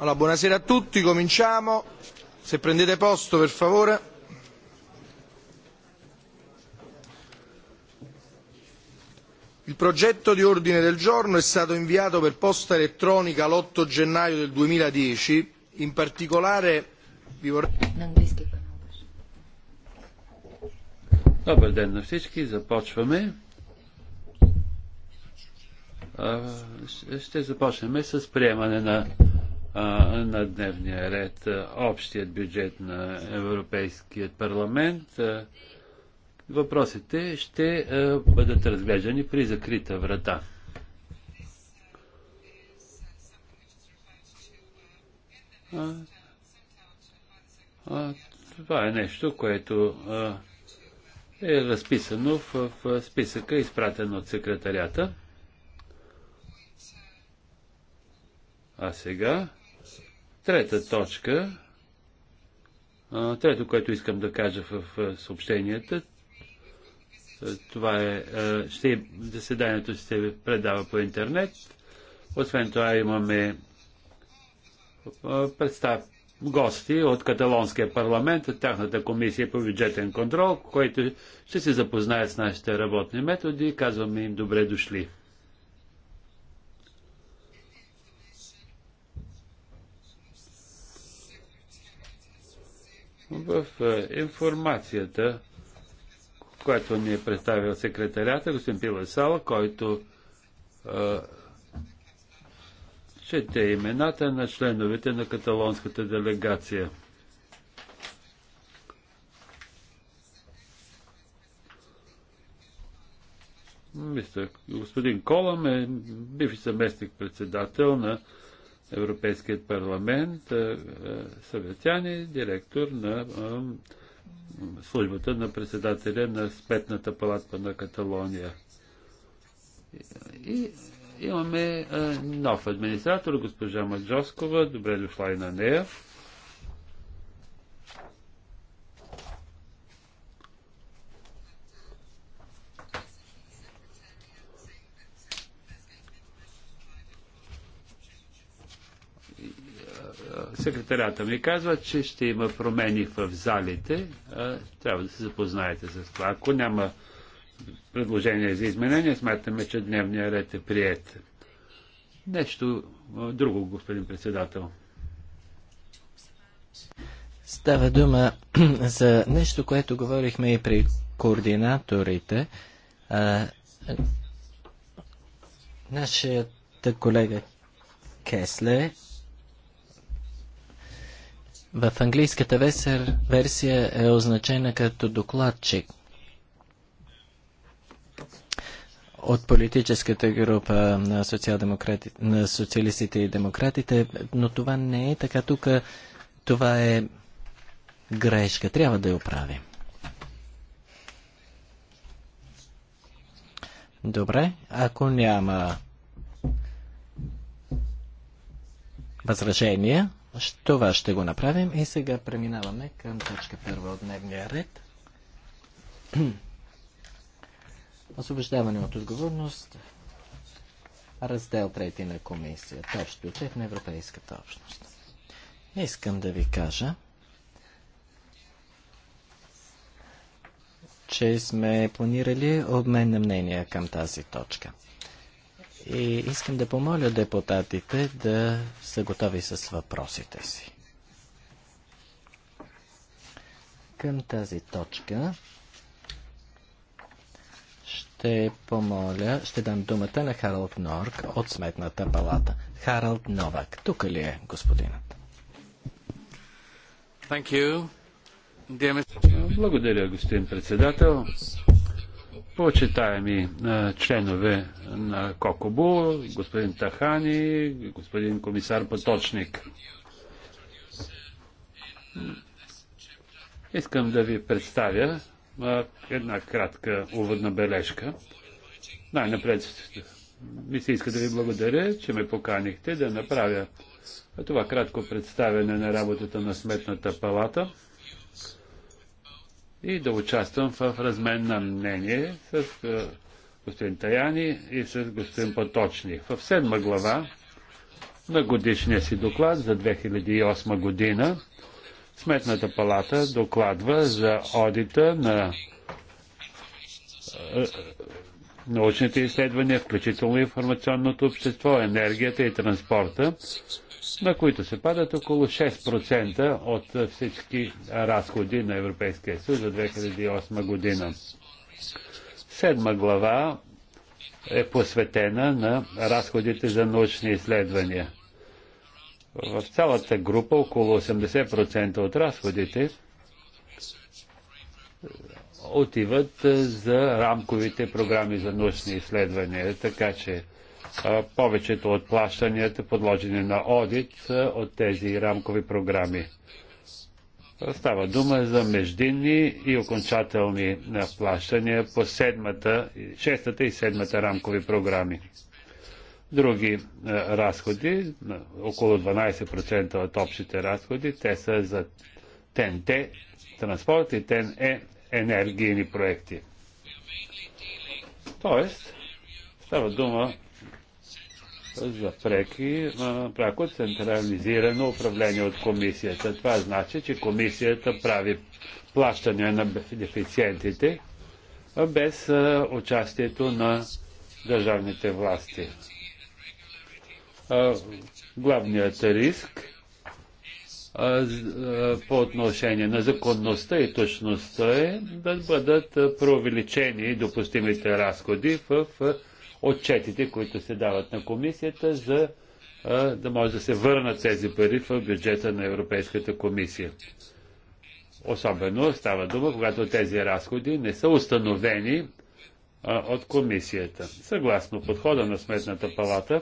Allora, buonasera a tutti, cominciamo. Se prendete posto, per favore. Il progetto di ordine del giorno è stato inviato per posta elettronica l'8 gennaio del 2010. In particolare vi vorrei... Добър ден на всички, започваме. Ще започнем с приемане на на дневния ред общият бюджет на Европейският парламент. Въпросите ще бъдат разглеждани при закрита врата. А, а, това е нещо, което а, е разписано в, в списъка, изпратен от секретарята. А сега Трета точка, трето, което искам да кажа в съобщенията, това е, ще, заседанието се предава по интернет. Освен това имаме представ, гости от Каталонския парламент, от тяхната комисия по бюджетен контрол, които ще се запознаят с нашите работни методи. Казваме им добре дошли. в е, информацията, която ни е представил секретарята, господин Пила Сала, който а, е, чете имената на членовете на каталонската делегация. Мисля, господин Колам е бив съместник председател на Европейският парламент, съветяни е директор на службата на председателя на Спетната палатка на Каталония. И имаме нов администратор, госпожа Маджоскова. Добре дошла и на нея. Секретарята ми казва, че ще има промени в залите. Трябва да се запознаете с това. Ако няма предложение за изменение, смятаме, че дневния ред е прият. Нещо друго, господин председател. Става дума за нещо, което говорихме и при координаторите. нашият колега Кесле в английската весер, версия е означена като докладчик. От политическата група на, на социалистите и демократите, но това не е така. Тук това е грешка. Трябва да я оправи. Добре, ако няма възражения, това ще го направим и сега преминаваме към точка първа от дневния ред. Освобождаване от отговорност. Раздел трети на комисията. точно бюджет на Европейската общност. Искам да ви кажа, че сме планирали обмен на мнения към тази точка. И искам да помоля депутатите да са готови с въпросите си. Към тази точка ще помоля, ще дам думата на Харалд Норк от Сметната палата. Харалд Новак, тук ли е господинът? Благодаря, господин председател. Почитаеми членове на Кокобу, господин Тахани, господин комисар Поточник. Искам да ви представя една кратка уводна бележка. Най-напред ми се иска да ви благодаря, че ме поканихте да направя това кратко представяне на работата на Сметната палата и да участвам в размен на мнение с господин Таяни и с господин Поточни. В седма глава на годишния си доклад за 2008 година Сметната палата докладва за одита на научните изследвания, включително информационното общество, енергията и транспорта на които се падат около 6% от всички разходи на Европейския съюз за 2008 година. Седма глава е посветена на разходите за научни изследвания. В цялата група около 80% от разходите отиват за рамковите програми за научни изследвания, така че повечето от плащанията подложени на одит от тези рамкови програми. Става дума за междинни и окончателни плащания по седмата, шестата и седмата рамкови програми. Други разходи, около 12% от общите разходи, те са за ТНТ, транспорт и ТНЕ, енергийни проекти. Тоест, става дума за преки, пряко централизирано управление от комисията. Това значи, че комисията прави плащане на бенефициентите без участието на държавните власти. Главният риск по отношение на законността и точността е да бъдат преувеличени допустимите разходи в отчетите, които се дават на комисията, за да може да се върнат тези пари в бюджета на Европейската комисия. Особено става дума, когато тези разходи не са установени от комисията. Съгласно подхода на Сметната палата,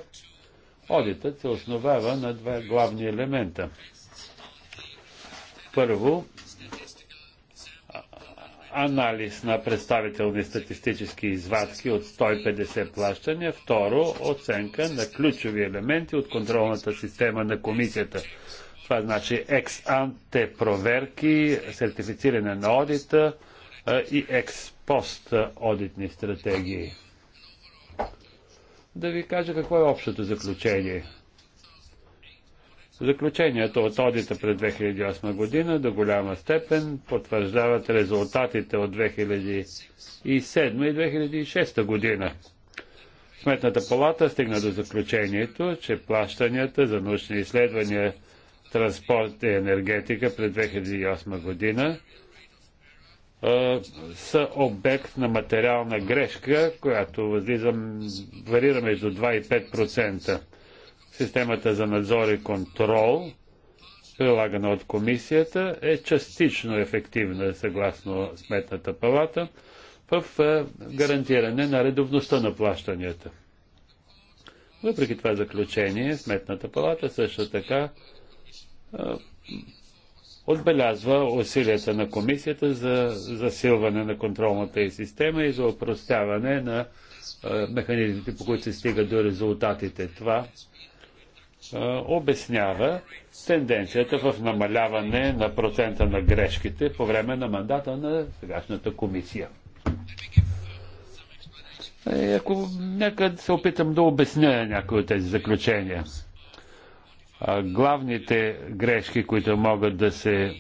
одитът се основава на два главни елемента. Първо, анализ на представителни статистически извадки от 150 плащания. Второ, оценка на ключови елементи от контролната система на комисията. Това значи екс-анте проверки, сертифициране на одита и екс-пост одитни стратегии. Да ви кажа какво е общото заключение – Заключението от одита през 2008 година до голяма степен потвърждават резултатите от 2007 и 2006 година. Сметната палата стигна до заключението, че плащанията за научни изследвания, транспорт и енергетика през 2008 година е, са обект на материална грешка, която възлиза, варира между 2 и 5%. Системата за надзор и контрол, прилагана от комисията, е частично ефективна, съгласно Сметната палата, в е, гарантиране на редовността на плащанията. Въпреки това заключение, Сметната палата също така е, отбелязва усилията на комисията за засилване на контролната и система и за опростяване на е, механизмите, по които се стига до резултатите. Това обяснява тенденцията в намаляване на процента на грешките по време на мандата на сегашната комисия. И е, ако нека се опитам да обясня някои от тези заключения. Главните грешки, които могат да се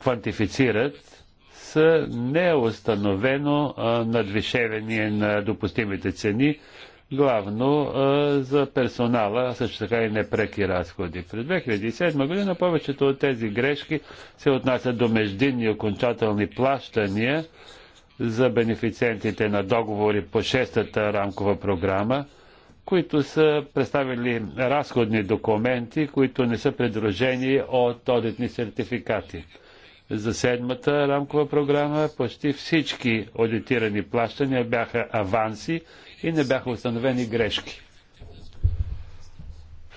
квантифицират, са неустановено надвишение на допустимите цени – главно а, за персонала, а също така и непреки разходи. През 2007 година повечето от тези грешки се отнасят до междинни окончателни плащания за бенефициентите на договори по шестата рамкова програма, които са представили разходни документи, които не са придружени от одитни сертификати. За седмата рамкова програма почти всички аудитирани плащания бяха аванси и не бяха установени грешки.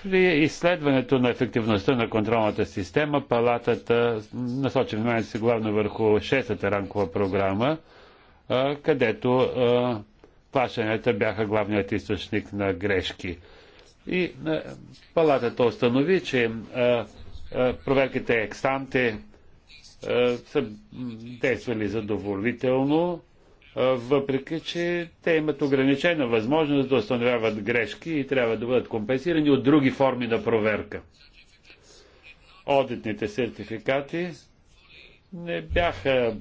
При изследването на ефективността на контролната система, палатата насочи вниманието си главно върху шестата рамкова програма, където плащанията бяха главният източник на грешки. И палатата установи, че проверките екстанте са действали задоволително, въпреки че те имат ограничена възможност да установяват грешки и трябва да бъдат компенсирани от други форми на проверка. Одитните сертификати не бяха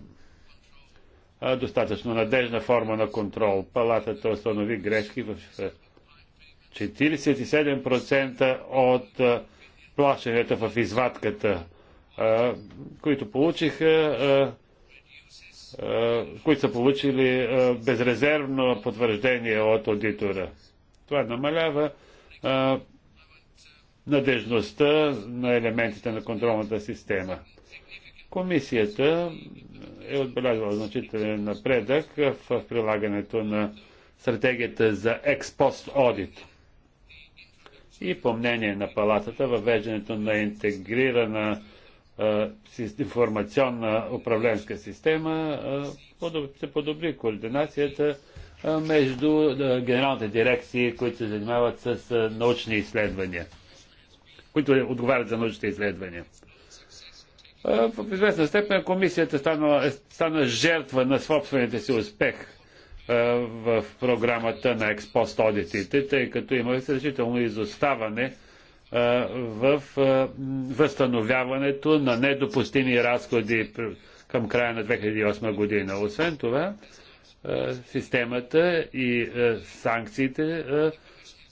достатъчно надежна форма на контрол. Палатата установи грешки в 47% от плащанията в извадката, които получиха които са получили безрезервно потвърждение от аудитора. Това намалява надежността на елементите на контролната система. Комисията е отбелязала значителен напредък в прилагането на стратегията за експост аудит И по мнение на палатата, въвеждането на интегрирана информационна управленска система се подобри координацията между генералните дирекции, които се занимават с научни изследвания, които отговарят за научните изследвания. В известна степен комисията стана, е, стана жертва на собствените си успех в програмата на експост одитите, тъй като има изразително изоставане в възстановяването на недопустими разходи към края на 2008 година. Освен това, системата и санкциите,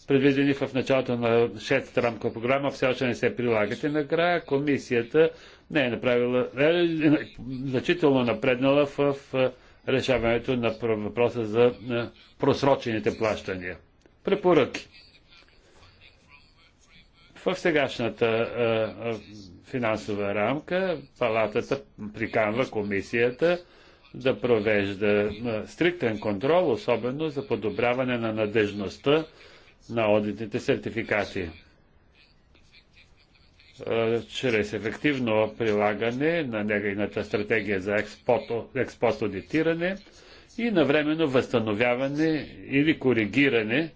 предвидени в началото на 6-та рамка програма, все още не се прилагат. И накрая комисията не е направила, е, е значително напреднала в решаването на въпроса за просрочените плащания. Препоръки. В сегашната финансова рамка палатата приканва комисията да провежда стриктен контрол, особено за подобряване на надежността на одитните сертификати. Чрез ефективно прилагане на негайната стратегия за експост аудитиране и навременно възстановяване или коригиране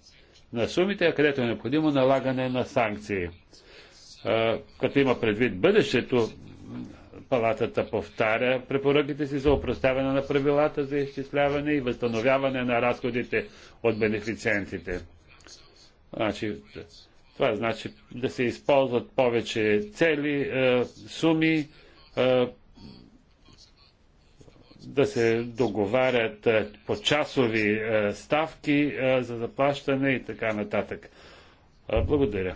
на сумите, а където е необходимо налагане на санкции. Като има предвид бъдещето, палатата повтаря препоръките си за упростяване на правилата за изчисляване и възстановяване на разходите от бенефициентите. Значи, това значи да се използват повече цели, суми, да се договарят е, по часови е, ставки е, за заплащане и така нататък. Благодаря.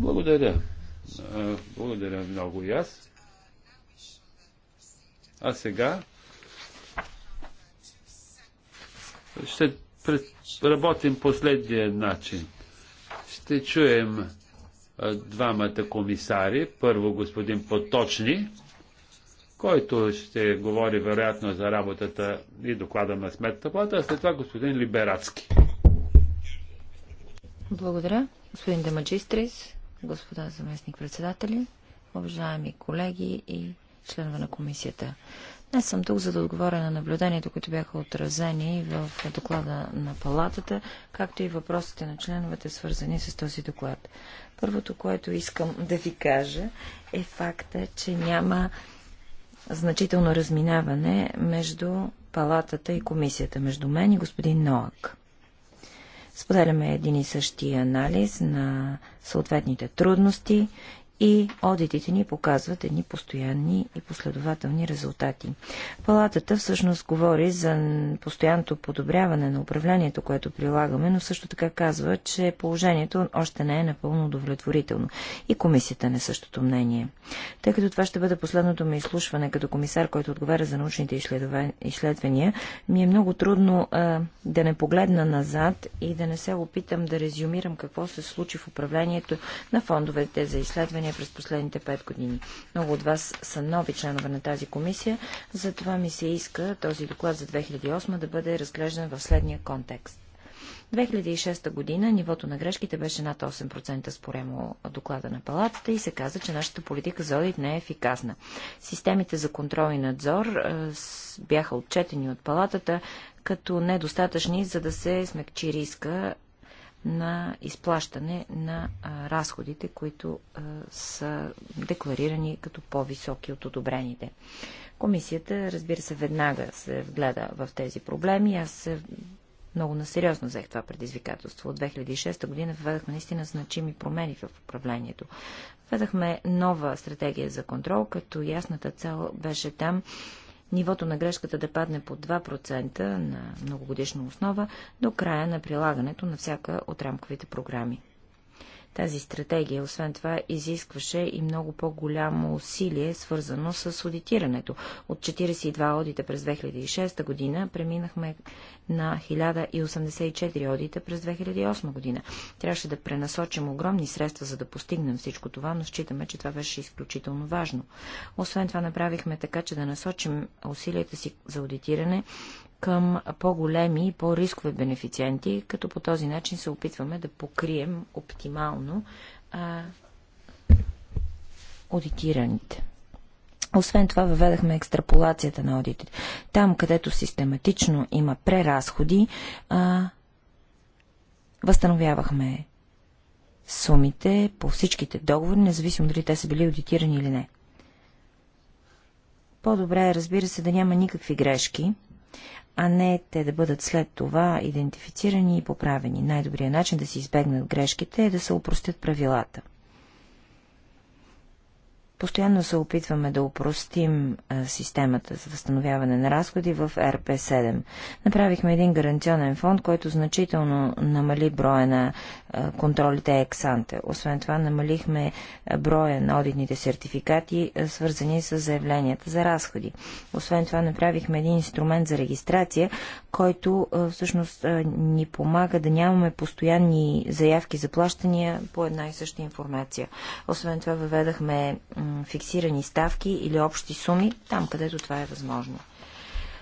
Благодаря. Благодаря много и аз. А сега ще работим последния начин. Ще чуем двамата комисари. Първо господин Поточни, който ще говори вероятно за работата и доклада на сметната плата, а след това господин Либерацки. Благодаря. Господин Демаджистрис, господа заместник-председатели, уважаеми колеги и членове на комисията. Не съм тук, за да отговоря на наблюдението, които бяха отразени в доклада на палатата, както и въпросите на членовете, свързани с този доклад. Първото, което искам да ви кажа, е факта, че няма значително разминаване между палатата и комисията, между мен и господин Ноак. Споделяме един и същи анализ на съответните трудности и одитите ни показват едни постоянни и последователни резултати. Палатата всъщност говори за постоянното подобряване на управлението, което прилагаме, но също така казва, че положението още не е напълно удовлетворително. И комисията не е същото мнение. Тъй като това ще бъде последното ми изслушване като комисар, който отговаря за научните изследвания, ми е много трудно а, да не погледна назад и да не се опитам да резюмирам какво се случи в управлението на фондовете за изследвания състояние през последните 5 години. Много от вас са нови членове на тази комисия, затова ми се иска този доклад за 2008 да бъде разглеждан в следния контекст. 2006 година нивото на грешките беше над 8% споремо доклада на палатата и се каза, че нашата политика за одит не е ефикасна. Системите за контрол и надзор бяха отчетени от палатата като недостатъчни, за да се смекчи риска на изплащане на разходите, които са декларирани като по-високи от одобрените. Комисията, разбира се, веднага се вгледа в тези проблеми. Аз много насериозно взех това предизвикателство. От 2006 година введахме наистина значими промени в управлението. Введахме нова стратегия за контрол, като ясната цел беше там нивото на грешката да падне по 2% на многогодишна основа до края на прилагането на всяка от рамковите програми. Тази стратегия, освен това, изискваше и много по-голямо усилие, свързано с аудитирането. От 42 одита през 2006 година преминахме на 1084 одита през 2008 година. Трябваше да пренасочим огромни средства, за да постигнем всичко това, но считаме, че това беше изключително важно. Освен това, направихме така, че да насочим усилията си за аудитиране към по-големи и по-рискови бенефициенти, като по този начин се опитваме да покрием оптимално а, аудитираните. Освен това, въведахме екстраполацията на аудитите. Там, където систематично има преразходи, а, възстановявахме сумите по всичките договори, независимо дали те са били аудитирани или не. По-добре е, разбира се, да няма никакви грешки, а не те да бъдат след това идентифицирани и поправени. Най-добрият начин да се избегнат грешките е да се опростят правилата. Постоянно се опитваме да упростим а, системата за възстановяване на разходи в РП-7. Направихме един гаранционен фонд, който значително намали броя на а, контролите ексанте. Освен това, намалихме броя на одитните сертификати, а, свързани с заявленията за разходи. Освен това, направихме един инструмент за регистрация, който всъщност ни помага да нямаме постоянни заявки за плащания по една и съща информация. Освен това, въведахме фиксирани ставки или общи суми, там където това е възможно.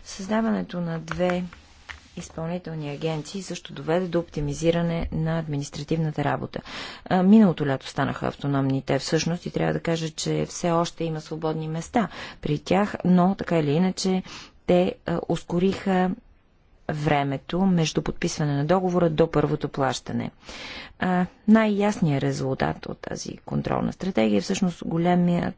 Създаването на две изпълнителни агенции също доведе до оптимизиране на административната работа. Миналото лято станаха автономни те всъщност и трябва да кажа, че все още има свободни места при тях, но така или иначе те ускориха времето между подписване на договора до първото плащане. най-ясният резултат от тази контролна стратегия е всъщност големият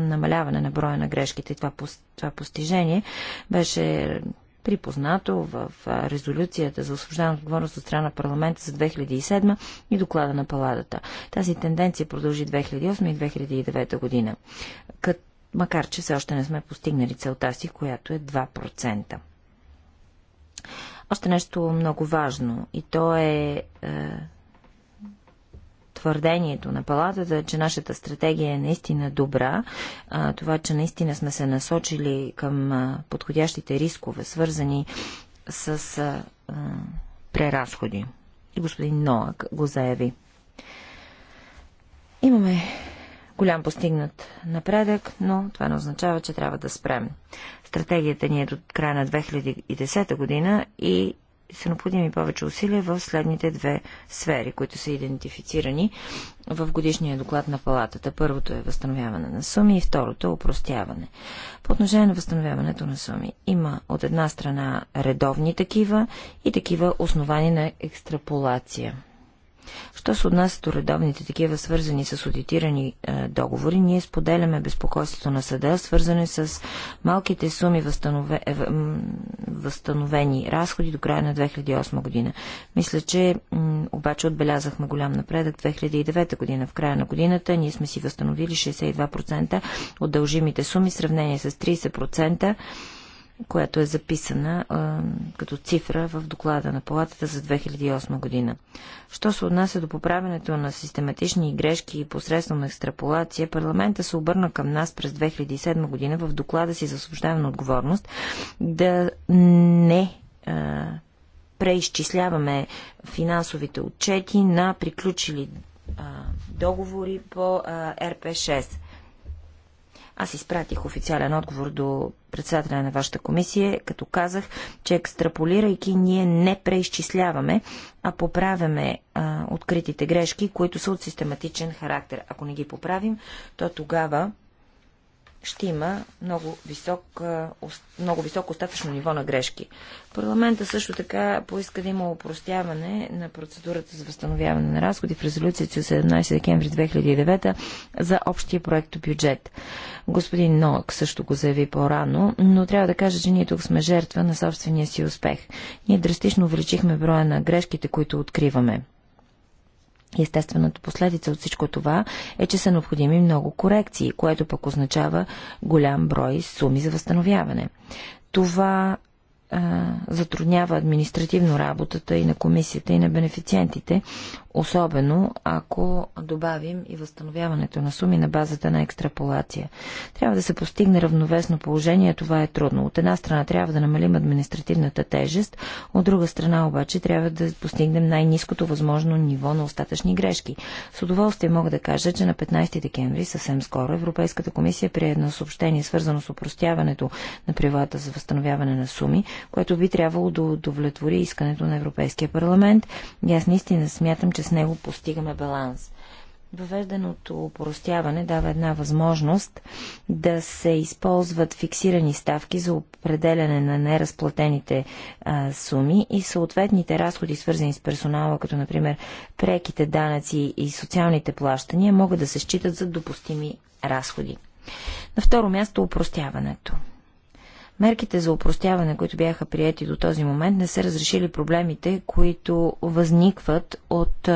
намаляване на броя на грешките. Това, това постижение беше припознато в резолюцията за освобождаване от отговорност от страна на парламента за 2007 и доклада на паладата. Тази тенденция продължи 2008 и 2009 година, кът, макар че все още не сме постигнали целта си, която е 2%. Още нещо много важно и то е, е твърдението на палатата, че нашата стратегия е наистина добра, Е, това, че наистина сме се насочили към е, подходящите рискове, свързани с е, преразходи. И господин Ноак го заяви. Имаме голям постигнат напредък, но това не означава, че трябва да спрем. Стратегията ни е до края на 2010 година и са необходими повече усилия в следните две сфери, които са идентифицирани в годишния доклад на палатата. Първото е възстановяване на суми и второто е упростяване. По отношение на възстановяването на суми има от една страна редовни такива и такива основани на екстраполация. Що се отнася до редовните такива, свързани с аудитирани е, договори, ние споделяме безпокойството на съда, свързани с малките суми възстанове, е, възстановени разходи до края на 2008 година. Мисля, че обаче отбелязахме голям напредък 2009 година. В края на годината ние сме си възстановили 62% от дължимите суми, в сравнение с 30% която е записана а, като цифра в доклада на палатата за 2008 година. Що се отнася до поправенето на систематични грешки и посредством екстраполация, парламента се обърна към нас през 2007 година в доклада си за освобождаване отговорност да не а, преизчисляваме финансовите отчети на приключили а, договори по а, РП-6. Аз изпратих официален отговор до председателя на вашата комисия, като казах, че екстраполирайки ние не преизчисляваме, а поправяме а, откритите грешки, които са от систематичен характер. Ако не ги поправим, то тогава ще има много, висок, много високо остатъчно ниво на грешки. Парламента също така поиска да има упростяване на процедурата за възстановяване на разходи в резолюцията от 17 декември 2009 за общия проект бюджет. Господин Ноак също го заяви по-рано, но трябва да кажа, че ние тук сме жертва на собствения си успех. Ние драстично увеличихме броя на грешките, които откриваме естествената последица от всичко това е, че са необходими много корекции, което пък означава голям брой суми за възстановяване. Това затруднява административно работата и на комисията, и на бенефициентите, Особено ако добавим и възстановяването на суми на базата на екстраполация. Трябва да се постигне равновесно положение, това е трудно. От една страна трябва да намалим административната тежест, от друга страна обаче трябва да постигнем най-низкото възможно ниво на остатъчни грешки. С удоволствие мога да кажа, че на 15 декември, съвсем скоро, Европейската комисия прие едно съобщение, свързано с упростяването на правилата за възстановяване на суми, което би трябвало да удовлетвори искането на Европейския парламент. И аз наистина смятам, че с него постигаме баланс. Въведеното упростяване дава една възможност да се използват фиксирани ставки за определяне на неразплатените а, суми и съответните разходи, свързани с персонала, като например преките данъци и социалните плащания, могат да се считат за допустими разходи. На второ място упростяването. Мерките за упростяване, които бяха прияти до този момент, не са разрешили проблемите, които възникват от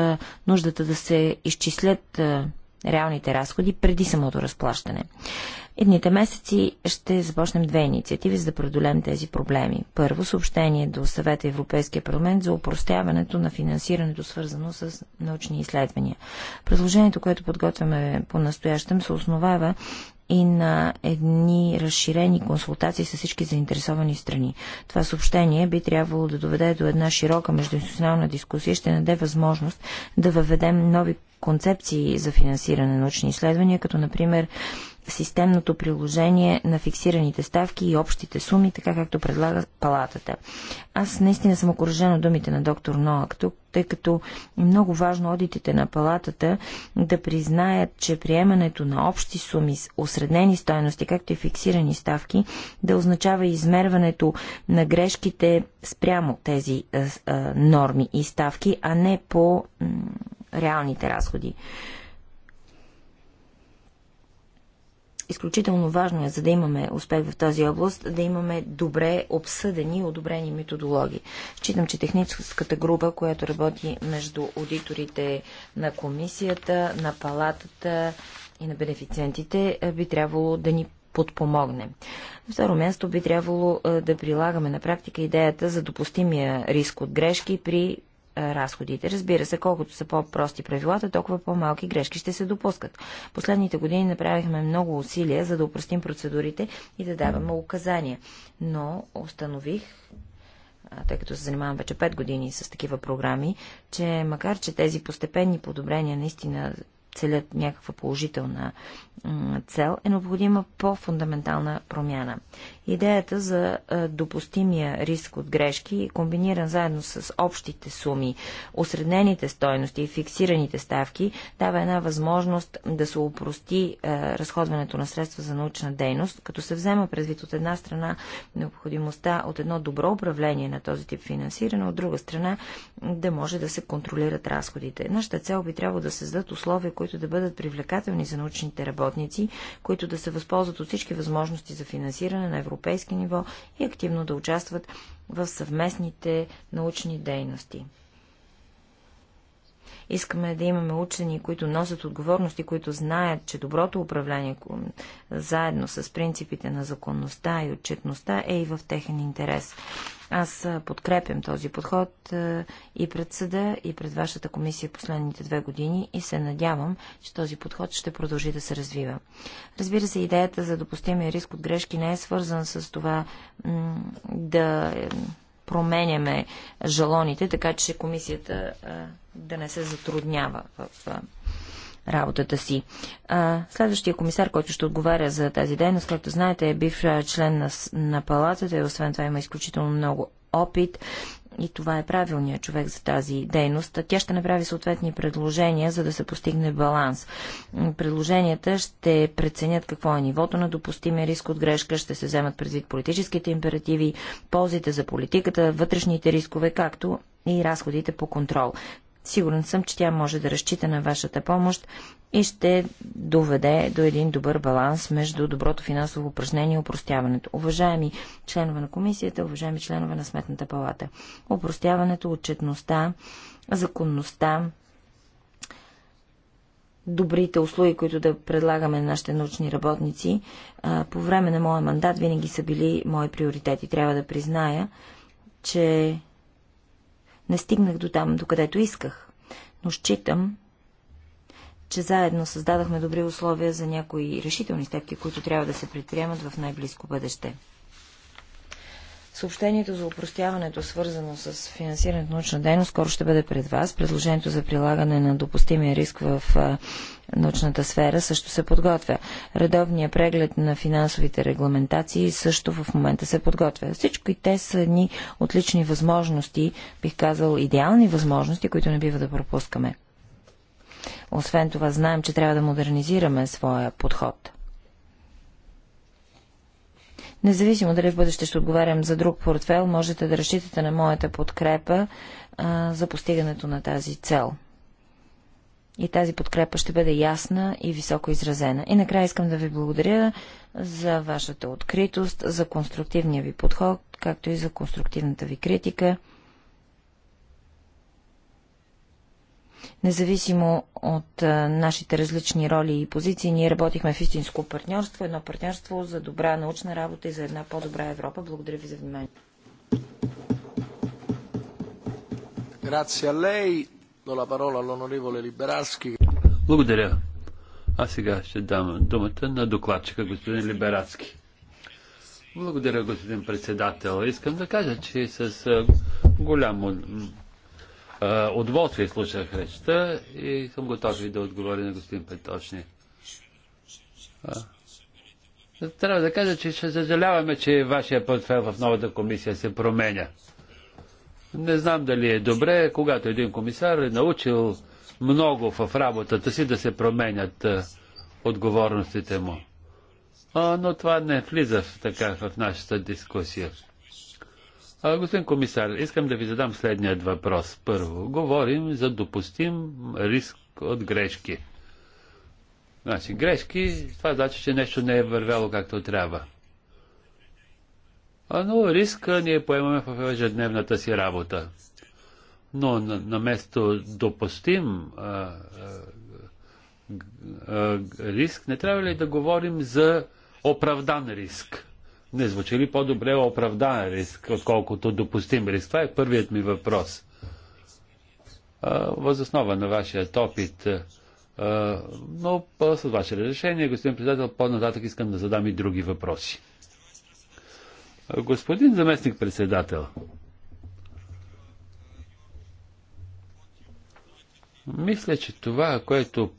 нуждата да се изчислят реалните разходи преди самото разплащане. Едните месеци ще започнем две инициативи, за да преодолем тези проблеми. Първо, съобщение до съвета Европейския парламент за упростяването на финансирането, свързано с научни изследвания. Предложението, което подготвяме по-настоящем, се основава и на едни разширени консултации с всички заинтересовани страни. Това съобщение би трябвало да доведе до една широка междуинституционална дискусия и ще даде възможност да въведем нови концепции за финансиране на научни изследвания, като например системното приложение на фиксираните ставки и общите суми, така както предлага палатата. Аз наистина съм окоръжен от думите на доктор Ноак тук, тъй като е много важно одитите на палатата да признаят, че приемането на общи суми с осреднени стоености, както и фиксирани ставки, да означава измерването на грешките спрямо тези а, а, норми и ставки, а не по реалните разходи. Изключително важно е, за да имаме успех в тази област, да имаме добре обсъдени и одобрени методологии. Считам, че техническата група, която работи между аудиторите на комисията, на палатата и на бенефициентите, е, би трябвало да ни подпомогне. На второ място би трябвало е, да прилагаме на практика идеята за допустимия риск от грешки при разходите. Разбира се, колкото са по-прости правилата, толкова по-малки грешки ще се допускат. Последните години направихме много усилия, за да упростим процедурите и да даваме указания. Но установих, тъй като се занимавам вече 5 години с такива програми, че макар, че тези постепенни подобрения наистина целят някаква положителна цел, е необходима по-фундаментална промяна. Идеята за допустимия риск от грешки, е комбиниран заедно с общите суми, осреднените стойности и фиксираните ставки, дава една възможност да се упрости разходването на средства за научна дейност, като се взема предвид от една страна необходимостта от едно добро управление на този тип финансиране, от друга страна да може да се контролират разходите. Нашата цел би трябвало да създадат условия, които да бъдат привлекателни за научните работници, които да се възползват от всички възможности за финансиране на европейските европейски ниво и активно да участват в съвместните научни дейности. Искаме да имаме учени, които носят отговорности, които знаят, че доброто управление, заедно с принципите на законността и отчетността, е и в техен интерес. Аз подкрепям този подход и пред съда, и пред вашата комисия последните две години и се надявам, че този подход ще продължи да се развива. Разбира се, идеята за допустимия риск от грешки не е свързан с това да е, променяме жалоните, така че комисията да не се затруднява в работата си. Следващия комисар, който ще отговаря за тази дейност, както знаете, е бив член на, на палатата и освен това има изключително много опит и това е правилният човек за тази дейност. Тя ще направи съответни предложения, за да се постигне баланс. Предложенията ще преценят какво е нивото на допустимия риск от грешка, ще се вземат предвид политическите императиви, ползите за политиката, вътрешните рискове, както и разходите по контрол. Сигурен съм, че тя може да разчита на вашата помощ и ще доведе до един добър баланс между доброто финансово упражнение и упростяването. Уважаеми членове на комисията, уважаеми членове на Сметната палата, упростяването, отчетността, законността, добрите услуги, които да предлагаме на нашите научни работници, по време на моя мандат винаги са били мои приоритети. Трябва да призная, че не стигнах до там, докъдето исках, но считам, че заедно създадахме добри условия за някои решителни стъпки, които трябва да се предприемат в най-близко бъдеще. Съобщението за упростяването, свързано с финансирането на научна дейност, скоро ще бъде пред вас. Предложението за прилагане на допустимия риск в научната сфера също се подготвя. Редовният преглед на финансовите регламентации също в момента се подготвя. Всичко и те са едни отлични възможности, бих казал идеални възможности, които не бива да пропускаме. Освен това, знаем, че трябва да модернизираме своя подход. Независимо дали в бъдеще ще отговарям за друг портфел, можете да разчитате на моята подкрепа а, за постигането на тази цел. И тази подкрепа ще бъде ясна и високо изразена. И накрая искам да ви благодаря за вашата откритост, за конструктивния ви подход, както и за конструктивната ви критика. Независимо от нашите различни роли и позиции, ние работихме в истинско партньорство, едно партньорство за добра научна работа и за една по-добра Европа. Благодаря ви за вниманието. Благодаря. А сега ще дам думата на докладчика господин Либерацки. Благодаря, господин председател. Искам да кажа, че с голямо удоволствие слушах речта и съм готов и да отговоря на господин Петочни. Трябва да кажа, че ще съжаляваме, че вашия портфел в новата комисия се променя. Не знам дали е добре, когато един комисар е научил много в работата си да се променят отговорностите му. но това не влиза в, така в нашата дискусия. Господин комисар, искам да ви задам следният въпрос. Първо, говорим за допустим риск от грешки. Значи, грешки, това значи, че нещо не е вървяло както трябва. А, но риска ние поемаме в ежедневната си работа. Но на, на место допустим а, а, а, риск, не трябва ли да говорим за оправдан риск? не звучи ли по-добре оправдан риск, отколкото допустим риск? Това е първият ми въпрос. Възоснова на вашият опит, но с ваше разрешение, господин председател, по-нататък искам да задам и други въпроси. Господин заместник председател, мисля, че това, което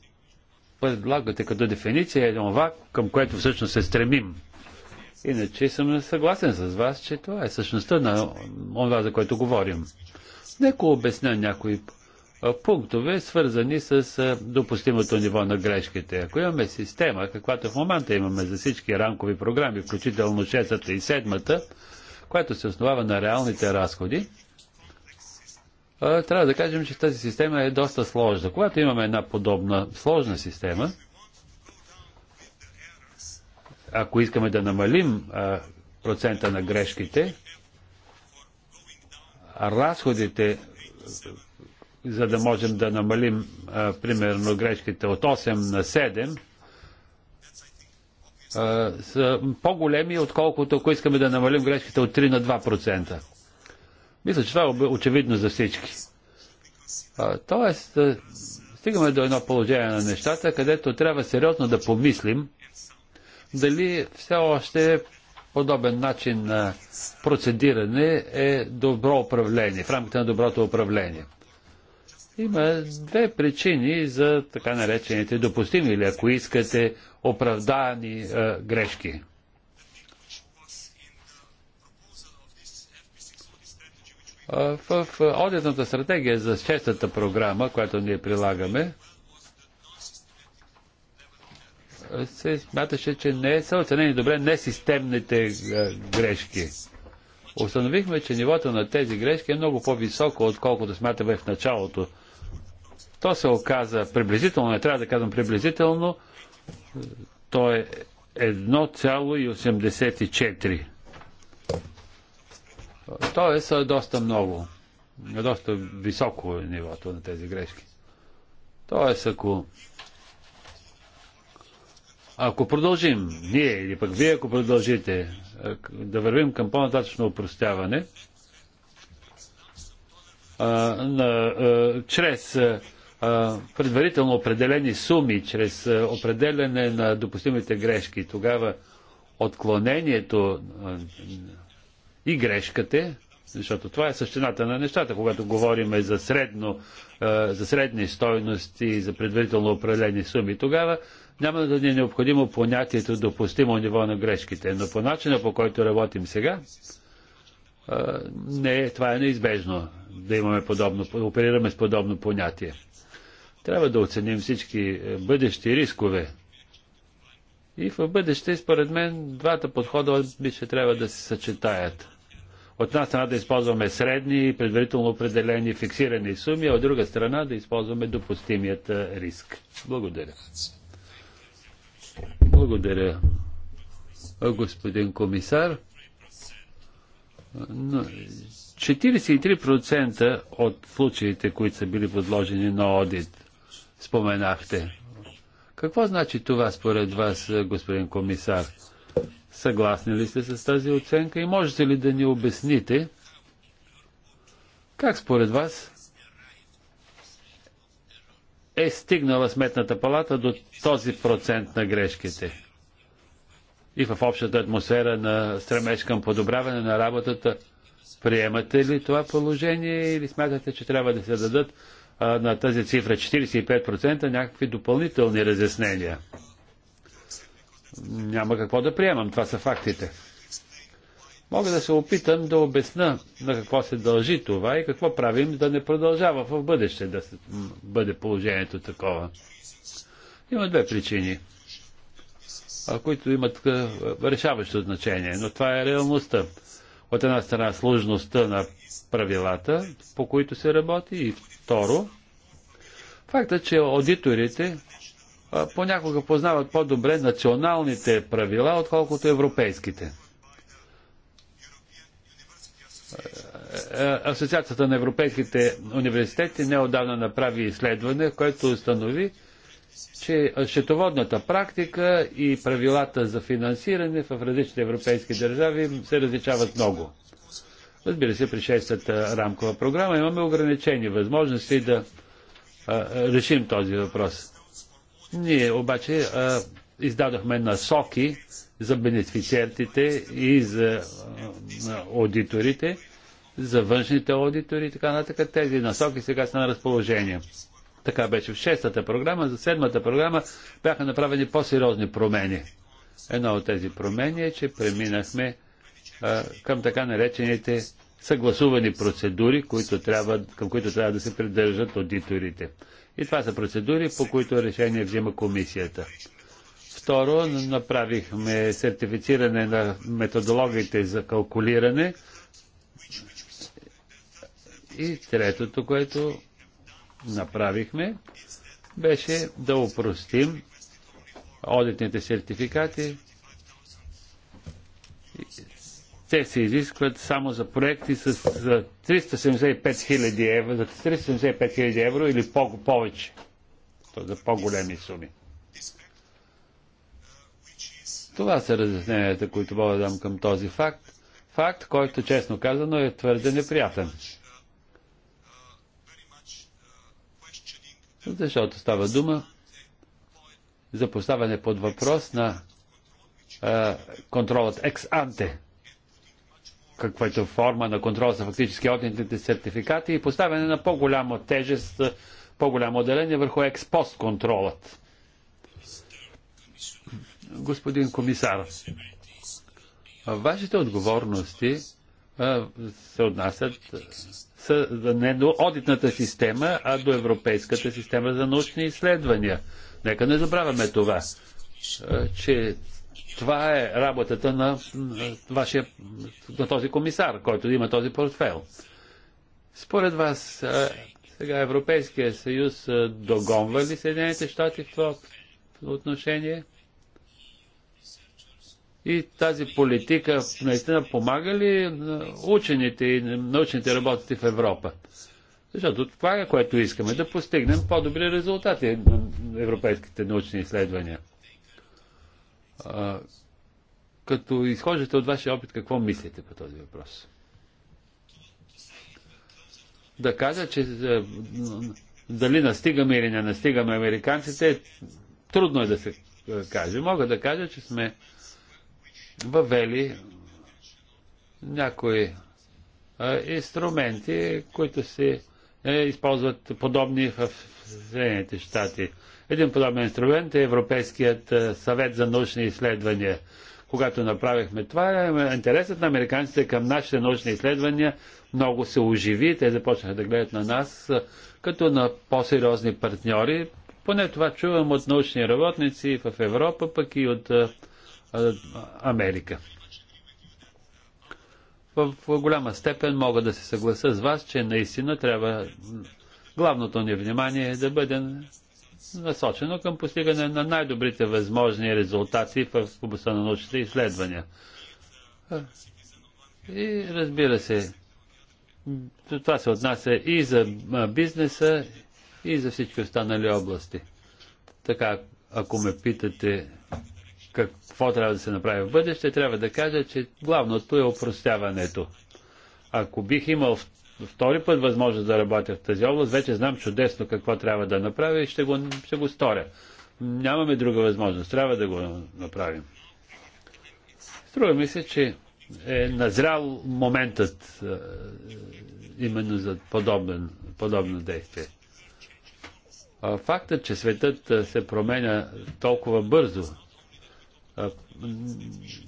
предлагате като дефиниция е това, към което всъщност се стремим Иначе съм съгласен с вас, че това е същността на това, за което говорим. Нека обясня някои пунктове, свързани с допустимото ниво на грешките. Ако имаме система, каквато в момента имаме за всички рамкови програми, включително 6-та и 7-та, която се основава на реалните разходи, трябва да кажем, че тази система е доста сложна. Когато имаме една подобна сложна система, ако искаме да намалим а, процента на грешките, разходите, за да можем да намалим а, примерно грешките от 8 на 7, а, са по-големи, отколкото ако искаме да намалим грешките от 3 на 2%. Мисля, че това е очевидно за всички. А, тоест, стигаме до едно положение на нещата, където трябва сериозно да помислим дали все още подобен начин на процедиране е добро управление, в рамките на доброто управление. Има две причини за така наречените допустими или ако искате оправдани е, грешки. Е, в, в одитната стратегия за шестата програма, която ние прилагаме, се смяташе, че не са оценени добре несистемните е, грешки. Установихме, че нивото на тези грешки е много по-високо, отколкото смятаме в началото. То се оказа приблизително, не трябва да казвам приблизително, е, то е 1,84. е доста много, е доста високо е нивото на тези грешки. Тоест, ако ако продължим, ние или пък вие, ако продължите е, да вървим към по-нататъчно упростяване, на, е, чрез е, предварително определени суми, чрез определене на допустимите грешки, тогава отклонението и грешката, защото това е същината на нещата, когато говорим за, средно, за средни стойности, за предварително определени суми, тогава няма да ни е необходимо понятието допустимо ниво на грешките, но по начина по който работим сега, не, това е неизбежно да имаме подобно, оперираме с подобно понятие. Трябва да оценим всички е, бъдещи рискове. И в бъдеще, според мен, двата подхода би ще трябва да се съчетаят. От една страна да използваме средни, предварително определени, фиксирани суми, а от друга страна да използваме допустимият е, риск. Благодаря. Благодаря, господин комисар. 43% от случаите, които са били подложени на одит, споменахте. Какво значи това според вас, господин комисар? Съгласни ли сте с тази оценка и можете ли да ни обясните как според вас е стигнала сметната палата до този процент на грешките. И в общата атмосфера на стремеж към подобряване на работата, приемате ли това положение или смятате, че трябва да се дадат а, на тази цифра 45% някакви допълнителни разяснения? Няма какво да приемам, това са фактите. Мога да се опитам да обясна на какво се дължи това и какво правим да не продължава в бъдеще да се, бъде положението такова. Има две причини, които имат решаващо значение, но това е реалността. От една страна сложността на правилата, по които се работи, и второ, факта, че аудиторите понякога познават по-добре националните правила, отколкото европейските. Е, е, Асоциацията на европейските университети неодавна направи изследване, което установи, че счетоводната практика и правилата за финансиране в различните европейски държави се различават много. Разбира се, при шестата рамкова програма имаме ограничени възможности да а, решим този въпрос. Ние обаче а, издадохме насоки за бенефициентите и за аудиторите, за външните аудитори и така нататък. Тези насоки сега са на разположение. Така беше в шестата програма, за седмата програма бяха направени по-сериозни промени. Едно от тези промени е, че преминахме а, към така наречените съгласувани процедури, които трябва, към които трябва да се придържат аудиторите. И това са процедури, по които решение взима комисията. Второ, направихме сертифициране на методологиите за калкулиране. И третото, което направихме, беше да упростим одитните сертификати. Те се изискват само за проекти с 375 000 евро, за 375 000 евро или повече, за по-големи суми. Това са разясненията, които мога да дам към този факт. Факт, който честно казано е твърде неприятен. Защото става дума за поставяне под въпрос на а, контролът екс-анте, каквато форма на контрол са фактически отнятите сертификати и поставяне на по-голяма тежест, по-голямо отделение върху експост контролът господин комисар, вашите отговорности се отнасят не до одитната система, а до Европейската система за научни изследвания. Нека не забравяме това, че това е работата на, вашия, на този комисар, който има този портфел. Според вас, сега Европейския съюз догонва ли Съединените щати в това отношение? И тази политика наистина помага ли на учените и научните работите в Европа? Защото това е което искаме да постигнем по-добри резултати на европейските научни изследвания. А, като изхождате от вашия опит, какво мислите по този въпрос? Да кажа, че дали настигаме или не настигаме американците, трудно е да се каже. Мога да кажа, че сме въвели някои а, инструменти, които се е, използват подобни в Съединените щати. Един подобен инструмент е Европейският е, съвет за научни изследвания. Когато направихме това, е, интересът на американците към нашите научни изследвания много се оживи. Те започнаха да гледат на нас е, като на по-сериозни партньори. Поне това чувам от научни работници в Европа, пък и от Америка. В голяма степен мога да се съгласа с вас, че наистина трябва главното ни внимание да бъде насочено към постигане на най-добрите възможни резултати в областта на научните изследвания. И разбира се, това се отнася и за бизнеса, и за всички останали области. Така, ако ме питате какво трябва да се направи в бъдеще, трябва да кажа, че главното е опростяването. Ако бих имал втори път възможност да работя в тази област, вече знам чудесно какво трябва да направя и ще го, ще го сторя. Нямаме друга възможност. Трябва да го направим. Струва ми се, че е назрял моментът е, именно за подобен, подобно действие. Фактът, че светът е, се променя толкова бързо,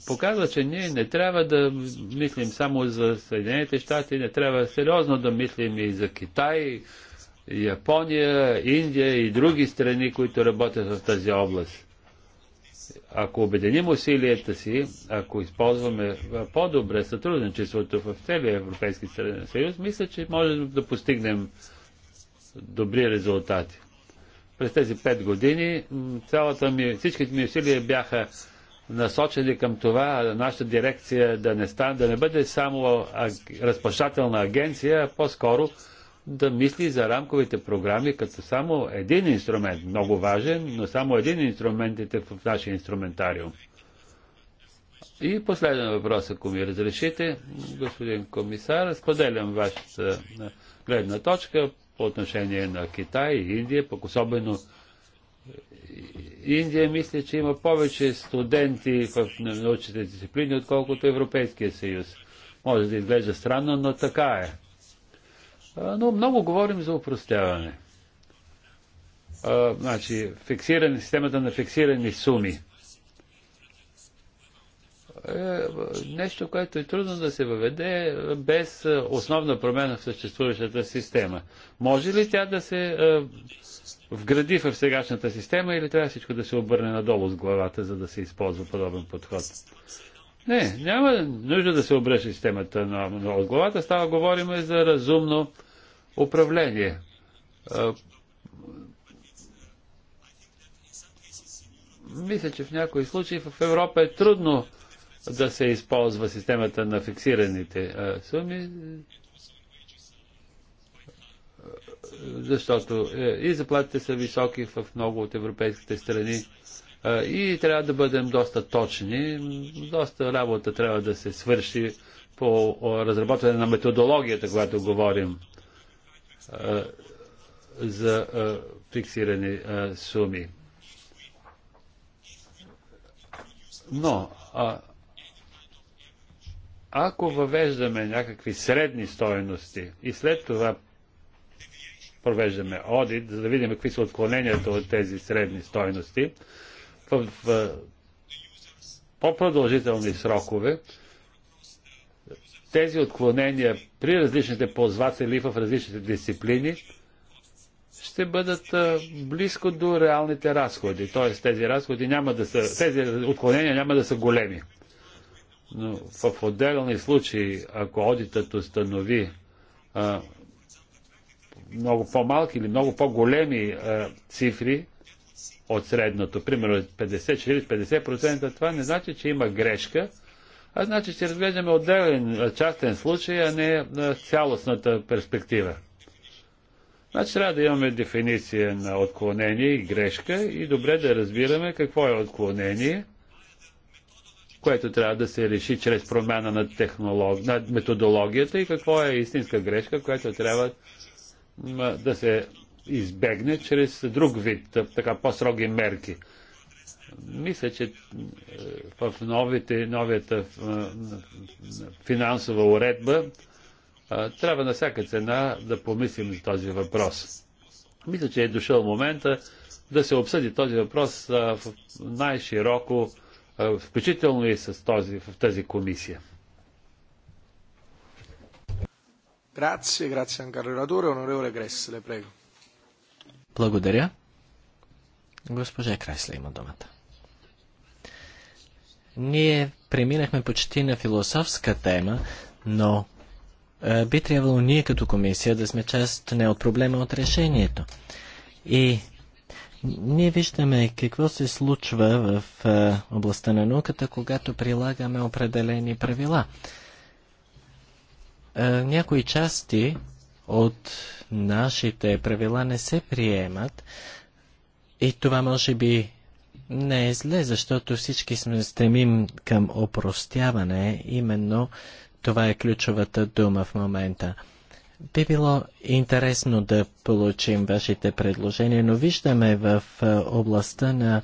показва, че ние не трябва да мислим само за Съединените щати, не трябва сериозно да мислим и за Китай, Япония, Индия и други страни, които работят в тази област. Ако обединим усилията си, ако използваме по-добре сътрудничеството в целия Европейски съюз, мисля, че можем да постигнем добри резултати. През тези пет години цялата ми, всичките ми усилия бяха насочени към това нашата дирекция да не, стане, да не бъде само разплащателна агенция, а по-скоро да мисли за рамковите програми като само един инструмент, много важен, но само един инструментите е в нашия инструментариум. И последен въпрос, ако ми разрешите, господин комисар, споделям вашата гледна точка по отношение на Китай и Индия, пък особено Индия мисля, че има повече студенти в научните дисциплини, отколкото Европейския съюз. Може да изглежда странно, но така е. Но много говорим за упростяване. А, значи, фиксиране, системата на фиксирани суми. Е нещо, което е трудно да се въведе без основна промена в съществуващата система. Може ли тя да се вгради в сегашната система или трябва всичко да се обърне надолу с главата, за да се използва подобен подход? Не, няма нужда да се обръща системата на, на главата. Става, говорим е за разумно управление. А, мисля, че в някои случаи в Европа е трудно да се използва системата на фиксираните а, суми защото е, и заплатите са високи в много от европейските страни е, и трябва да бъдем доста точни. Доста работа трябва да се свърши по разработване на методологията, когато говорим е, за фиксирани суми. Но, а, ако въвеждаме някакви средни стоености и след това провеждаме одит, за да видим какви са отклоненията от тези средни стойности. В, в по-продължителни срокове тези отклонения при различните ползватели в различните дисциплини ще бъдат близко до реалните разходи. Т.е. тези разходи няма да са, тези отклонения няма да са големи. Но в отделни случаи, ако одитът установи а, много по-малки или много по-големи е, цифри от средното, примерно 50-40-50%, това не значи, че има грешка, а значи, че разглеждаме отделен е, частен случай, а не е, цялостната перспектива. Значи трябва да имаме дефиниция на отклонение и грешка и добре да разбираме какво е отклонение, което трябва да се реши чрез промяна на, технолог... на методологията и какво е истинска грешка, която трябва да се избегне чрез друг вид, така по-строги мерки. Мисля, че е, в новите, новията е, финансова уредба е, трябва на всяка цена да помислим за този въпрос. Мисля, че е дошъл момента да се обсъди този въпрос най-широко, включително и с този, в тази комисия. Grazie, grazie anche al relatore, onorevole Gressle, prego. Благодаря. Госпожа Крайсла има думата. Ние преминахме почти на философска тема, но е, би трябвало ние като комисия да сме част не от проблема, от решението. И ние виждаме какво се случва в е, областта на науката, когато прилагаме определени правила. Е, някои части от нашите правила не се приемат и това може би не е зле, защото всички сме стремим към опростяване. Именно това е ключовата дума в момента. Би било интересно да получим вашите предложения, но виждаме в е, областта на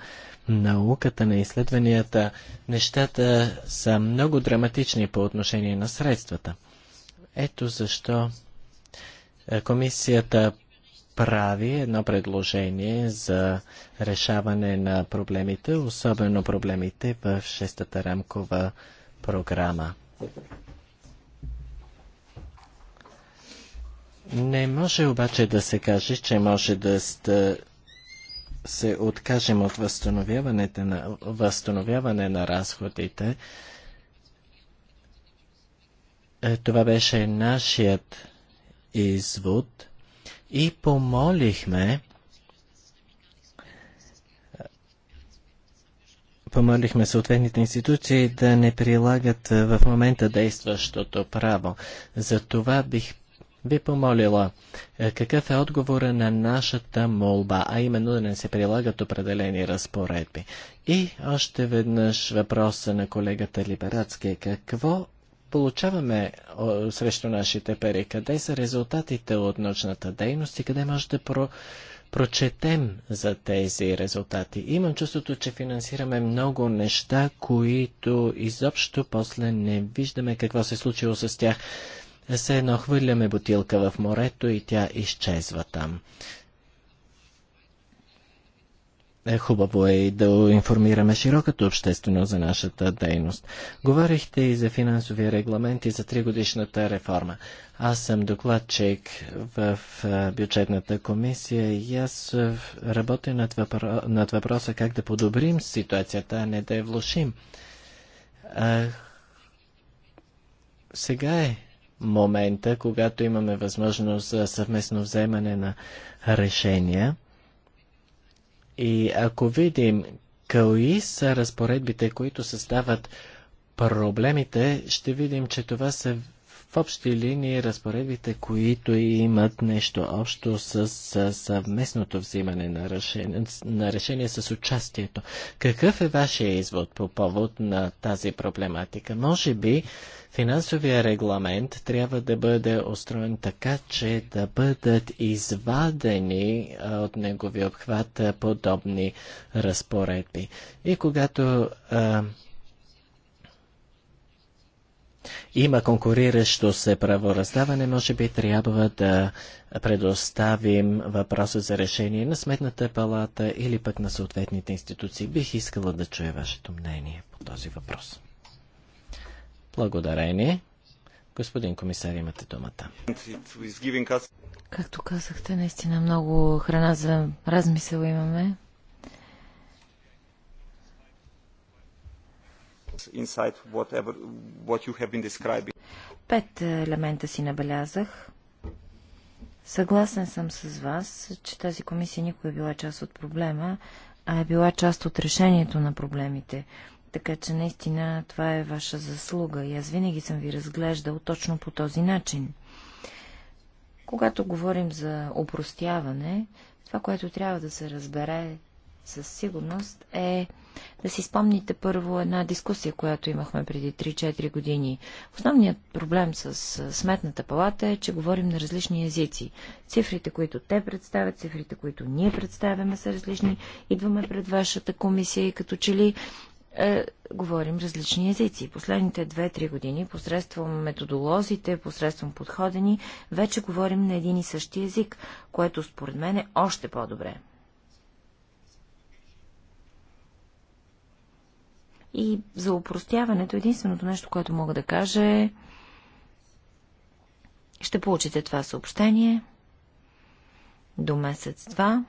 науката, на изследванията, нещата са много драматични по отношение на средствата. Ето защо е, комисията прави едно предложение за решаване на проблемите, особено проблемите в шестата рамкова програма. Не може обаче да се каже, че може да, се откажем от възстановяване на, възстановяване на разходите, е, това беше нашият извод и помолихме помолихме съответните институции да не прилагат в момента действащото право. За това бих ви помолила е, какъв е отговора на нашата молба, а именно да не се прилагат определени разпоредби. И още веднъж въпроса на колегата Либерацки. Какво получаваме срещу нашите пари? Къде са резултатите от научната дейност и къде може да про, прочетем за тези резултати? Имам чувството, че финансираме много неща, които изобщо после не виждаме какво се е случило с тях. Се едно хвърляме бутилка в морето и тя изчезва там е, хубаво е и да информираме широката общественост за нашата дейност. Говорихте и за финансови регламенти за тригодишната реформа. Аз съм докладчик в бюджетната комисия и аз работя над, въпро... над въпроса как да подобрим ситуацията, а не да я влушим. А... Сега е момента, когато имаме възможност за съвместно вземане на решения и ако видим кои са разпоредбите, които създават проблемите, ще видим, че това са в общи линии разпоредбите, които имат нещо общо с, с съвместното взимане на решение, на решение с участието. Какъв е вашия извод по повод на тази проблематика? Може би финансовия регламент трябва да бъде устроен така, че да бъдат извадени от негови обхват подобни разпоредби. И когато а, има конкуриращо се правораздаване, може би трябва да предоставим въпроса за решение на Сметната палата или пък на съответните институции. Бих искала да чуя вашето мнение по този въпрос. Благодарение. Господин комисар, имате думата. Както казахте, наистина много храна за размисъл имаме. Whatever, what Пет елемента си набелязах. Съгласен съм с вас, че тази комисия никога е била част от проблема, а е била част от решението на проблемите. Така че наистина това е ваша заслуга и аз винаги съм ви разглеждал точно по този начин. Когато говорим за опростяване, това, което трябва да се разбере със сигурност е да си спомните първо една дискусия, която имахме преди 3-4 години. Основният проблем с Сметната палата е, че говорим на различни езици. Цифрите, които те представят, цифрите, които ние представяме, са различни. Идваме пред вашата комисия и като че ли е, говорим различни езици. Последните 2-3 години, посредством методолозите, посредством подходени, вече говорим на един и същи език, което според мен е още по-добре. И за упростяването единственото нещо, което мога да кажа е ще получите това съобщение до месец-два.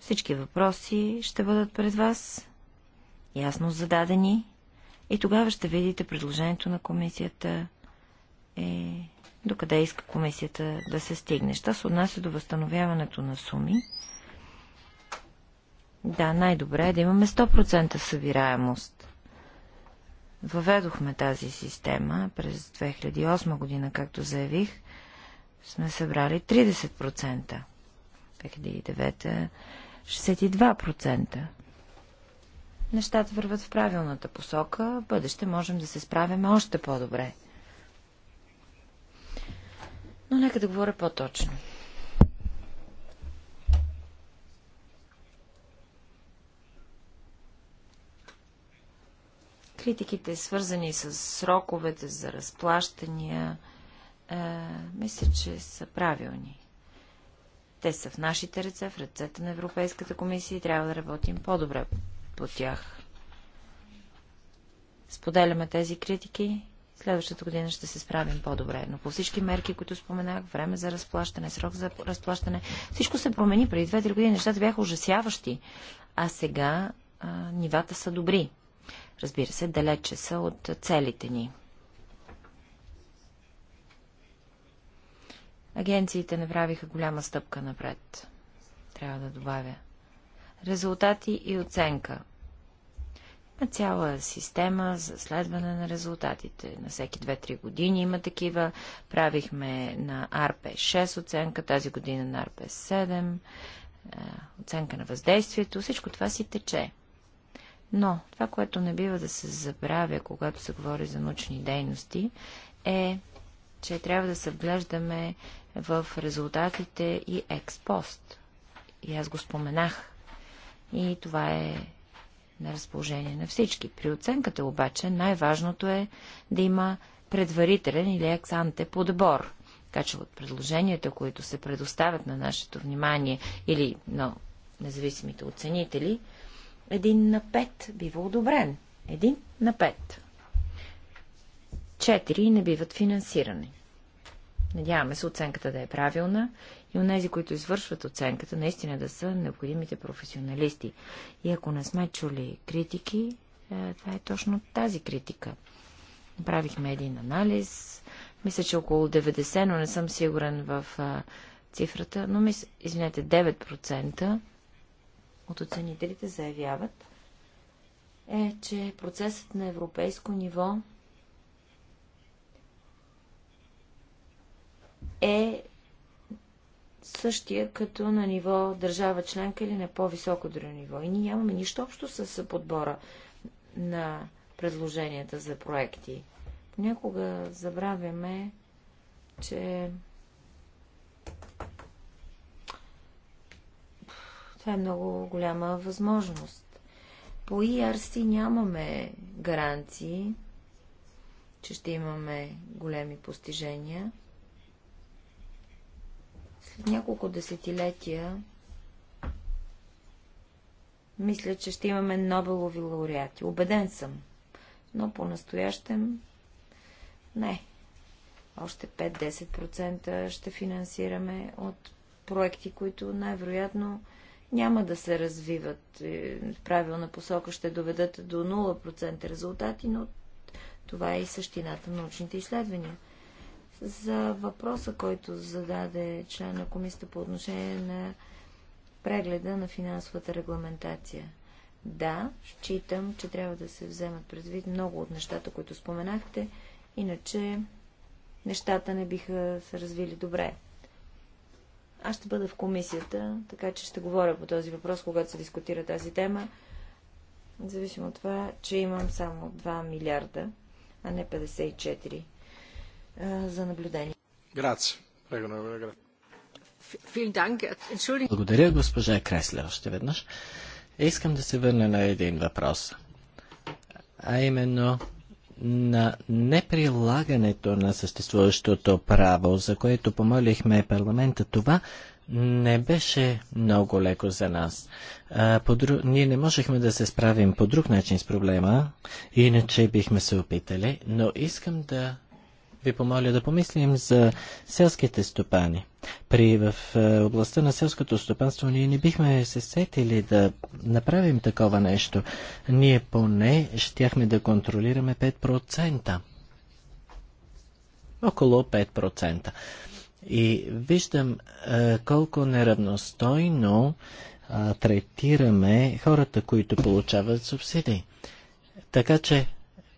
Всички въпроси ще бъдат пред вас, ясно зададени, и тогава ще видите предложението на комисията е докъде иска комисията да се стигне. Що се отнася до възстановяването на суми, да, най-добре е да имаме 100% събираемост. Въведохме тази система през 2008 година, както заявих. Сме събрали 30%. 2009 62%. Нещата върват в правилната посока. В бъдеще можем да се справяме още по-добре. Но нека да говоря по-точно. Критиките, свързани с сроковете за разплащания, е, мисля, че са правилни. Те са в нашите ръце, в ръцете на Европейската комисия и трябва да работим по-добре по тях. Споделяме тези критики. Следващата година ще се справим по-добре. Но по всички мерки, които споменах, време за разплащане, срок за разплащане, всичко се промени. Преди 2-3 години нещата бяха ужасяващи, а сега а, нивата са добри. Разбира се, далече са от целите ни. Агенциите направиха голяма стъпка напред. Трябва да добавя. Резултати и оценка. Има цяла система за следване на резултатите. На всеки 2-3 години има такива. Правихме на арп 6 оценка, тази година на АРП 7, е, оценка на въздействието. Всичко това си тече. Но това, което не бива да се забравя, когато се говори за научни дейности, е, че трябва да се вглеждаме в резултатите и експост. И аз го споменах. И това е на разположение на всички. При оценката обаче най-важното е да има предварителен или ексанте подбор. Така че от предложенията, които се предоставят на нашето внимание или на независимите оценители, един на пет бива одобрен. Един на пет. Четири не биват финансирани. Надяваме се оценката да е правилна и онези, които извършват оценката, наистина да са необходимите професионалисти. И ако не сме чули критики, е, това е точно тази критика. Направихме един анализ, мисля, че около 90, но не съм сигурен в цифрата, но извинете, 9% от оценителите заявяват, е, че процесът на европейско ниво е същия като на ниво държава членка или на по-високо друго ниво. И ние нямаме нищо общо с подбора на предложенията за проекти. Понякога забравяме, че Това е много голяма възможност. По ERC нямаме гаранции, че ще имаме големи постижения. След няколко десетилетия мисля, че ще имаме Нобелови лауреати. Обеден съм. Но по-настоящем не. Още 5-10% ще финансираме от проекти, които най-вероятно няма да се развиват е, в правилна посока, ще доведат до 0% резултати, но това е и същината на научните изследвания. За въпроса, който зададе член на комисията по отношение на прегледа на финансовата регламентация. Да, считам, че трябва да се вземат предвид много от нещата, които споменахте, иначе нещата не биха се развили добре. Аз ще бъда в комисията, така че ще говоря по този въпрос, когато се дискутира тази тема. Зависимо от това, че имам само 2 милиарда, а не 54 за наблюдение. Грация. Благодаря, госпожа Кресле, още веднъж. Искам да се върна на един въпрос. А именно на неприлагането на съществуващото право, за което помолихме парламента, това не беше много леко за нас. А, подру... Ние не можехме да се справим по друг начин с проблема, иначе бихме се опитали, но искам да ви помоля да помислим за селските стопани. При в е, областта на селското стопанство ние не бихме се сетили да направим такова нещо. Ние поне щяхме да контролираме 5%. Около 5%. И виждам е, колко неравностойно е, третираме хората, които получават субсидии. Така че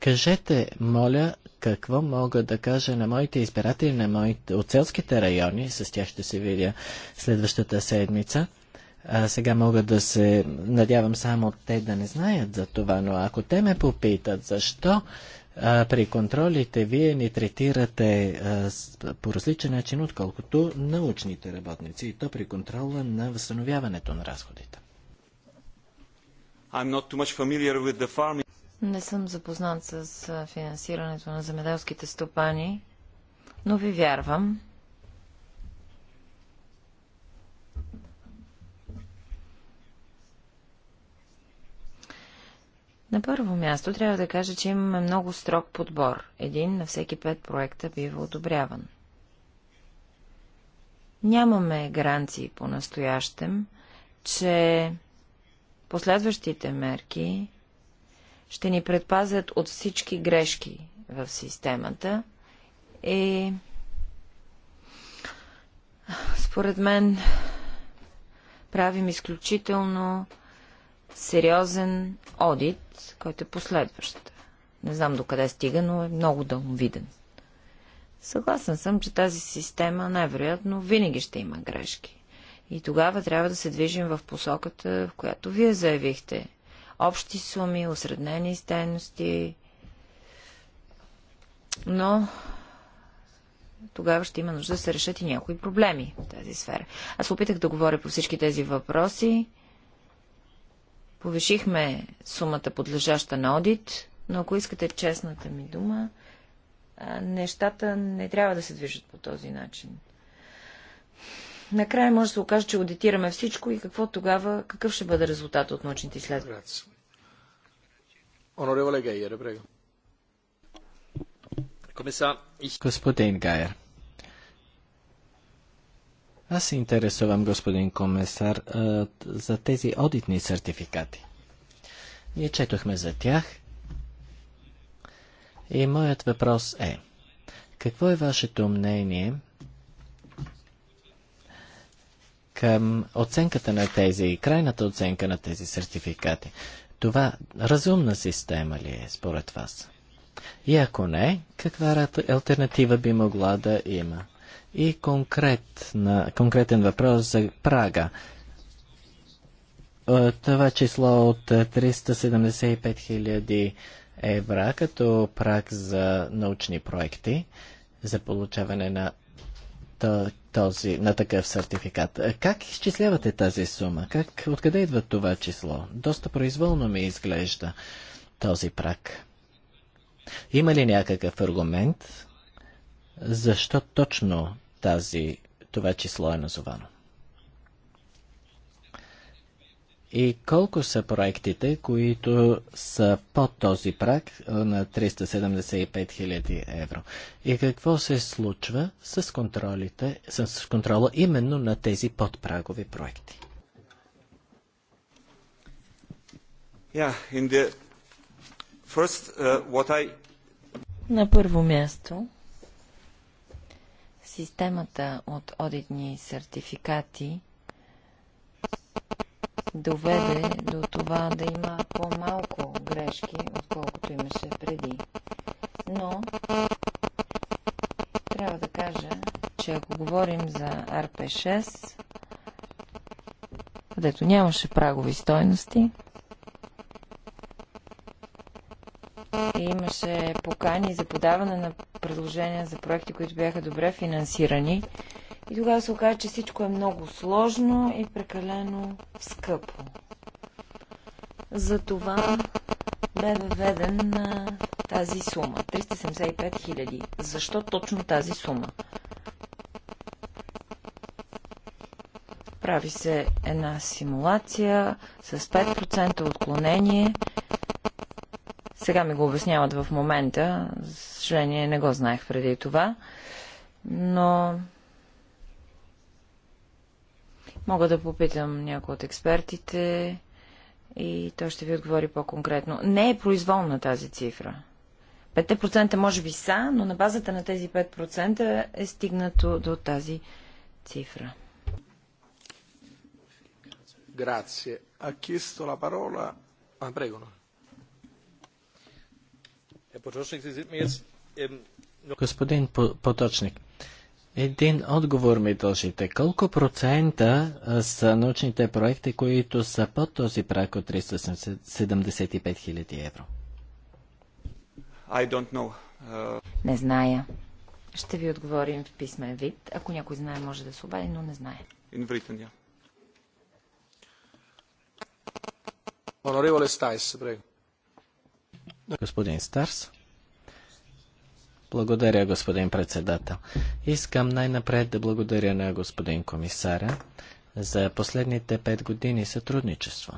Кажете, моля, какво мога да кажа на моите избиратели на моите, от селските райони, с тях ще се видя следващата седмица. А сега мога да се надявам само те да не знаят за това, но ако те ме попитат защо а, при контролите вие ни третирате а, с, по различен начин, отколкото научните работници, и то при контрола на възстановяването на разходите. Не съм запознат с финансирането на земеделските стопани, но ви вярвам. На първо място трябва да кажа, че имаме много строг подбор. Един на всеки пет проекта бива одобряван. Нямаме гаранции по-настоящем, че последващите мерки ще ни предпазят от всички грешки в системата. И е, според мен правим изключително сериозен одит, който е последващ. Не знам до къде стига, но е много дълновиден. Съгласен съм, че тази система най-вероятно винаги ще има грешки. И тогава трябва да се движим в посоката, в която вие заявихте общи суми, осреднени стойности, но тогава ще има нужда да се решат и някои проблеми в тази сфера. Аз опитах да говоря по всички тези въпроси. Повишихме сумата подлежаща на одит, но ако искате честната ми дума, нещата не трябва да се движат по този начин накрая може да се окаже, че аудитираме всичко и какво тогава, какъв ще бъде резултат от научните изследвания. Господин Гайер, аз се интересувам, господин комесар, за тези одитни сертификати. Ние четохме за тях и моят въпрос е, какво е вашето мнение – към оценката на тези, крайната оценка на тези сертификати. Това разумна система ли е според вас? И ако не, каква альтернатива би могла да има? И конкретна, конкретен въпрос за прага. Е, това число от 375 е, 000 евра като праг за научни проекти за получаване на този, на такъв сертификат. Как изчислявате тази сума? Как, откъде идва това число? Доста произволно ми изглежда този прак. Има ли някакъв аргумент? Защо точно тази, това число е назовано? И колко са проектите, които са под този прак на 375 000 евро? И какво се случва с, контролите, с контрола именно на тези подпрагови проекти? Yeah, the... First, uh, I... На първо място, системата от одитни сертификати доведе до това да има по-малко грешки, отколкото имаше преди. Но трябва да кажа, че ако говорим за RP6, където нямаше прагови стойности, и имаше покани за подаване на предложения за проекти, които бяха добре финансирани, и тогава се оказа, че всичко е много сложно и прекалено скъпо. Затова бе въведен на тази сума 375 хиляди. Защо точно тази сума? Прави се една симулация с 5% отклонение. Сега ми го обясняват в момента. За съжаление, не го знаех преди това. Но Мога да попитам някой от експертите и той ще ви отговори по-конкретно. Не е произволна тази цифра. 5% може би са, но на базата на тези 5% е стигнато до тази цифра. Grazie. Ha chiesto la parola. Ah, prego. Господин Поточник, един отговор ми дължите. Колко процента са научните проекти, които са под този прак от 375 000 евро? I don't know. Uh... Не зная. Ще ви отговорим в писмен вид. Ако някой знае, може да се обади, но не знае. In written, yeah. Господин Старс. Благодаря, господин председател. Искам най-напред да благодаря на господин комисаря за последните пет години сътрудничество.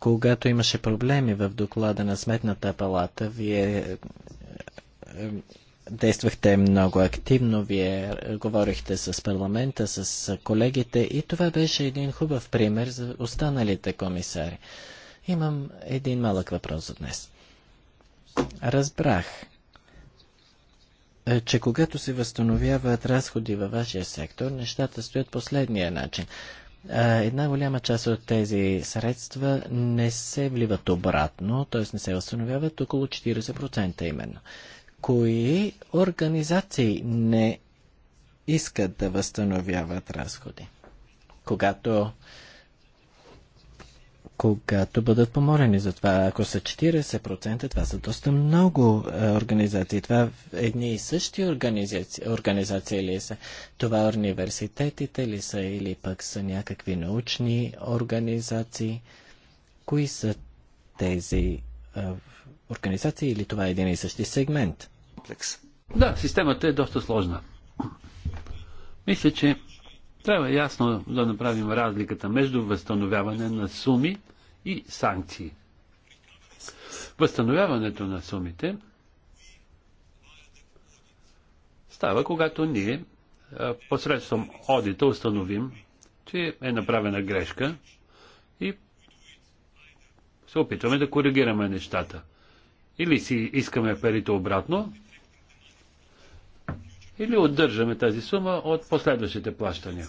Когато имаше проблеми в доклада на Сметната палата, вие е, е, действахте много активно, вие е, говорихте с парламента, с колегите и това беше един хубав пример за останалите комисари. Имам един малък въпрос за днес. Разбрах, е, че когато се възстановяват разходи във вашия сектор, нещата стоят последния начин. Е, една голяма част от тези средства не се вливат обратно, т.е. не се възстановяват около 40% именно. Кои организации не искат да възстановяват разходи? Когато когато бъдат помолени за това. Ако са 40%, това са доста много е, организации. Това едни и същи организации, организации ли са? Това университетите ли са или пък са някакви научни организации? Кои са тези е, организации или това е един и същи сегмент? Да, системата е доста сложна. Мисля, че трябва ясно да направим разликата между възстановяване на суми и санкции. Възстановяването на сумите става, когато ние посредством одита установим, че е направена грешка и се опитваме да коригираме нещата. Или си искаме парите обратно, или отдържаме тази сума от последващите плащания.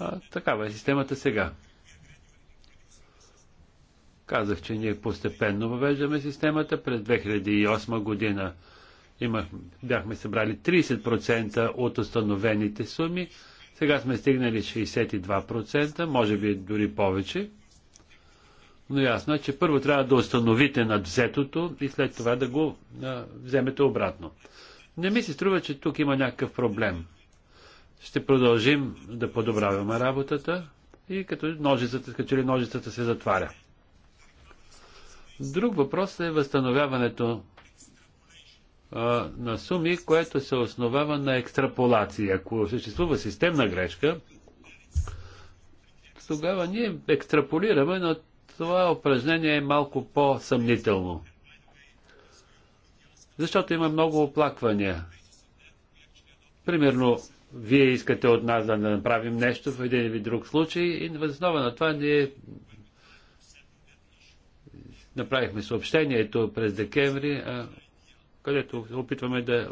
А, такава е системата сега. Казах, че ние постепенно въвеждаме системата. През 2008 година имах, бяхме събрали 30% от установените суми. Сега сме стигнали 62%, може би дори повече. Но ясно е, че първо трябва да установите над взетото и след това да го а, вземете обратно. Не ми се струва, че тук има някакъв проблем. Ще продължим да подобраваме работата и като ножицата, като ли ножицата се затваря. Друг въпрос е възстановяването а, на суми, което се основава на екстраполация. Ако съществува системна грешка, тогава ние екстраполираме, но това упражнение е малко по-съмнително. Защото има много оплаквания. Примерно, вие искате от нас да направим нещо в един или друг случай и възнова на това ние направихме съобщението през декември, където опитваме да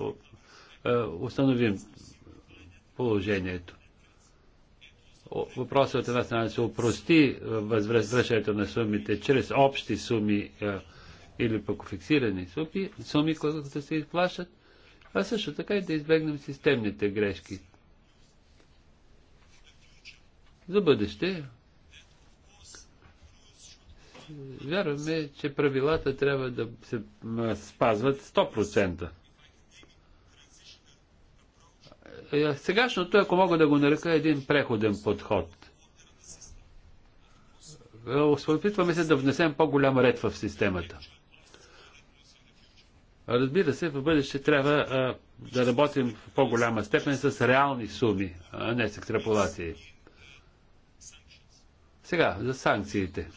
установим положението. Въпросът от една страна се упрости възвръщането на сумите чрез общи суми или пък фиксирани суми, суми, които да се изплащат, а също така и да избегнем системните грешки. За бъдеще вярваме, че правилата трябва да се спазват 100%. Сегашното, ако мога да го нарека, е един преходен подход. Е, Опитваме се да внесем по-голям ред в системата. Разбира се, в бъдеще трябва а, да работим в по-голяма степен с реални суми, а не с екстраполации. Сега, за санкциите.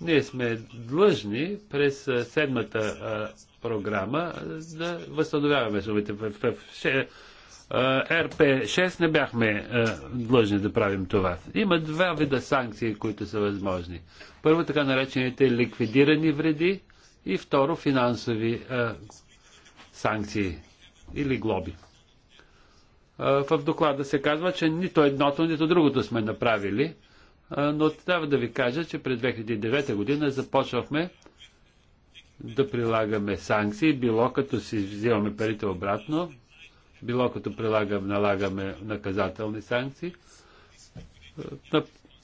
Ние сме длъжни през седмата а, програма да възстановяваме сумите. В, в, в РП-6 не бяхме а, длъжни да правим това. Има два вида санкции, които са възможни. Първо така наречените ликвидирани вреди, и второ финансови а, е, санкции или глоби. А, е, в доклада се казва, че нито едното, нито другото сме направили, а, е, но трябва да ви кажа, че през 2009 година започвахме да прилагаме санкции, било като си взимаме парите обратно, било като прилагам, налагаме наказателни санкции,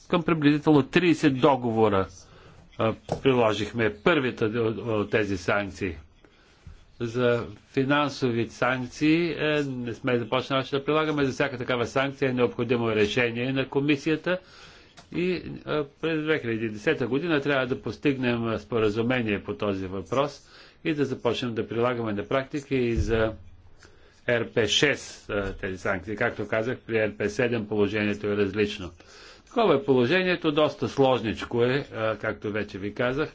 към приблизително 30 договора приложихме първите от тези санкции. За финансови санкции е, не сме започнали да прилагаме. За всяка такава санкция е необходимо решение на комисията и е, през 2010 година трябва да постигнем споразумение по този въпрос и да започнем да прилагаме на практика и за РП-6 тези санкции. Както казах, при РП-7 положението е различно. Такова е положението, доста сложничко е, както вече ви казах.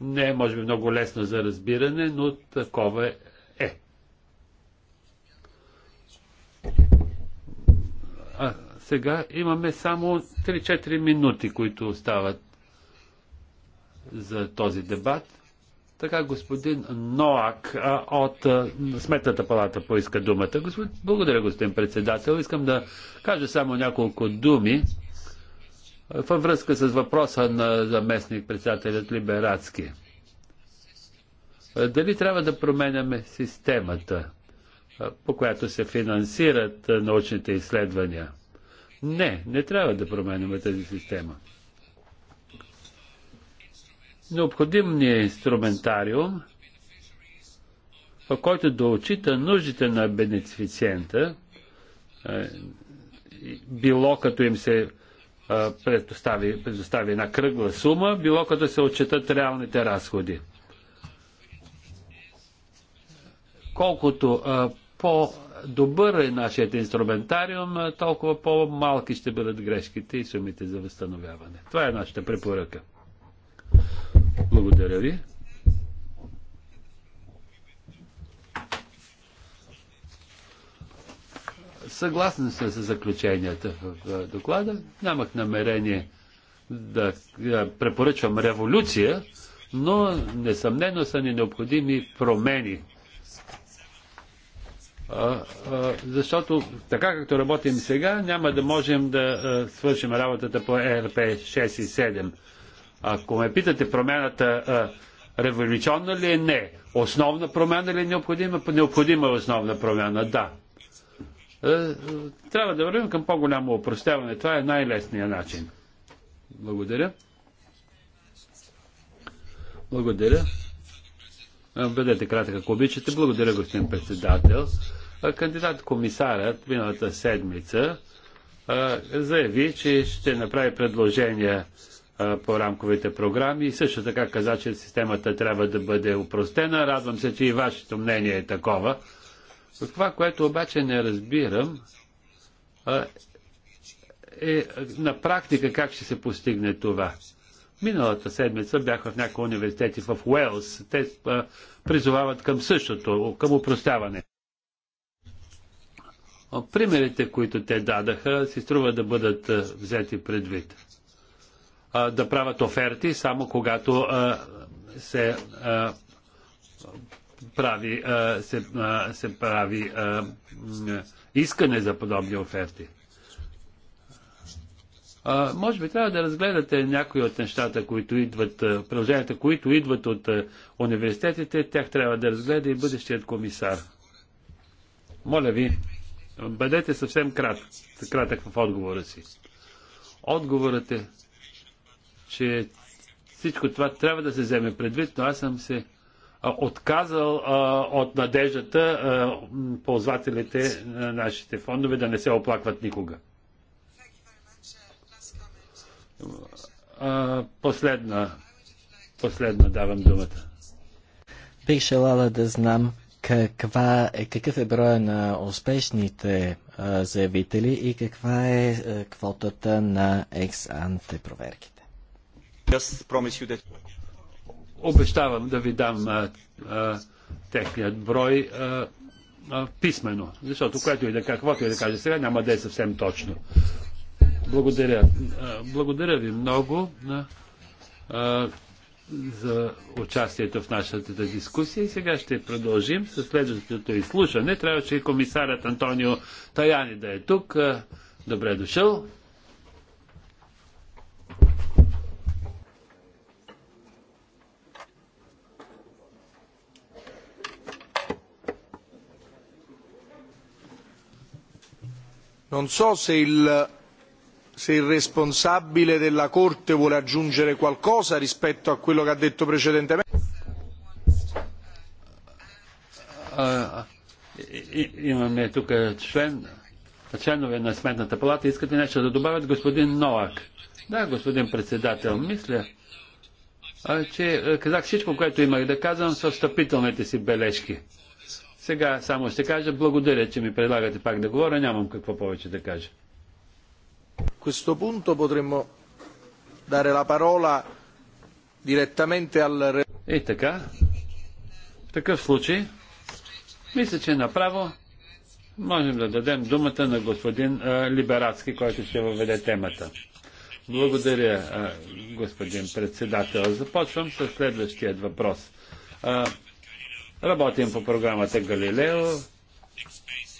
Не е, може би, много лесно за разбиране, но такова е. е. А сега имаме само 3-4 минути, които остават за този дебат. Така господин Ноак а, от а, Сметната палата поиска думата. Господ... Благодаря, господин председател. Искам да кажа само няколко думи във връзка с въпроса на заместник председателят Либерацки. Дали трябва да променяме системата, по която се финансират научните изследвания? Не, не трябва да променяме тази система. Необходим ни е инструментариум, по който да отчита нуждите на бенефициента, било като им се предостави, предостави една кръгла сума, било като се отчитат реалните разходи. Колкото по-добър е нашият инструментариум, толкова по-малки ще бъдат грешките и сумите за възстановяване. Това е нашата препоръка. Благодаря ви. Съгласен съм с заключенията в доклада. Нямах намерение да препоръчвам революция, но несъмнено са ни необходими промени. А, а, защото така както работим сега, няма да можем да а, свършим работата по РП 6 и 7. Ако ме питате а, революционна ли е? Не. Основна промяна ли е необходима? Необходима е основна промяна, да. Е, е, трябва да вървим към по-голямо опростяване. Това е най-лесният начин. Благодаря. Благодаря. Е, бъдете кратък, ако обичате. Благодаря, господин председател. Кандидат комисарът миналата седмица заяви, че ще направи предложения по рамковите програми и също така каза, че системата трябва да бъде упростена. Радвам се, че и вашето мнение е такова. Това, което обаче не разбирам, е, е на практика как ще се постигне това. Миналата седмица бях в някои университети в Уелс. Те призовават към същото, към упростяване. Примерите, които те дадаха, си струва да бъдат взети предвид. Да правят оферти само когато се прави, а, се, а, се прави а, искане за подобни оферти. А, може би трябва да разгледате някои от нещата, които идват, приложенията, които идват от университетите, тях трябва да разгледа и бъдещият комисар. Моля ви, бъдете съвсем крат, кратък в отговора си. Отговорът е, че всичко това трябва да се вземе предвид, но аз съм се отказал от надеждата ползвателите на нашите фондове да не се оплакват никога. Последна, последна давам думата. Бих желала да знам каква е, какъв е броя на успешните а, заявители и каква е а, квотата на екс-анте проверките обещавам да ви дам а, а, техният брой а, а, писменно, защото което и да, каквото и да каже сега, няма да е съвсем точно. Благодаря. А, благодаря ви много а, а, за участието в нашата дискусия и сега ще продължим с следващото изслушане. Трябваше и комисарят Антонио Таяни да е тук. Добре дошъл. non so se il, responsabile della Corte vuole aggiungere qualcosa rispetto a quello che ha detto precedentemente. имаме тук член, членове на Сметната палата. Искате нещо да добавят господин Новак? Да, господин председател, мисля, че казах всичко, което имах да казвам с встъпителните си бележки. Сега само ще кажа благодаря, че ми предлагате пак да говоря. Нямам какво повече да кажа. Questo punto potremmo dare la parola direttamente al... И така, в такъв случай, мисля, че направо можем да дадем думата на господин а, Либерацки, който ще въведе темата. Благодаря, а, господин председател. Започвам с следващият въпрос. А, Работим по програмата Галилео.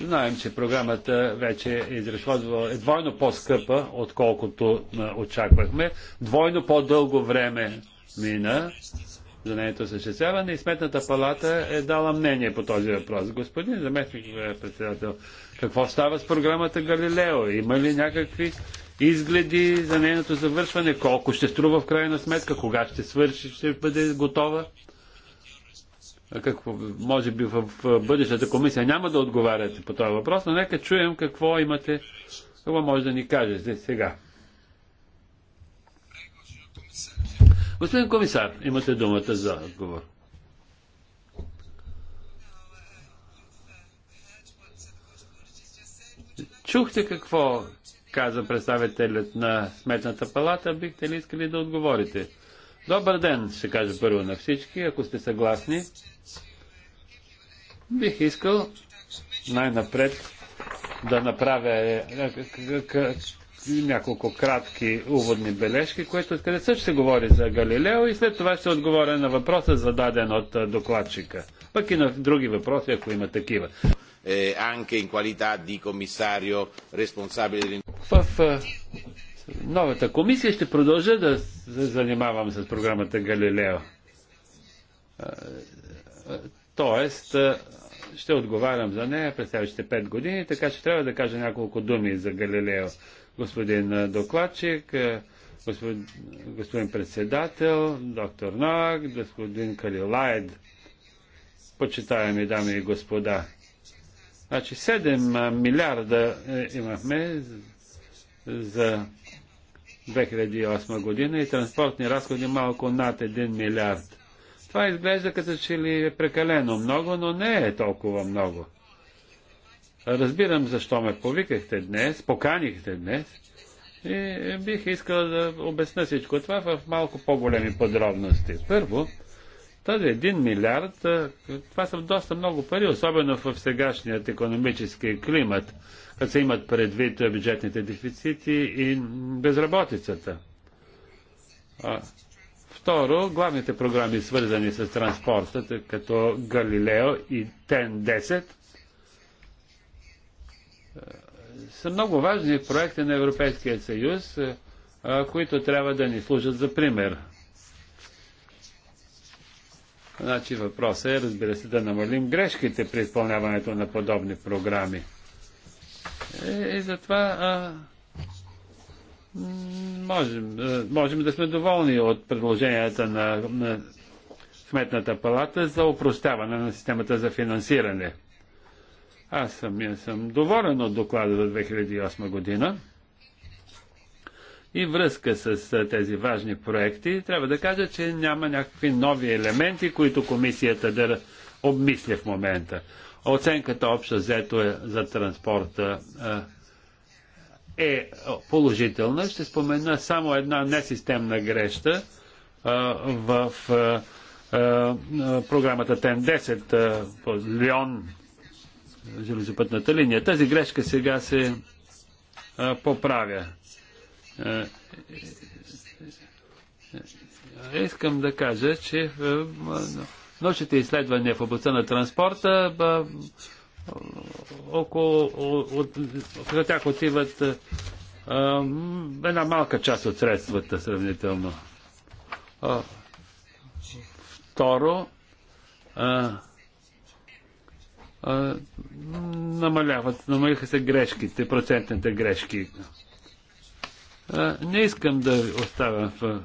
Знаем, че програмата вече е изразходвала е двойно по-скъпа, отколкото очаквахме. Двойно по-дълго време мина за нейното е съществяване и Сметната палата е дала мнение по този въпрос. Господин заместник е, председател, какво става с програмата Галилео? Има ли някакви изгледи за нейното завършване? Колко ще струва в крайна сметка? Кога ще свърши? Ще бъде готова? какво, може би в бъдещата комисия няма да отговаряте по този въпрос, но нека чуем какво имате, какво може да ни кажете сега. Господин комисар, имате думата за отговор. Чухте какво каза представителят на Сметната палата, бихте ли искали да отговорите? Добър ден, ще кажа първо на всички, ако сте съгласни. Бих искал най-напред да направя е, е, е, няколко кратки уводни бележки, които откъде също се говори за Галилео и след това ще отговоря на въпроса, зададен от докладчика. Пък и на други въпроси, ако има такива. В новата комисия ще продължа да се занимавам с програмата Галилео. Тоест, ще отговарям за нея през следващите 5 години, така че трябва да кажа няколко думи за Галилео. Господин докладчик, господин, господин председател, доктор Ноак, господин Калилайд, почитаеми дами и господа. Значи 7 милиарда е, имахме за 2008 година и транспортни разходи малко над 1 милиард. Това изглежда като че ли е прекалено много, но не е толкова много. Разбирам защо ме повикахте днес, поканихте днес и бих искал да обясня всичко това в малко по-големи подробности. Първо, този 1 милиард, това са доста много пари, особено в сегашният економически климат като се имат предвид бюджетните дефицити и безработицата. Второ, главните програми, свързани с транспорта, като Галилео и ТЕН-10, са много важни проекти на Европейския съюз, които трябва да ни служат за пример. Значи въпросът е, разбира се, да намалим грешките при изпълняването на подобни програми. И затова а, можем, а, можем да сме доволни от предложенията на, на Сметната палата за упростяване на системата за финансиране. Аз съм, съм доволен от доклада за 2008 година. И връзка с тези важни проекти, трябва да кажа, че няма някакви нови елементи, които комисията да обмисля в момента. Оценката обща взето е за транспорта е положителна. Ще спомена само една несистемна греща в програмата ТЕН-10 по Лион железопътната линия. Тази грешка сега се поправя. Искам да кажа, че научните изследвания в областта на транспорта, ба, около, от, от тях отиват а, една малка част от средствата сравнително. А, второ, а, а, намаляват, намалиха се грешките, процентните грешки. А, не искам да оставям в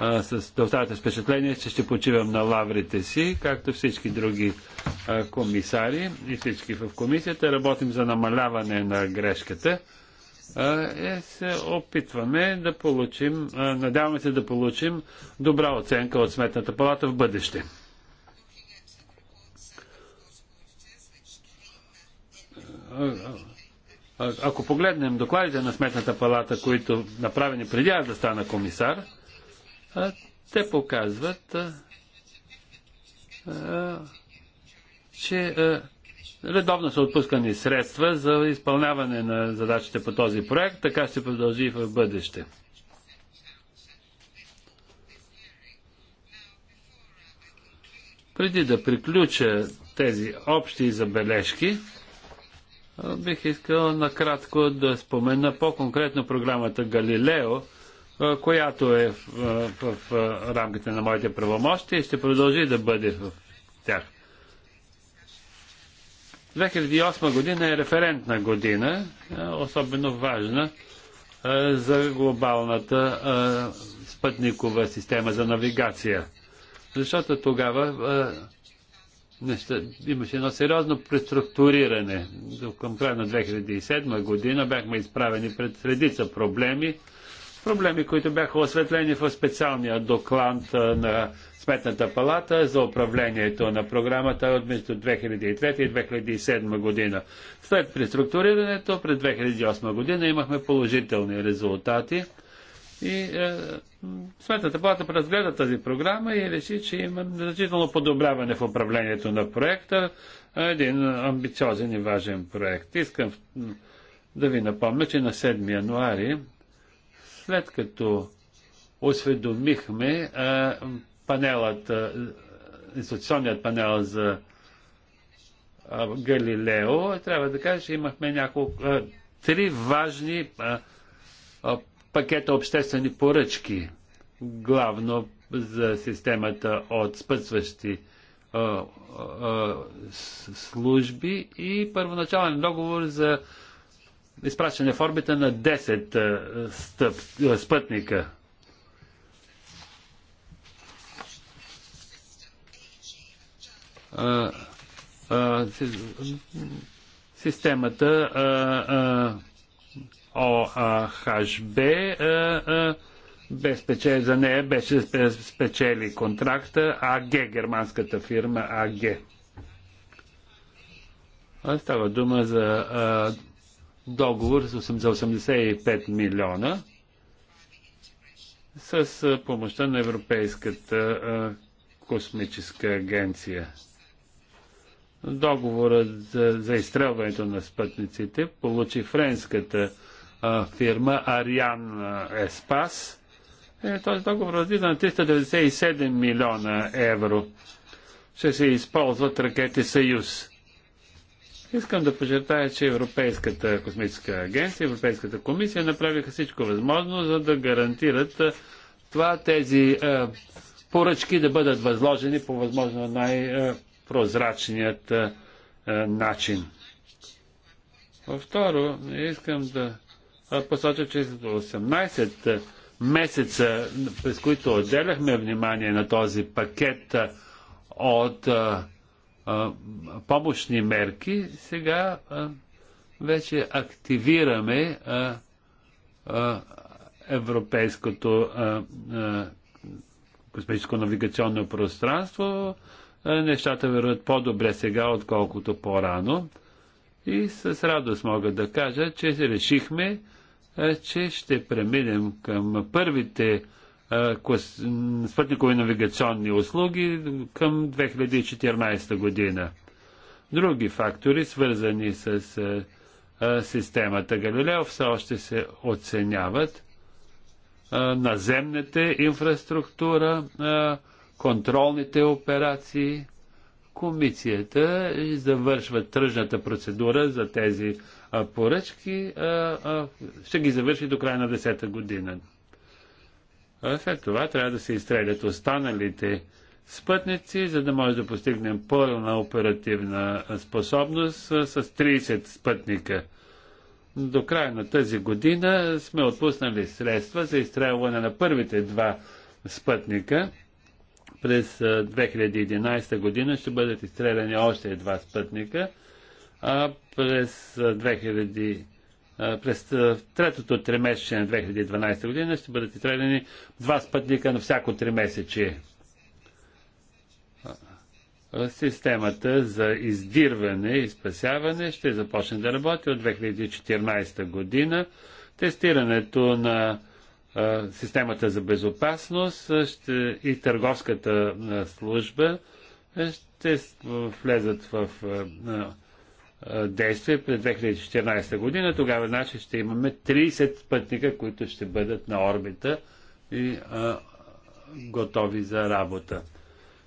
а, с достатъчно впечатление, че ще почивам на лаврите си, както всички други а, комисари и всички в комисията. Работим за намаляване на грешката. А, е, се опитваме да получим, а, надяваме се да получим добра оценка от Сметната палата в бъдеще. Ако погледнем докладите на Сметната палата, които направени преди аз да стана комисар, а, те показват, а, а, че а, редовно са отпускани средства за изпълняване на задачите по този проект, така ще продължи и в бъдеще. Преди да приключа тези общи забележки, бих искал накратко да спомена по-конкретно програмата Галилео, която е в, в, рамките на моите правомощи и ще продължи да бъде в тях. 2008 година е референтна година, особено важна за глобалната спътникова система за навигация. Защото тогава неща, имаше едно сериозно преструктуриране. Към края на 2007 година бяхме изправени пред средица проблеми, проблеми, които бяха осветлени в специалния доклад на Сметната палата за управлението на програмата от между 2003 и 2007 година. След преструктурирането през 2008 година имахме положителни резултати и е, Сметната палата разгледа тази програма и реши, че има значително подобряване в управлението на проекта. Един амбициозен и важен проект. Искам да ви напомня, че на 7 януари след като осведомихме а, панелът, а, институционният панел за а, Галилео, трябва да кажа, че имахме няколко, а, три важни а, а, пакета обществени поръчки, главно за системата от спътстващи а, а, служби и първоначален договор за изпращане в орбита на 10 е, стъп, е, спътника. Е, системата ОХБ за нея беше спечели контракта АГ, германската фирма АГ. Става дума за договор за 85 милиона с помощта на Европейската космическа агенция. Договорът за, за изстрелването на спътниците получи френската а, фирма Ариан Еспас. Е, този договор разлиза на 397 милиона евро. Ще се използват ракети Съюз. Искам да подчертая, че Европейската космическа агенция, Европейската комисия направиха всичко възможно, за да гарантират това тези е, поръчки да бъдат възложени по възможно най-прозрачният е, начин. Второ, искам да посоча, че 18 месеца, през които отделяхме внимание на този пакет от е, а, помощни мерки, сега а, вече активираме а, а, европейското а, а, космическо навигационно пространство. А, нещата върват по-добре сега, отколкото по-рано. И с радост мога да кажа, че решихме, а, че ще преминем към първите спътникови навигационни услуги към 2014 година. Други фактори, свързани с системата Галилео, все още се оценяват. Наземната инфраструктура, контролните операции, комисията завършва тръжната процедура за тези поръчки, ще ги завърши до края на 10-та година. След това трябва да се изстрелят останалите спътници, за да може да постигнем пълна оперативна способност с 30 спътника. До края на тази година сме отпуснали средства за изстрелване на първите два спътника. През 2011 година ще бъдат изстреляни още два спътника, а през през третото тримесечие на 2012 година ще бъдат изстреляни два спътника на всяко тримесечие. Системата за издирване и спасяване ще започне да работи от 2014 година. Тестирането на системата за безопасност ще, и търговската служба ще влезат в действие през 2014 година. Тогава значи ще имаме 30 пътника, които ще бъдат на орбита и а, готови за работа.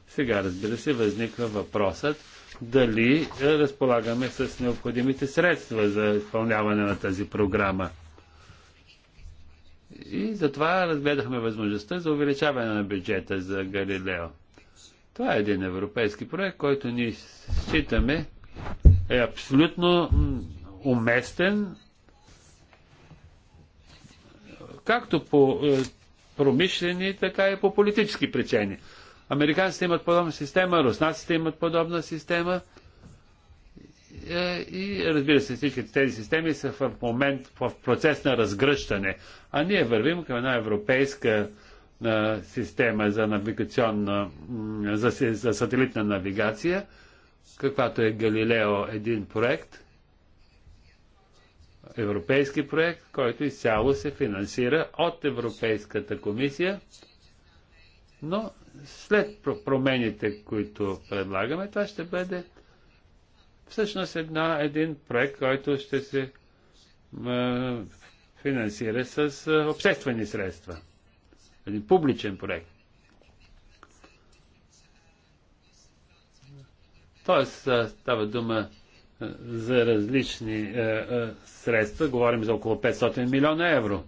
Сега, разбира се, възниква въпросът дали разполагаме с необходимите средства за изпълняване на тази програма. И затова разгледахме възможността за увеличаване на бюджета за Галилео. Това е един европейски проект, който ние считаме, е абсолютно уместен, както по е, промишлени, така и по политически причини. Американците имат подобна система, руснаците имат подобна система е, и разбира се, всички тези системи са в момент в процес на разгръщане. А ние вървим към една европейска е, система за навигационна, за, за сателитна навигация – каквато е Галилео, един проект, европейски проект, който изцяло се финансира от Европейската комисия, но след промените, които предлагаме, това ще бъде всъщност една, един проект, който ще се финансира с обществени средства. Един публичен проект. Тоест, става дума за различни средства, говорим за около 500 милиона евро.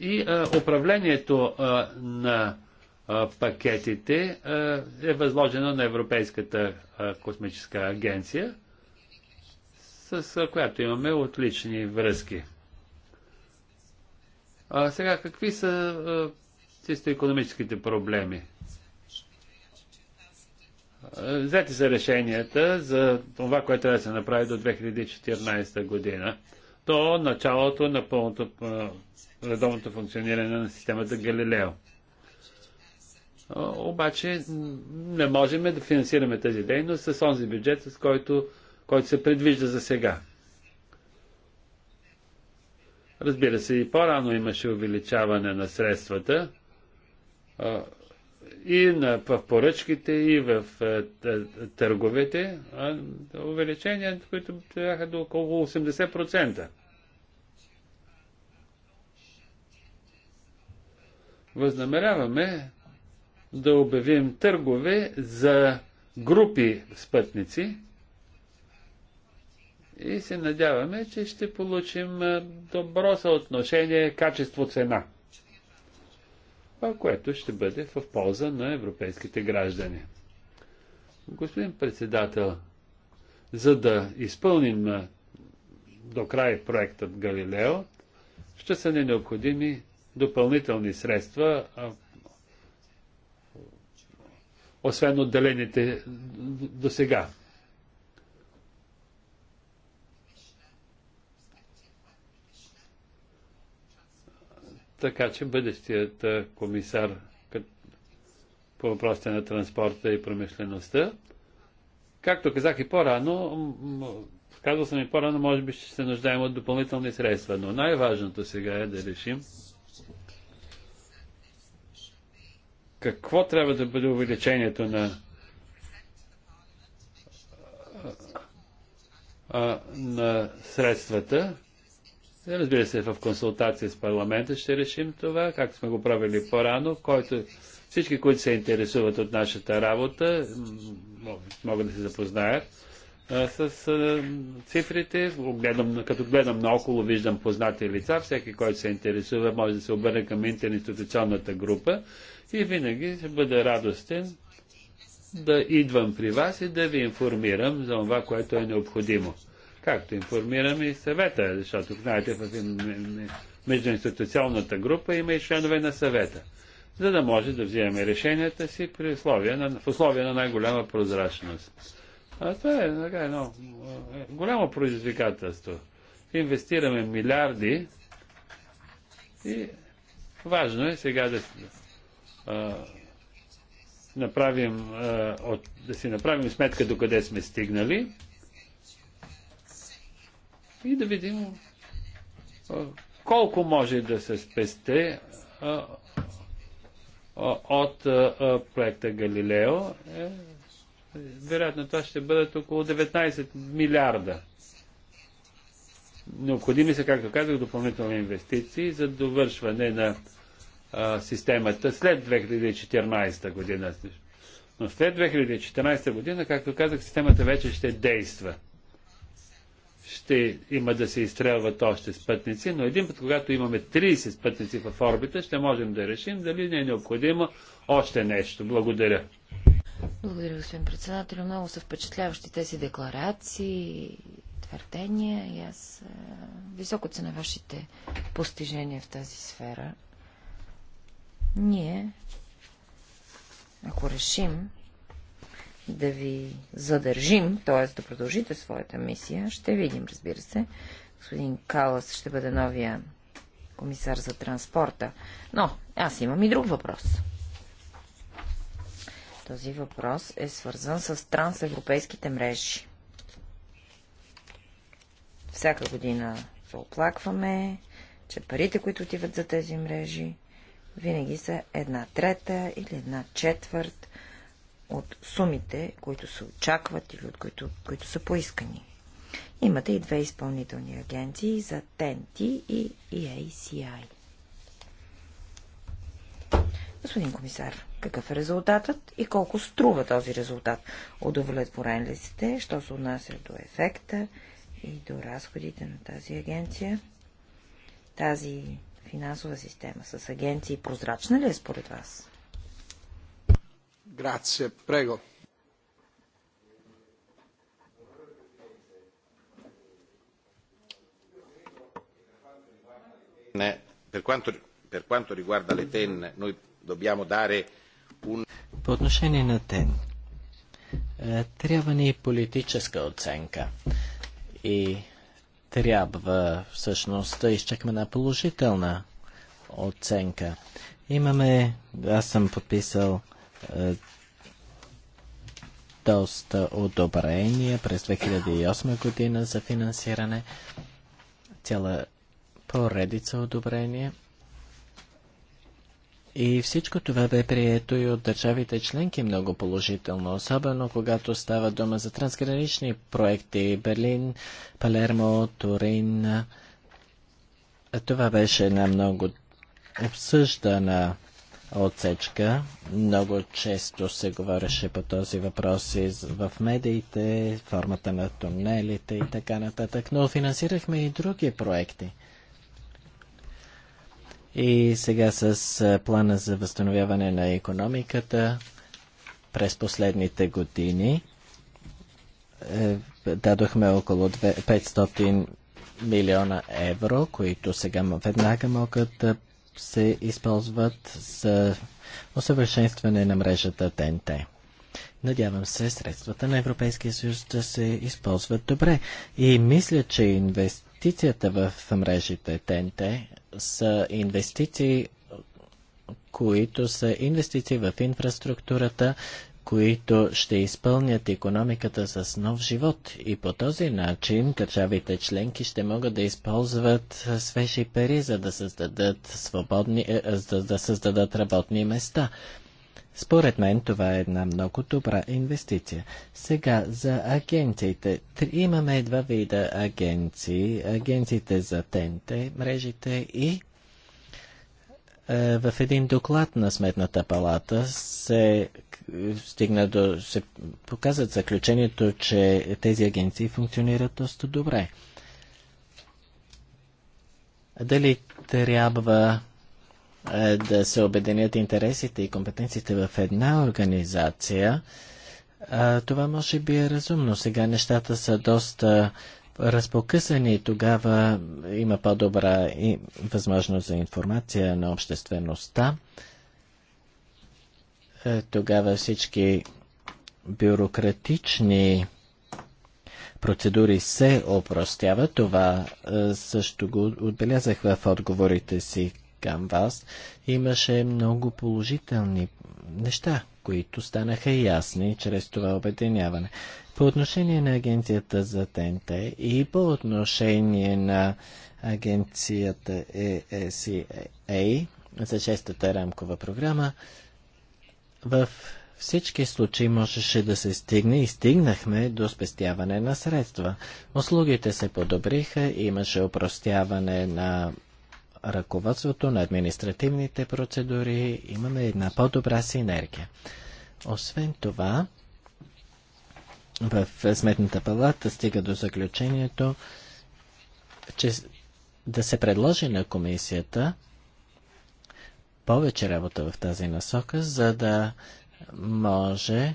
И а, управлението а, на а, пакетите а, е възложено на Европейската а, космическа агенция, с а, която имаме отлични връзки. А, сега, какви са чисто економическите проблеми? Взете взети решенията за това, което трябва да се направи до 2014 година, до началото на пълното редовното функциониране на системата Галилео. Обаче не можем да финансираме тази дейност с онзи бюджет, с който, който се предвижда за сега. Разбира се, и по-рано имаше увеличаване на средствата и на, в поръчките, и в търговете, а, увеличения, които бяха до около 80%. Възнамеряваме да обявим търгове за групи спътници, и се надяваме, че ще получим добро съотношение качество-цена, което ще бъде в полза на европейските граждани. Господин председател, за да изпълним до край проектът Галилео, ще са ни необходими допълнителни средства, освен отделените до сега. Така че бъдещият комисар по въпросите на транспорта и промишлеността, както казах и по-рано, казал съм и по-рано, може би ще се нуждаем от допълнителни средства, но най-важното сега е да решим какво трябва да бъде увеличението на на средствата е, разбира се, в консултация с парламента ще решим това, както сме го правили по-рано, който всички, които се интересуват от нашата работа, могат да се запознаят с цифрите. Гледам, като гледам наоколо, виждам познати лица. Всеки, който се интересува, може да се обърне към интеринституционната група и винаги ще бъда радостен да идвам при вас и да ви информирам за това, което е необходимо. Както информираме и съвета, защото знаете, в междуинституционната група има и членове на съвета, за да може да вземем решенията си при условия на, в условия на най-голяма прозрачност. А това е така, едно е, голямо произвикателство, Инвестираме милиарди и важно е сега да а, направим, а, от, да си направим сметка докъде сме стигнали и да видим колко може да се спесте от проекта Галилео. Е, вероятно това ще бъдат около 19 милиарда. Необходими са, както казах, допълнителни инвестиции за довършване на системата след 2014 година. Но след 2014 година, както казах, системата вече ще действа ще има да се изстрелват още спътници, но един път, когато имаме 30 спътници в орбита, ще можем да решим дали не е необходимо още нещо. Благодаря. Благодаря, господин председател. Много са впечатляващи тези декларации, твърдения и аз е, високо цена вашите постижения в тази сфера. Ние, ако решим, да ви задържим, т.е. да продължите своята мисия. Ще видим, разбира се. Господин Калас ще бъде новия комисар за транспорта. Но аз имам и друг въпрос. Този въпрос е свързан с трансевропейските мрежи. Всяка година се оплакваме, че парите, които отиват за тези мрежи, винаги са една трета или една четвърт от сумите, които се очакват или от които, които са поискани. Имате и две изпълнителни агенции за TNT и EACI. Господин комисар, какъв е резултатът и колко струва този резултат? Удовлетворен ли сте, що се отнася до ефекта и до разходите на тази агенция? Тази финансова система с агенции прозрачна ли е според вас? Grazie, prego. Per quanto, per quanto riguarda le TEN, noi dobbiamo dare un... По отношение на ТЕН, е, трябва ни политическа оценка и трябва всъщност да изчакаме на положителна оценка. Имаме, аз съм подписал е, доста одобрения през 2008 година за финансиране. Цяла поредица одобрения. И всичко това бе прието и от държавите членки много положително, особено когато става дума за трансгранични проекти Берлин, Палермо, Турин. Е, това беше една много обсъждана отсечка. Много често се говореше по този въпрос и в медиите, формата на тунелите и така нататък, но финансирахме и други проекти. И сега с плана за възстановяване на економиката през последните години е, дадохме около 500 милиона евро, които сега веднага могат да се използват за усъвършенстване на мрежата ТНТ. Надявам се средствата на Европейския съюз да се използват добре и мисля, че инвестицията в мрежите ТНТ са инвестиции които са инвестиции в инфраструктурата, които ще изпълнят економиката с нов живот и по този начин държавите членки ще могат да използват свежи пари, за да създадат, свободни, е, е, за да създадат работни места. Според мен това е една много добра инвестиция. Сега за агенциите. Имаме два вида агенции. Агенциите за тенте, мрежите и е, в един доклад на Сметната палата се стигна до, се показват заключението, че тези агенции функционират доста добре. Дали трябва е, да се обединят интересите и компетенциите в една организация, това може би е разумно. Сега нещата са доста разпокъсани и тогава има по-добра възможност за информация на обществеността. Е, тогава всички бюрократични процедури се опростяват. Това е, също го отбелязах в отговорите си към вас. Имаше много положителни неща, които станаха ясни чрез това обединяване. По отношение на агенцията за ТНТ и по отношение на агенцията ESEA е за шестата рамкова програма, в всички случаи можеше да се стигне и стигнахме до спестяване на средства. Услугите се подобриха, имаше опростяване на ръководството, на административните процедури, имаме една по-добра синергия. Освен това, в Сметната палата стига до заключението, че да се предложи на комисията повече работа в тази насока, за да може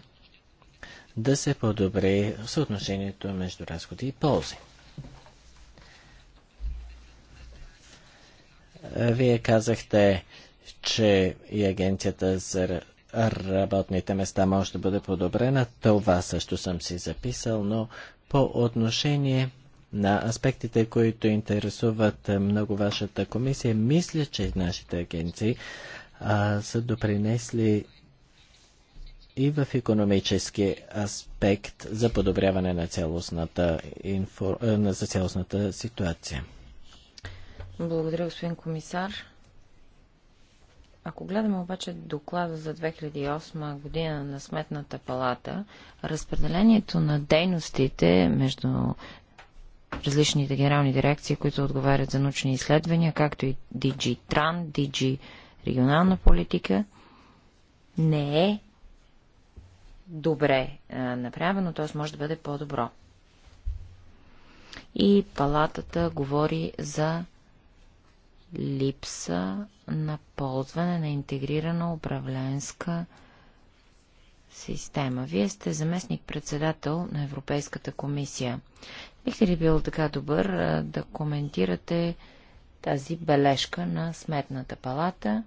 да се подобри съотношението между разходи и ползи. Вие казахте, че и агенцията за работните места може да бъде подобрена. Това също съм си записал, но по отношение на аспектите, които интересуват е, много вашата комисия. Мисля, че нашите агенции а, са допринесли и в економически аспект за подобряване на цялостната, инфо... Е, за цялостната ситуация. Благодаря, господин комисар. Ако гледаме обаче доклада за 2008 година на Сметната палата, разпределението на дейностите между различните генерални дирекции, които отговарят за научни изследвания, както и DG Тран, DG регионална политика, не е добре направено, т.е. може да бъде по-добро. И палатата говори за липса на ползване на интегрирана управленска система. Вие сте заместник-председател на Европейската комисия. Бихте ли бил така добър да коментирате тази бележка на Сметната палата,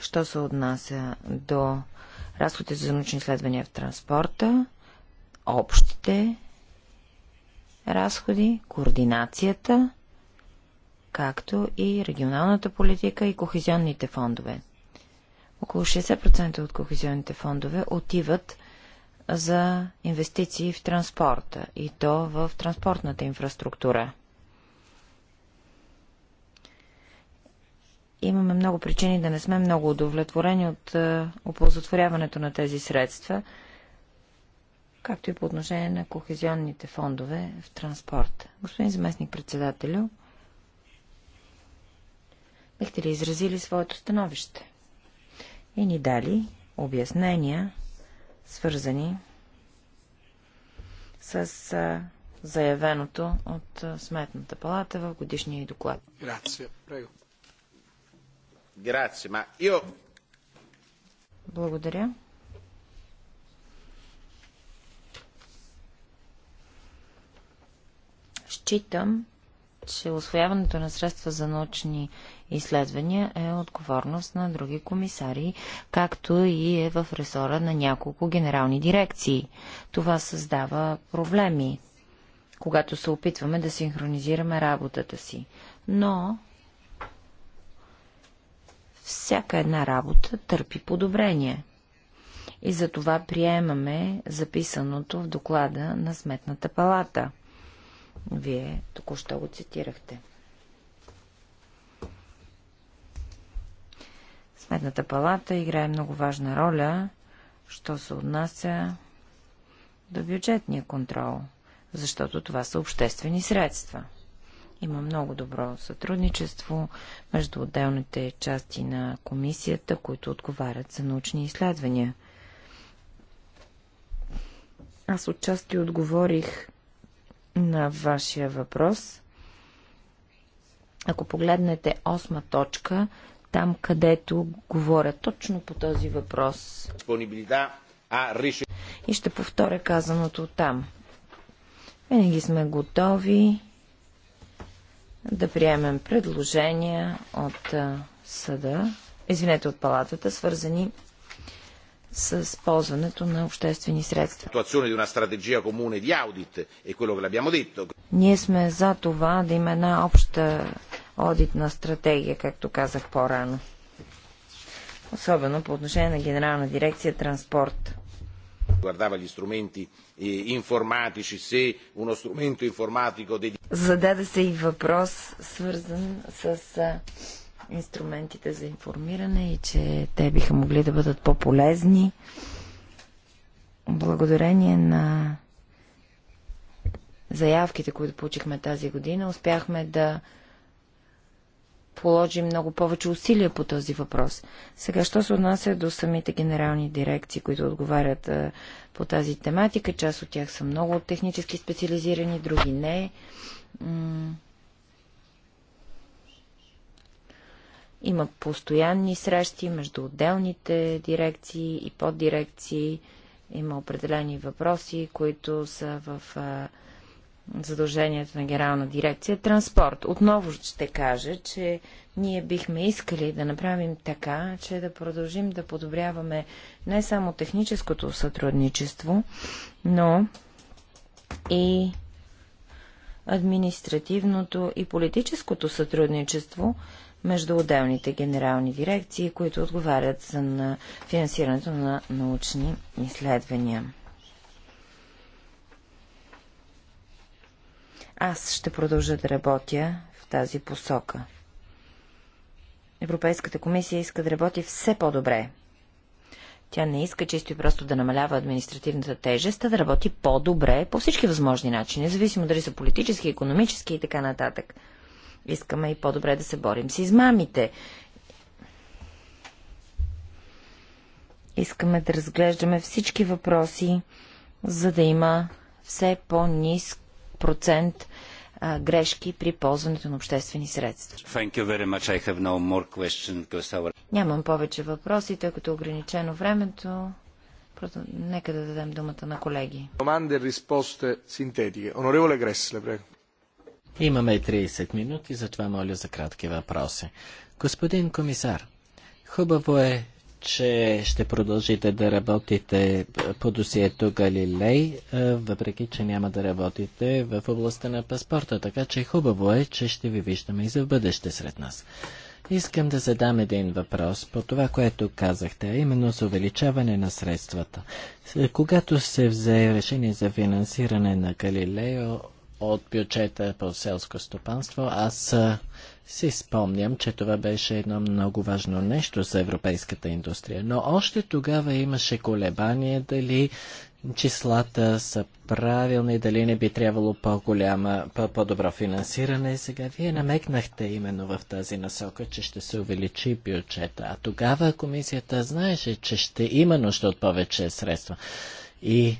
що се отнася до разходите за научни изследвания в транспорта, общите разходи, координацията, както и регионалната политика и кохезионните фондове. Около 60% от кохезионните фондове отиват за инвестиции в транспорта и то в транспортната инфраструктура. Имаме много причини да не сме много удовлетворени от е, оползотворяването на тези средства, както и по отношение на кохезионните фондове в транспорта. Господин заместник председателю, бихте ли изразили своето становище и ни дали обяснения свързани с а, заявеното от а, Сметната палата в годишния доклад. Грация. Ма, йо. Благодаря. Считам, че освояването на средства за научни изследвания е отговорност на други комисари, както и е в ресора на няколко генерални дирекции. Това създава проблеми, когато се опитваме да синхронизираме работата си. Но всяка една работа търпи подобрение. И за това приемаме записаното в доклада на Сметната палата. Вие току-що го цитирахте. Сметната палата играе много важна роля, що се отнася до бюджетния контрол, защото това са обществени средства. Има много добро сътрудничество между отделните части на комисията, които отговарят за научни изследвания. Аз отчасти отговорих на вашия въпрос. Ако погледнете осма точка, там, където говоря точно по този въпрос. И ще повторя казаното там. Винаги сме готови да приемем предложения от съда, извинете, от палатата, свързани с ползването на обществени средства. Ние сме за това да има една обща одитна стратегия, както казах по-рано. Особено по отношение на Генерална дирекция транспорт. Eh, Зададе се и въпрос, свързан с инструментите за информиране и че те биха могли да бъдат по-полезни. Благодарение на заявките, които получихме тази година, успяхме да положи много повече усилия по този въпрос. Сега, що се отнася до самите генерални дирекции, които отговарят а, по тази тематика, част от тях са много технически специализирани, други не. М Има постоянни срещи между отделните дирекции и поддирекции. Има определени въпроси, които са в а, задължението на генерална дирекция. Транспорт. Отново ще кажа, че ние бихме искали да направим така, че да продължим да подобряваме не само техническото сътрудничество, но и административното и политическото сътрудничество между отделните генерални дирекции, които отговарят за на финансирането на научни изследвания. Аз ще продължа да работя в тази посока. Европейската комисия иска да работи все по-добре. Тя не иска чисто и просто да намалява административната тежест, а да работи по-добре по всички възможни начини, независимо дали са политически, економически и така нататък. Искаме и по-добре да се борим с измамите. Искаме да разглеждаме всички въпроси, за да има все по-низко процент грешки при ползването на обществени средства. No question, Нямам повече въпроси, тъй като е ограничено времето. Просто нека да дадем думата на колеги. Имаме 30 минути, затова моля за кратки въпроси. Господин комисар, хубаво е че ще продължите да работите по досието Галилей, въпреки че няма да работите в областта на паспорта, така че хубаво е, че ще ви виждаме и за бъдеще сред нас. Искам да задам един въпрос по това, което казахте, именно за увеличаване на средствата. Е, когато се взе решение за финансиране на Галилео от бюджета по селско стопанство, аз си спомням, че това беше едно много важно нещо за европейската индустрия. Но още тогава имаше колебания дали числата са правилни, дали не би трябвало по-голяма, по-добро -по финансиране. Сега вие намекнахте именно в тази насока, че ще се увеличи бюджета. А тогава комисията знаеше, че ще има нужда от повече средства. И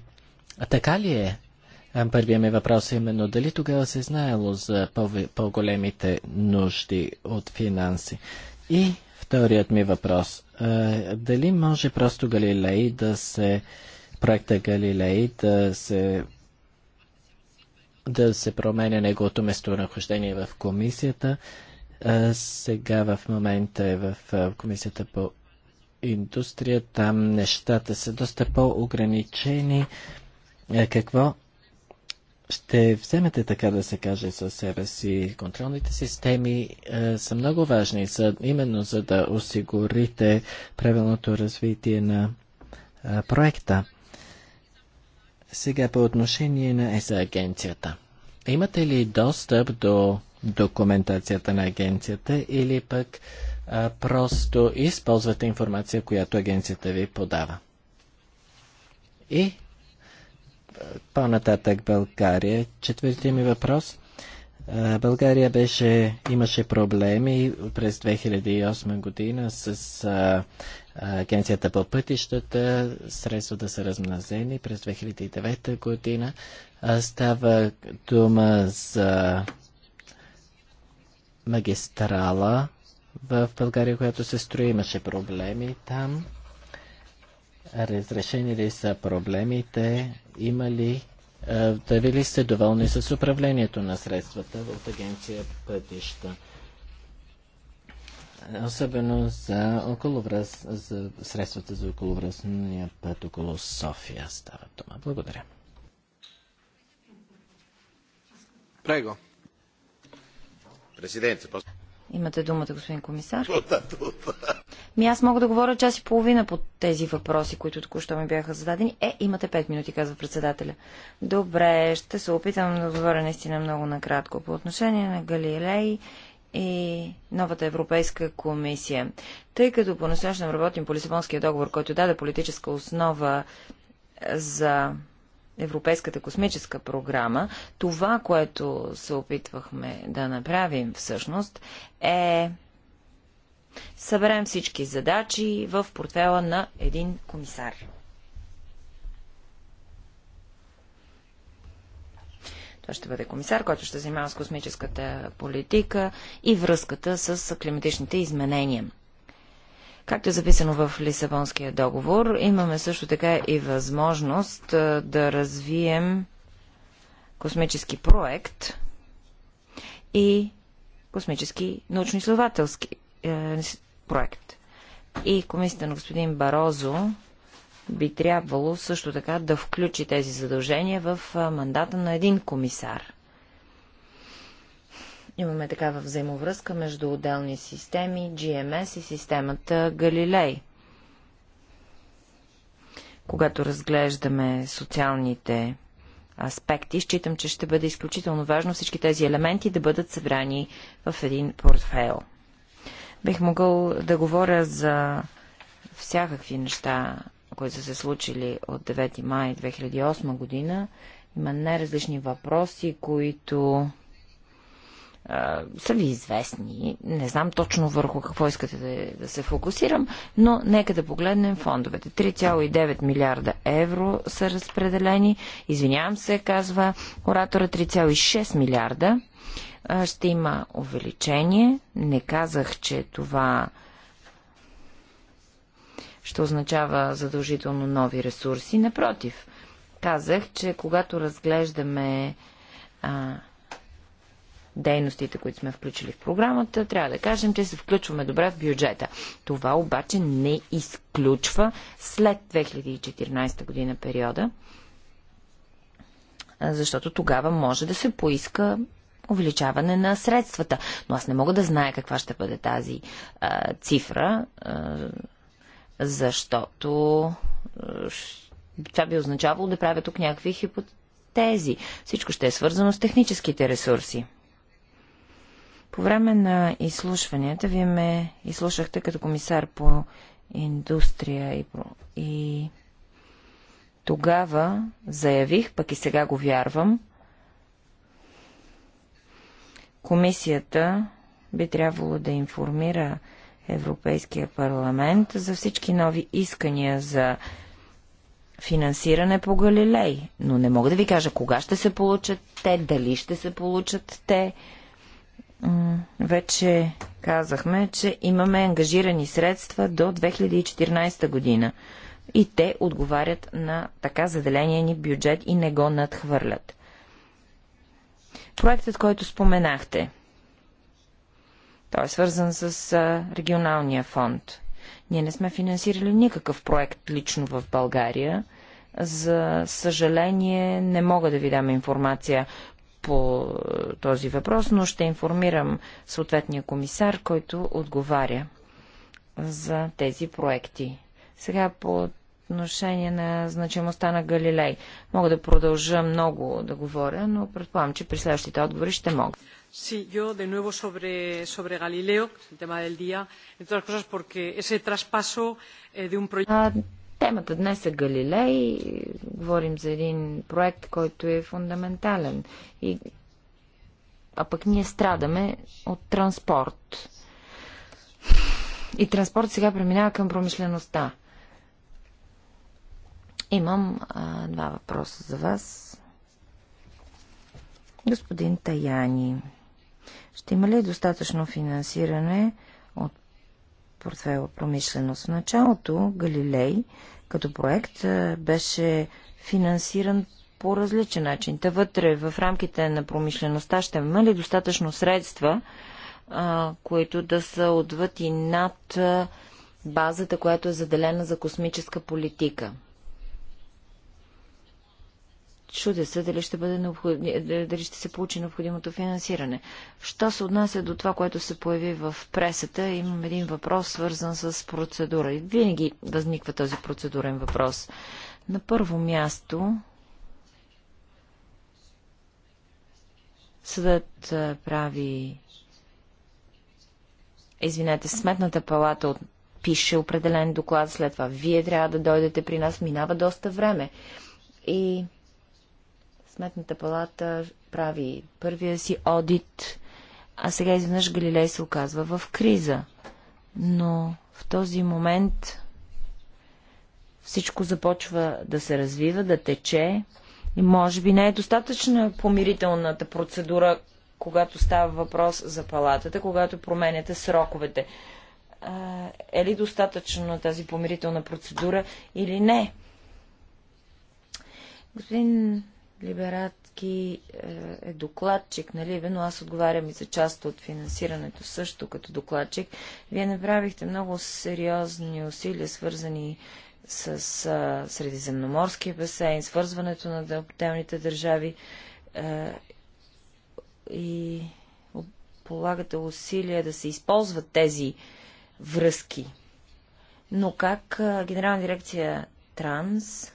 а така ли е? Първият ми въпрос е именно дали тогава се е знаело за по-големите по нужди от финанси. И вторият ми въпрос. Дали може просто Галилей да се проекта Галилей да се да се променя неговото местонахождение в комисията. Сега в момента е в комисията по индустрия. Там нещата са доста по-ограничени. Какво ще вземете, така да се каже, със себе си. Контролните системи е, са много важни, за, именно за да осигурите правилното развитие на е, проекта. Сега по отношение на ЕСА агенцията. Имате ли достъп до документацията на агенцията или пък а, е, просто използвате информация, която агенцията ви подава? И по-нататък България. Четвъртия ми въпрос. България беше, имаше проблеми през 2008 година с а, Агенцията по пътищата, средствата са размназени през 2009 година. А, става дума за магистрала в България, която се строи, имаше проблеми там разрешени ли са проблемите, има ли, дали ли сте доволни с управлението на средствата от агенция пътища? Особено за, околовръз, за средствата за околовръстния път около София става дума. Благодаря. Прего. Президент, Имате думата, господин комисар. Ми аз мога да говоря час и половина по тези въпроси, които току-що ми бяха зададени. Е, имате пет минути, казва председателя. Добре, ще се опитам да говоря наистина много накратко. По отношение на Галилей и новата Европейска комисия. Тъй като по-настоящем работим по Лисабонския договор, който даде политическа основа за Европейската космическа програма, това, което се опитвахме да направим всъщност, е съберем всички задачи в портфела на един комисар. Той ще бъде комисар, който ще занимава с космическата политика и връзката с климатичните изменения. Както е записано в Лисабонския договор, имаме също така и възможност да развием космически проект и космически научно-изследователски е, проект. И комисията на господин Барозо би трябвало също така да включи тези задължения в мандата на един комисар. Имаме такава взаимовръзка между отделни системи, GMS и системата Галилей. Когато разглеждаме социалните аспекти, считам, че ще бъде изключително важно всички тези елементи да бъдат събрани в един портфейл. Бих могъл да говоря за всякакви неща, които са се случили от 9 май 2008 година. Има най-различни въпроси, които са ви известни. Не знам точно върху какво искате да, да се фокусирам, но нека да погледнем фондовете. 3,9 милиарда евро са разпределени. Извинявам се, казва оратора 3,6 милиарда. Ще има увеличение. Не казах, че това ще означава задължително нови ресурси. Напротив, казах, че когато разглеждаме а, дейностите, които сме включили в програмата, трябва да кажем, че се включваме добре в бюджета. Това обаче не изключва след 2014 година периода, защото тогава може да се поиска увеличаване на средствата. Но аз не мога да зная каква ще бъде тази а, цифра, а, защото а, това би означавало да правя тук някакви хипотези. Всичко ще е свързано с техническите ресурси. По време на изслушванията вие ме изслушахте като комисар по индустрия и, и тогава заявих, пък и сега го вярвам, комисията би трябвало да информира Европейския парламент за всички нови искания за финансиране по Галилей. Но не мога да ви кажа кога ще се получат те, дали ще се получат те вече казахме, че имаме ангажирани средства до 2014 година и те отговарят на така заделения ни бюджет и не го надхвърлят. Проектът, който споменахте, той е свързан с регионалния фонд. Ние не сме финансирали никакъв проект лично в България. За съжаление, не мога да ви дам информация по е, този въпрос, но ще информирам съответния комисар, който отговаря за тези проекти. Сега по отношение на значимостта на Галилей. Мога да продължа много да говоря, но предполагам, че при следващите отговори ще мога. Sí, yo de nuevo sobre, sobre Galileo, el tema del día, entre otras cosas porque ese traspaso eh, de un proyecto. Темата днес е Галилей. Говорим за един проект, който е фундаментален. И... А пък ние страдаме от транспорт. И транспорт сега преминава към промишлеността. Имам а, два въпроса за вас. Господин Таяни, ще има ли достатъчно финансиране от портфела промишленост. В началото Галилей като проект беше финансиран по различен начин. Та вътре в рамките на промишлеността ще има ли достатъчно средства, които да са отвъд и над базата, която е заделена за космическа политика? Чудя се дали ще, бъде необходи... дали ще се получи необходимото финансиране. Що се отнася до това, което се появи в пресата, имам един въпрос, свързан с процедура. И винаги възниква този процедурен въпрос. На първо място, съдът прави извинете, сметната палата от пише определен доклад, след това вие трябва да дойдете при нас, минава доста време. И Сметната палата прави първия си одит, а сега изведнъж Галилей се оказва в криза. Но в този момент всичко започва да се развива, да тече и може би не е достатъчна помирителната процедура, когато става въпрос за палатата, когато променяте сроковете. Е ли достатъчно тази помирителна процедура или не? Господин Либератки е, е докладчик, нали, но аз отговарям и за част от финансирането също като докладчик. Вие направихте много сериозни усилия, свързани с а, Средиземноморския басейн, свързването на отделните държави а, е, и полагате усилия да се използват тези връзки. Но как а, Генерална дирекция Транс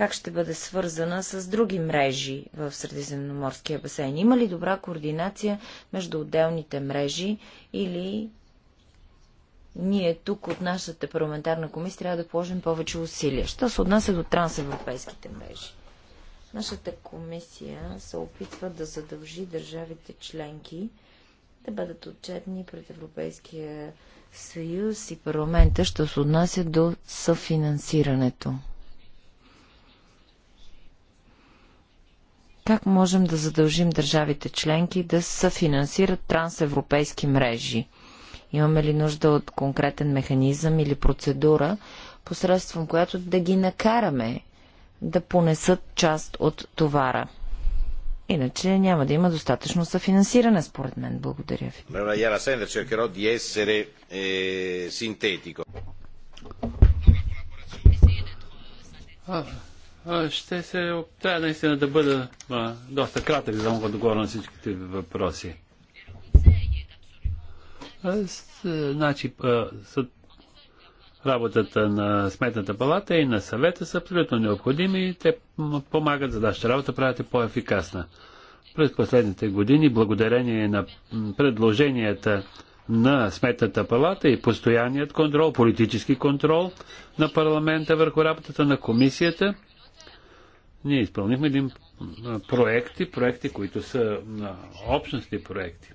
как ще бъде свързана с други мрежи в Средиземноморския басейн? Има ли добра координация между отделните мрежи или ние тук от нашата парламентарна комисия трябва да положим повече усилия? Що се отнася до трансевропейските мрежи? Нашата комисия се опитва да задължи държавите членки да бъдат отчетни пред Европейския съюз и парламента, що се отнася до съфинансирането. Как можем да задължим държавите членки да съфинансират трансевропейски мрежи? Имаме ли нужда от конкретен механизъм или процедура, посредством която да ги накараме да понесат част от товара? Иначе няма да има достатъчно съфинансиране, според мен. Благодаря ви. Ще се опитая наистина да бъда а, доста кратък, за да мога да отговоря на всичките въпроси. А, с, значи, а, с, работата на Сметната палата и на съвета са абсолютно необходими. Те помагат за нашата работа, правят по-ефикасна. През последните години, благодарение на предложенията на Сметната палата и постоянният контрол, политически контрол на парламента върху работата на комисията – ние изпълнихме един проекти, проекти, които са общности проекти.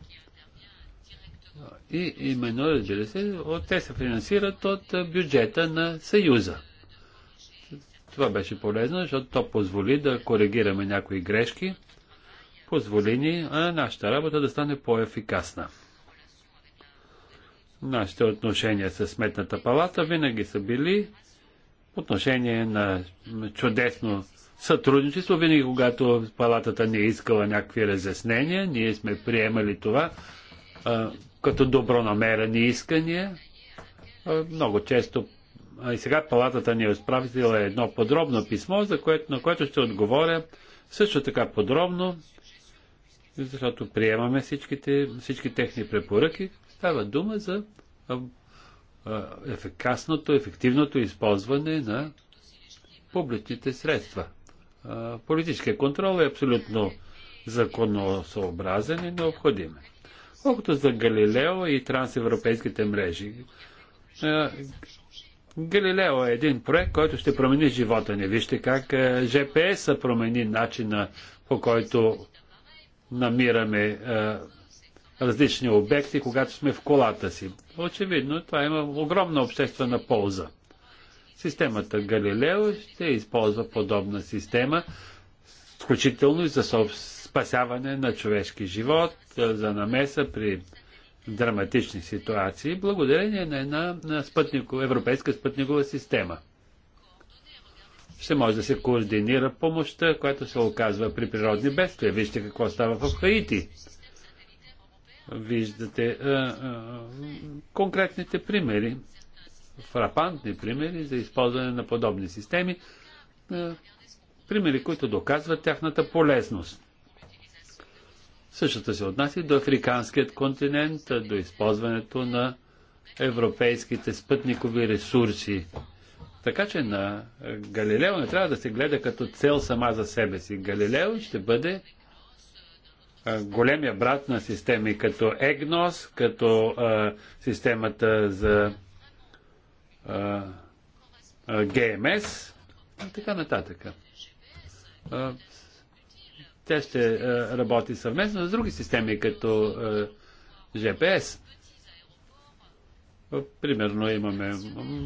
И именно, разбира се, те се финансират от бюджета на Съюза. Това беше полезно, защото то позволи да коригираме някои грешки, позволи ни а нашата работа да стане по-ефикасна. Нашите отношения с Сметната палата винаги са били отношение на чудесно сътрудничество. Винаги, когато палатата не е искала някакви разяснения, ние сме приемали това а, като добронамерени искания. А, много често а и сега палатата ни е изправила едно подробно писмо, за което, на което ще отговоря също така подробно, защото приемаме всичките, всички техни препоръки. Става дума за ефикасното, ефективното използване на публичните средства политическия контрол е абсолютно законосообразен и необходим. Колкото за Галилео и трансевропейските мрежи. Галилео е един проект, който ще промени живота ни. Вижте как ЖПС промени начина по който намираме различни обекти, когато сме в колата си. Очевидно, това има огромна обществена полза. Системата Галилео ще използва подобна система, включително и за спасяване на човешки живот, за намеса при драматични ситуации, благодарение на една на спътнико, европейска спътникова система. Ще може да се координира помощта, която се оказва при природни бедствия. Вижте какво става в Хаити. Виждате а, а, конкретните примери фрапантни примери за използване на подобни системи, е, примери, които доказват тяхната полезност. Същото се отнася до африканският континент, е, до използването на европейските спътникови ресурси. Така че на е, Галилео не трябва да се гледа като цел сама за себе си. Галилео ще бъде големия брат на системи като ЕГНОС, като а, системата за ГМС и така нататък. Те тя ще работи съвместно с други системи, като ЖПС. GPS. Примерно имаме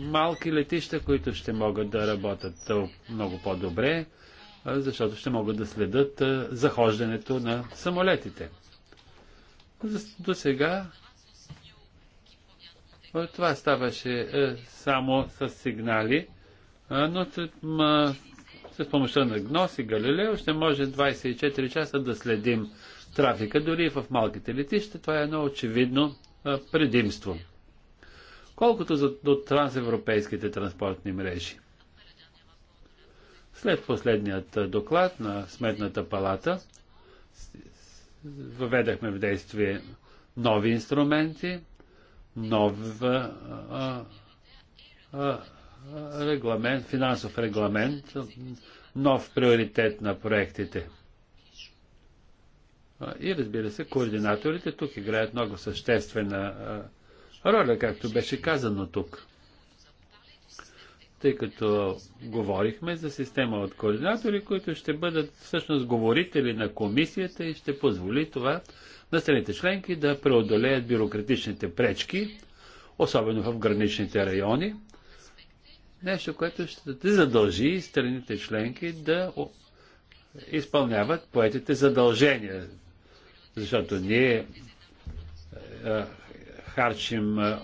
малки летища, които ще могат да работят много по-добре, защото ще могат да следят захождането на самолетите. До сега е, това ставаше е, само с сигнали, но с помощта на Гнос и Галилео ще може 24 часа да следим трафика, дори и в малките летища. Това е едно очевидно предимство. Колкото за, до трансевропейските транспортни мрежи. След последният доклад на Сметната палата въведахме в действие нови инструменти, нов а, а, регламент, финансов регламент, нов приоритет на проектите. И разбира се, координаторите тук играят много съществена роля, както беше казано тук тъй като говорихме за система от координатори, които ще бъдат всъщност говорители на комисията и ще позволи това на страните членки да преодолеят бюрократичните пречки, особено в граничните райони. Нещо, което ще те задължи страните членки да изпълняват поетите задължения. Защото ние е, е, харчим е,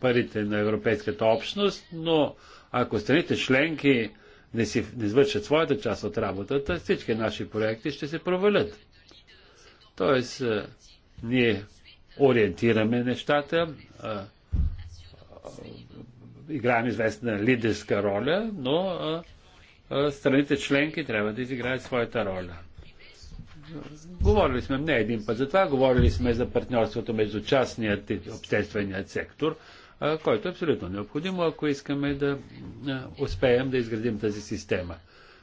парите на Европейската общност, но ако страните членки не, си, не извършат своята част от работата, всички наши проекти ще се провалят. Тоест, ние ориентираме нещата, играем известна лидерска роля, но страните членки трябва да изиграят своята роля. Говорили сме не един път за това, говорили сме за партньорството между частният и общественият сектор който е абсолютно необходимо, ако искаме да успеем да изградим тази система.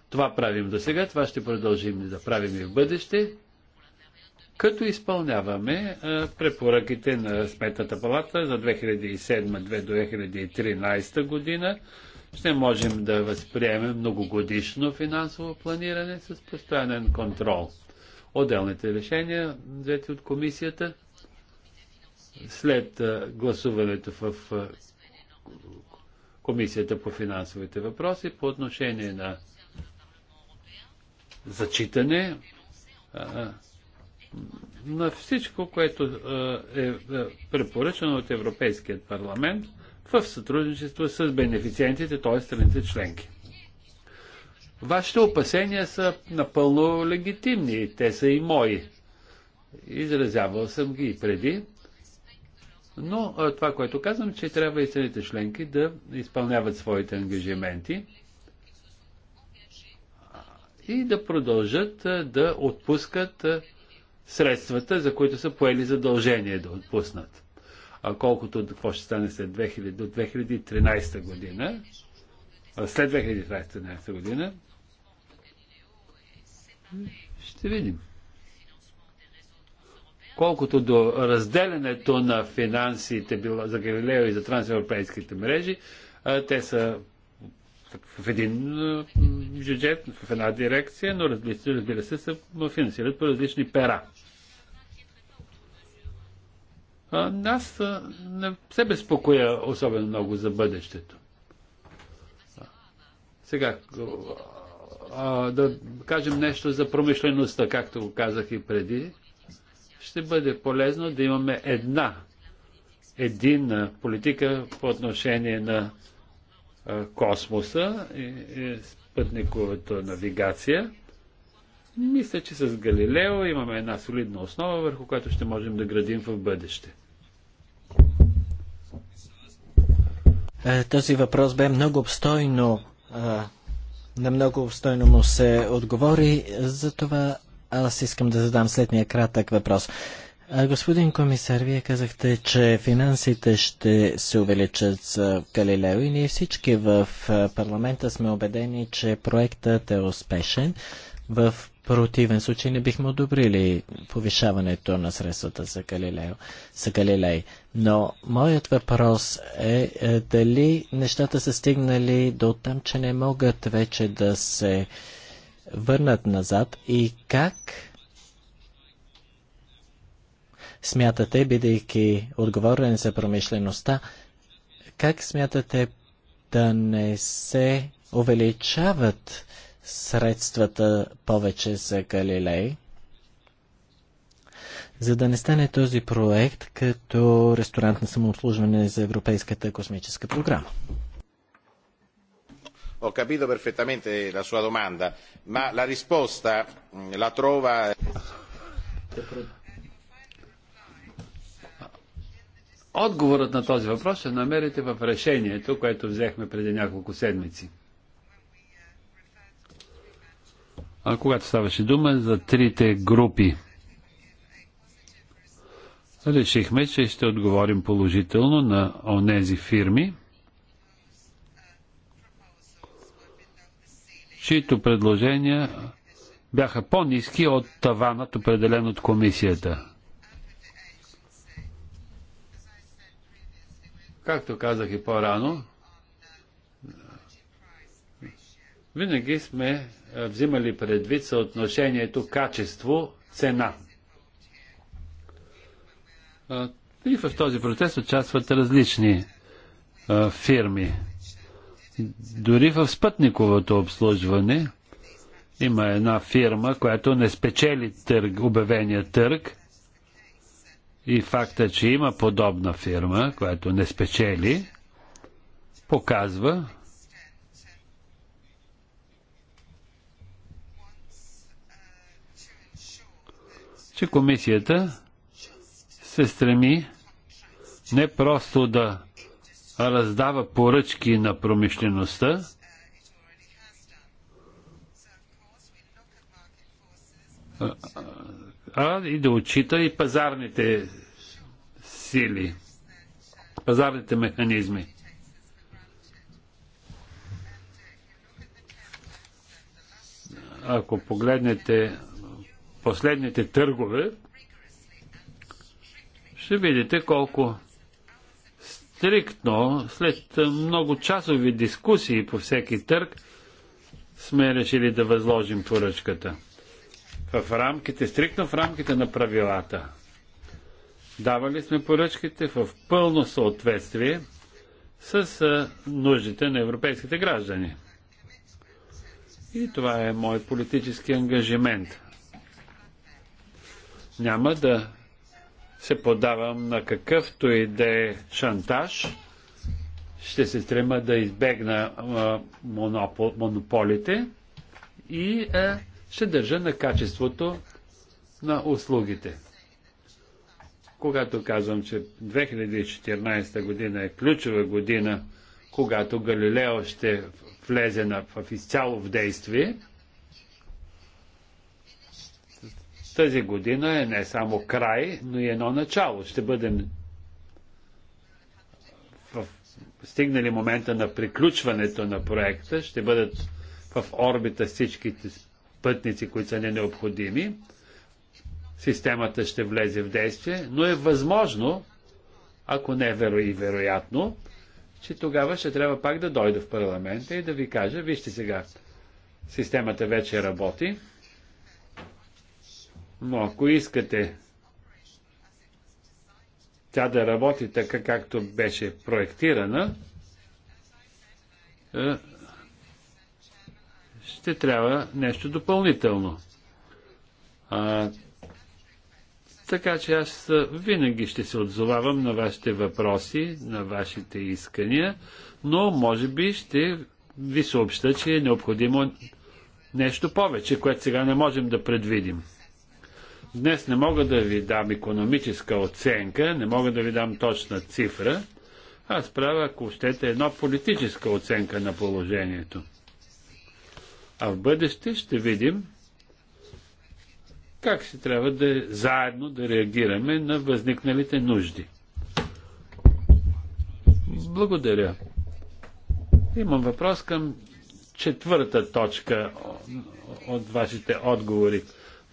Това правим до сега, това ще продължим да правим и в бъдеще, като изпълняваме препоръките на Сметната палата за 2007-2013 година. Ще можем да възприемем многогодишно финансово планиране с постоянен контрол. Отделните решения, взети от комисията, след гласуването в Комисията по финансовите въпроси по отношение на зачитане на всичко, което е препоръчано от Европейският парламент в сътрудничество с бенефициентите, т.е. страните членки. Вашите опасения са напълно легитимни, те са и мои. Изразявал съм ги и преди. Но това, което казвам, че трябва и страните членки да изпълняват своите ангажименти и да продължат да отпускат средствата, за които са поели задължение да отпуснат. А колкото какво ще стане след 2000, до 2013 година, след 2013 година, ще видим. Колкото до разделянето на финансите било за Галилео и за трансевропейските мрежи, те са в един бюджет, в една дирекция, но различни, разбира се, се финансират по различни пера. Аз не се безпокоя особено много за бъдещето. Сега, да кажем нещо за промишлеността, както го казах и преди ще бъде полезно да имаме една единна политика по отношение на космоса и, пътниковата спътниковата навигация. Мисля, че с Галилео имаме една солидна основа, върху която ще можем да градим в бъдеще. Е, този въпрос бе много обстойно. На много обстойно му се отговори, затова аз искам да задам следния кратък въпрос. Господин комисар, вие казахте, че финансите ще се увеличат за Галилео и ние всички в парламента сме убедени, че проектът е успешен. В противен случай не бихме одобрили повишаването на средствата за, Галилео, за Галилей. Но моят въпрос е, е дали нещата са стигнали до там, че не могат вече да се върнат назад и как смятате, бидейки отговорен за промишлеността, как смятате да не се увеличават средствата повече за Галилей, за да не стане този проект като ресторант на самообслужване за Европейската космическа програма? ho capito perfettamente la sua domanda ma la risposta mm, la trova Отговорът на този въпрос ще намерите в решението, което взехме преди няколко седмици. А когато ставаше дума за трите групи, решихме, че ще отговорим положително на онези фирми, чието предложения бяха по-низки от таванът, определен от комисията. Както казах и по-рано, винаги сме е, взимали предвид съотношението качество-цена. И в този процес участват различни фирми. Дори в спътниковото обслужване има една фирма, която не спечели търг, обявения търг. И факта, че има подобна фирма, която не спечели, показва, че комисията се стреми не просто да раздава поръчки на промишлеността. а и да отчита и пазарните сили, пазарните механизми. Ако погледнете последните търгове, ще видите колко стриктно, след много часови дискусии по всеки търг, сме решили да възложим поръчката. В рамките, стриктно в рамките на правилата. Давали сме поръчките в пълно съответствие с нуждите на европейските граждани. И това е мой политически ангажимент. Няма да се подавам на какъвто и да е шантаж. Ще се стрема да избегна монопол, монополите и ще държа на качеството на услугите. Когато казвам, че 2014 година е ключова година, когато Галилео ще влезе на, в изцяло в действие, тази година е не само край, но и едно начало. Ще бъдем в... стигнали момента на приключването на проекта, ще бъдат в орбита всичките пътници, които са не необходими. Системата ще влезе в действие, но е възможно, ако не е веро и вероятно, че тогава ще трябва пак да дойда в парламента и да ви кажа, вижте сега, системата вече работи, но ако искате тя да работи така, както беше проектирана, е, ще трябва нещо допълнително. А, така че аз е, винаги ще се отзовавам на вашите въпроси, на вашите искания, но може би ще ви съобща, че е необходимо нещо повече, което сега не можем да предвидим. Днес не мога да ви дам економическа оценка, не мога да ви дам точна цифра. Аз правя, ако щете, една политическа оценка на положението. А в бъдеще ще видим как ще трябва да заедно да реагираме на възникналите нужди. Благодаря. Имам въпрос към четвърта точка от вашите отговори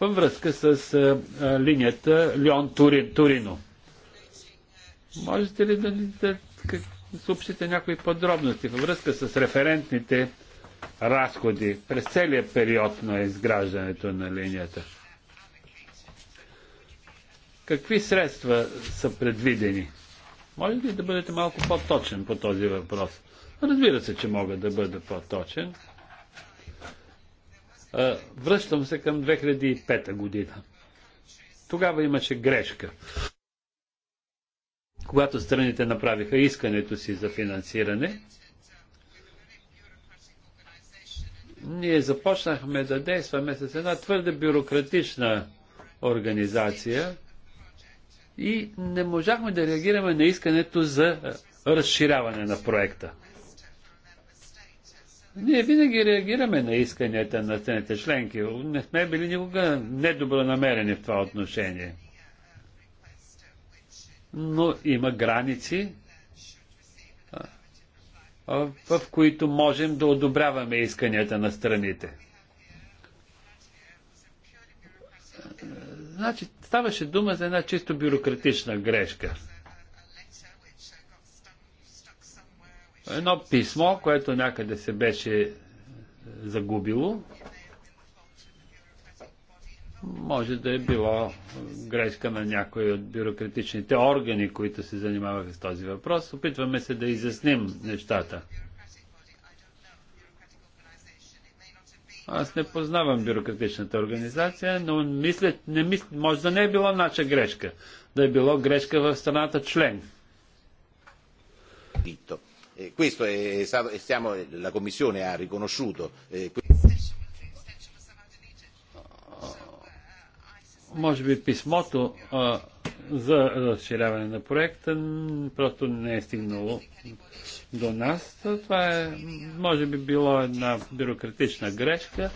във връзка с а, а, линията Лион-Турино. Можете ли да ни да, съобщите някои подробности във връзка с референтните разходи през целия период на изграждането на линията? Какви средства са предвидени? Може ли да бъдете малко по-точен по този въпрос? Разбира се, че мога да бъда по-точен. Връщам се към 2005 година. Тогава имаше грешка. Когато страните направиха искането си за финансиране, ние започнахме да действаме с една твърде бюрократична организация и не можахме да реагираме на искането за разширяване на проекта. Ние винаги реагираме на исканията на страните членки. Не сме били никога недобронамерени в това отношение. Но има граници, в които можем да одобряваме исканията на страните. Значи, ставаше дума за една чисто бюрократична грешка. едно писмо, което някъде се беше загубило. Може да е било грешка на някои от бюрократичните органи, които се занимаваха с този въпрос. Опитваме се да изясним нещата. Аз не познавам бюрократичната организация, но мисля, не мисля, може да не е било наша грешка, да е било грешка в страната член. Вито. E questo è stato, stiamo, la Commissione ha riconosciuto. Eh, Може би писмото а, за разширяване на проекта просто не е стигнало до нас. Това е, може би било една бюрократична грешка,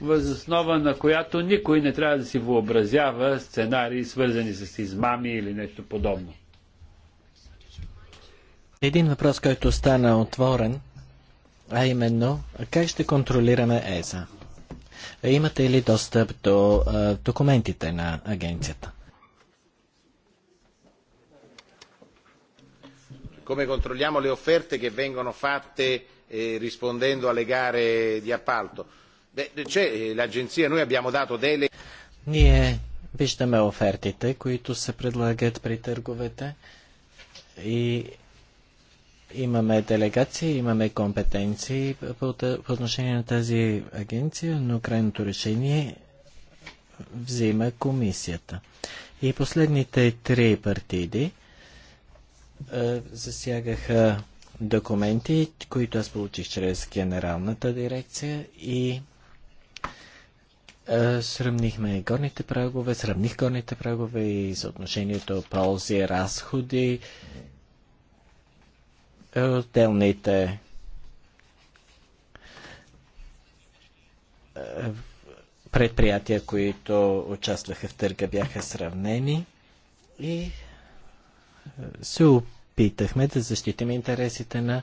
възоснова на която никой не трябва да си въобразява сценарии, свързани с измами или нещо подобно. Един въпрос, който стана отворен, а именно, как ще контролираме ЕСА? Имате ли достъп до а, документите на агенцията? Come controlliamo le offerte che vengono fatte eh, rispondendo alle gare di appalto? Beh, c'è eh, l'agenzia, noi abbiamo dato delle... Ние виждаме офертите, които се предлагат при търговете и имаме делегации, имаме компетенции по, по отношение на тази агенция, но крайното решение взима комисията. И последните три партиди е, засягаха документи, които аз получих чрез генералната дирекция и е, сравнихме горните прагове, сравних горните прагове и съотношението ползи, разходи е, отделните е, предприятия, които участваха в търга, бяха сравнени и е, се опитахме да защитим интересите на,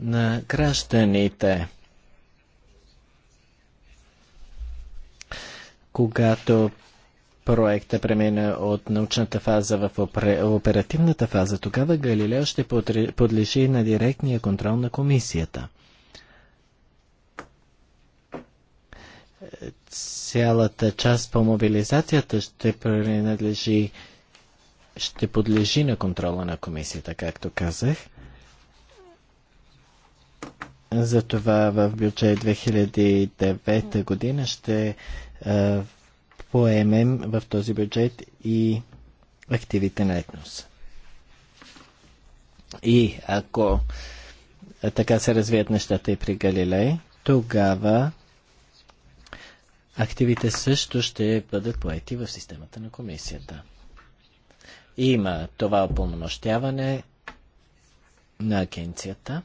на гражданите. Когато проекта премина от научната фаза в оперативната фаза, тогава Галилео ще подлежи на директния контрол на комисията. Цялата част по мобилизацията ще принадлежи ще подлежи на контрола на комисията, както казах. Затова в бюджет 2009 година ще поемем в този бюджет и активите на етнос. И ако така се развият нещата и при Галилей, тогава активите също ще бъдат поети в системата на комисията. Има това опълномощяване на агенцията.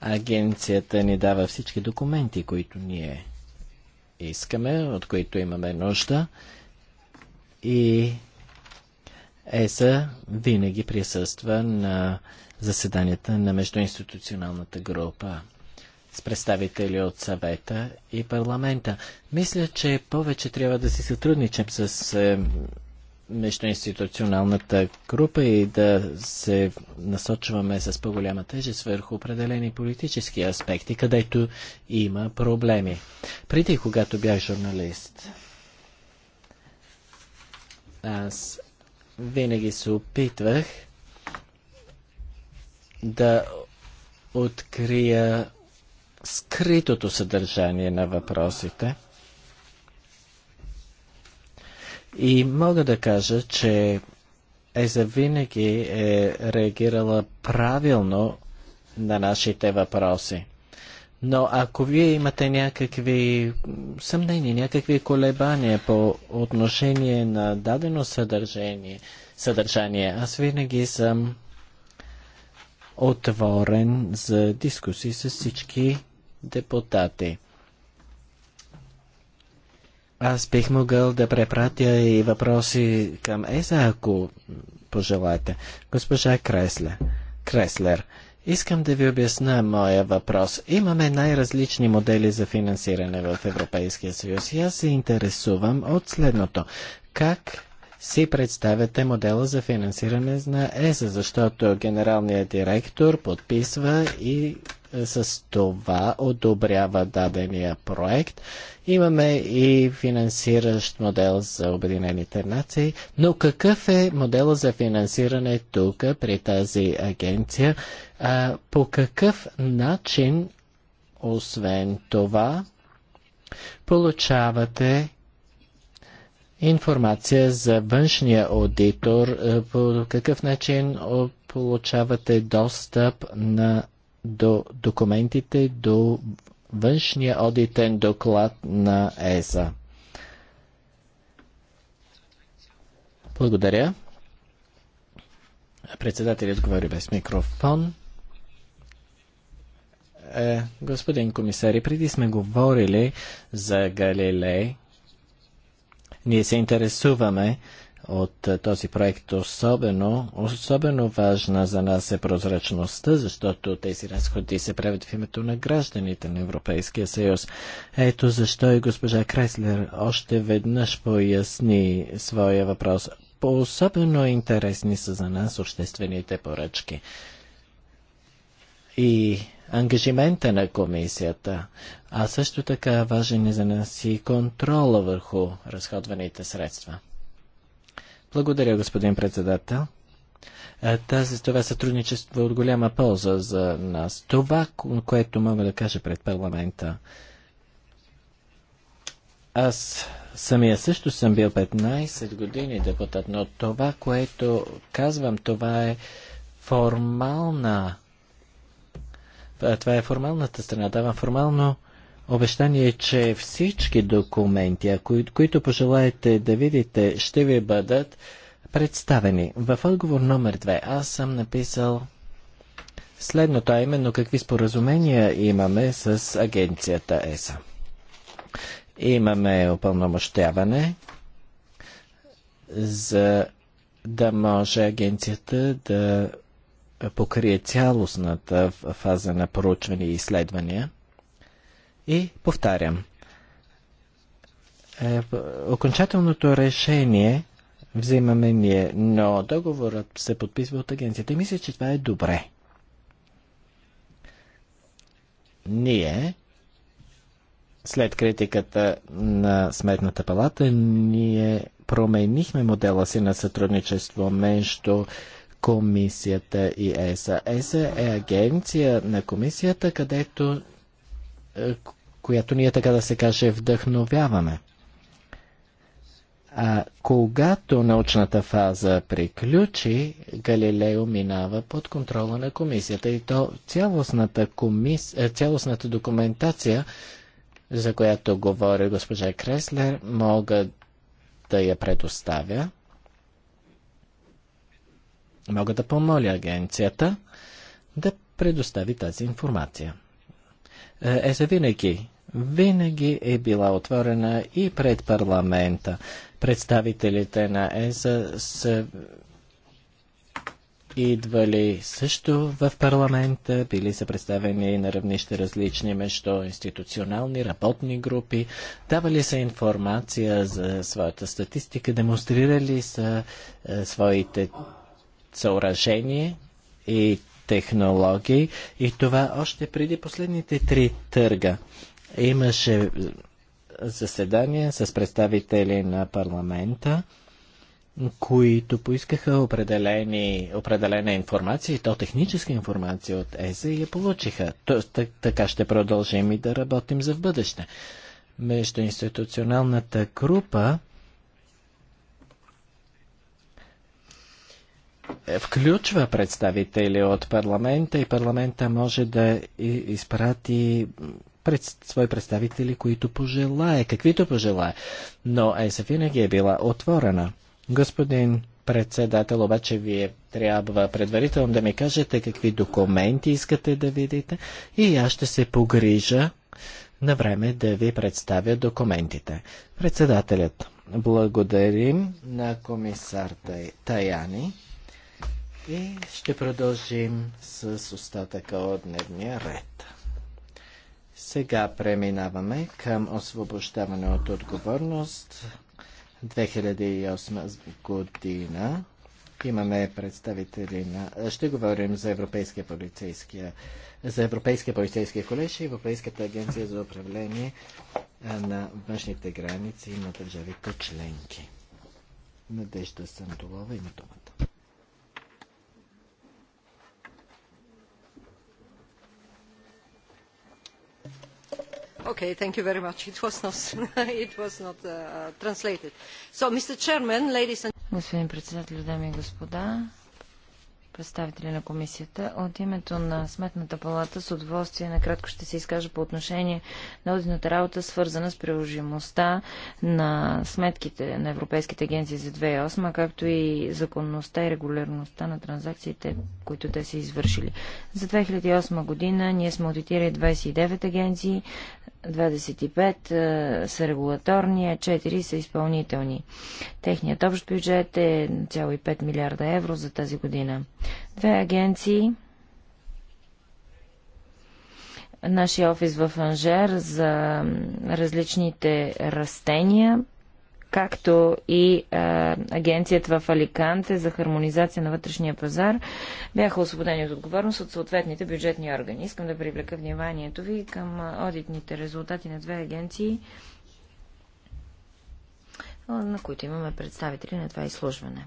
Агенцията ни дава всички документи, които ние искаме, от които имаме нужда и ЕСА винаги присъства на заседанията на междуинституционалната група с представители от съвета и парламента. Мисля, че повече трябва да си сътрудничам с е, междуинституционалната група и да се насочваме с по-голяма тежест върху определени политически аспекти, където има проблеми. Преди, когато бях журналист, аз винаги се опитвах да открия скритото съдържание на въпросите. И мога да кажа, че ЕЗА винаги е реагирала правилно на нашите въпроси. Но ако вие имате някакви съмнения, някакви колебания по отношение на дадено съдържание, съдържание аз винаги съм отворен за дискусии с всички депутати. Аз бих могъл да препратя и въпроси към ЕСА, ако пожелаете. Госпожа Кресле. Креслер, искам да ви обясня моя въпрос. Имаме най-различни модели за финансиране в Европейския съюз и аз се интересувам от следното. Как си представяте модела за финансиране на ЕСА, защото генералният директор подписва и с това одобрява дадения проект. Имаме и финансиращ модел за Обединените нации, но какъв е модела за финансиране тук при тази агенция? А, по какъв начин, освен това, получавате информация за външния аудитор, по какъв начин получавате достъп на до документите, до външния одитен доклад на ЕСА. Благодаря. Председателят говори без микрофон. Е, господин комисари, преди сме говорили за Галилей. Ние се интересуваме от е, този проект. Особено, особено важна за нас е прозрачността, защото тези разходи се правят в името на гражданите на Европейския съюз. Ето защо и госпожа Креслер още веднъж поясни своя въпрос. По-особено интересни са за нас обществените поръчки. И ангажимента на комисията, а също така важен е за нас и контрола върху разходваните средства. Благодаря, господин председател. Е, тази, това сътрудничество е от голяма полза за нас. Това, което мога да кажа пред парламента, аз самия също съм бил 15 години депутат, но това, което казвам, това е формална това е формалната страна. Давам формално обещание, е, че всички документи, които пожелаете да видите, ще ви бъдат представени. В отговор номер 2 аз съм написал следното, а именно какви споразумения имаме с агенцията ЕСА. Имаме опълномощяване за да може агенцията да покрие цялостната фаза на проучване и изследвания – и повтарям, е, окончателното решение взимаме ние, но договорът се подписва от агенцията и мисля, че това е добре. Ние, след критиката на Сметната палата, ние променихме модела си на сътрудничество между комисията и ЕСА. ЕСА е агенция на комисията, където е, която ние така да се каже вдъхновяваме. А когато научната фаза приключи, Галилео минава под контрола на комисията и то цялостната, комис... Е, цялостната документация, за която говори госпожа Креслер, мога да я предоставя. Мога да помоля агенцията да предостави тази информация. Е, е за винаги винаги е била отворена и пред парламента. Представителите на ЕСА са идвали също в парламента, били са представени на равнище различни между институционални работни групи, давали са информация за своята статистика, демонстрирали са е, своите съоръжения и технологии и това още преди последните три търга. Имаше заседание с представители на парламента, които поискаха определени, определена информация, и то техническа информация от ЕСА и я получиха. То, така ще продължим и да работим за в бъдеще. Между институционалната група включва представители от парламента и парламента може да изпрати пред, свои представители, които пожелае, каквито пожелае. Но ЕСА винаги е била отворена. Господин председател, обаче вие трябва предварително да ми кажете какви документи искате да видите и аз ще се погрижа на време да ви представя документите. Председателят, благодарим на комисар Таяни и ще продължим с остатъка от дневния ред. Сега преминаваме към освобождаване от отговорност 2008 година. Имаме представители на... Ще говорим за Европейския полицейския, за Европейския полицейския колеж и Европейската агенция за управление на външните граници на държавите членки. Надежда и има думата. Okay, thank you very much. It was not, it was not uh, translated. So, Mr. Chairman, ladies and... Господин председател, дами и господа, представители на комисията. От името на Сметната палата с удоволствие накратко ще се изкажа по отношение на одитната работа, свързана с приложимостта на сметките на Европейските агенции за 2008, както и законността и регулярността на транзакциите, които те са извършили. За 2008 година ние сме аудитирали 29 агенции 25 е, са регулаторни, а 4 са изпълнителни. Техният общ бюджет е 1,5 милиарда евро за тази година. Две агенции. Нашия офис в Анжер за различните растения както и а, агенцията в Аликанте за хармонизация на вътрешния пазар, бяха освободени от отговорност от съответните бюджетни органи. Искам да привлека вниманието ви към одитните резултати на две агенции, на които имаме представители на това изслужване.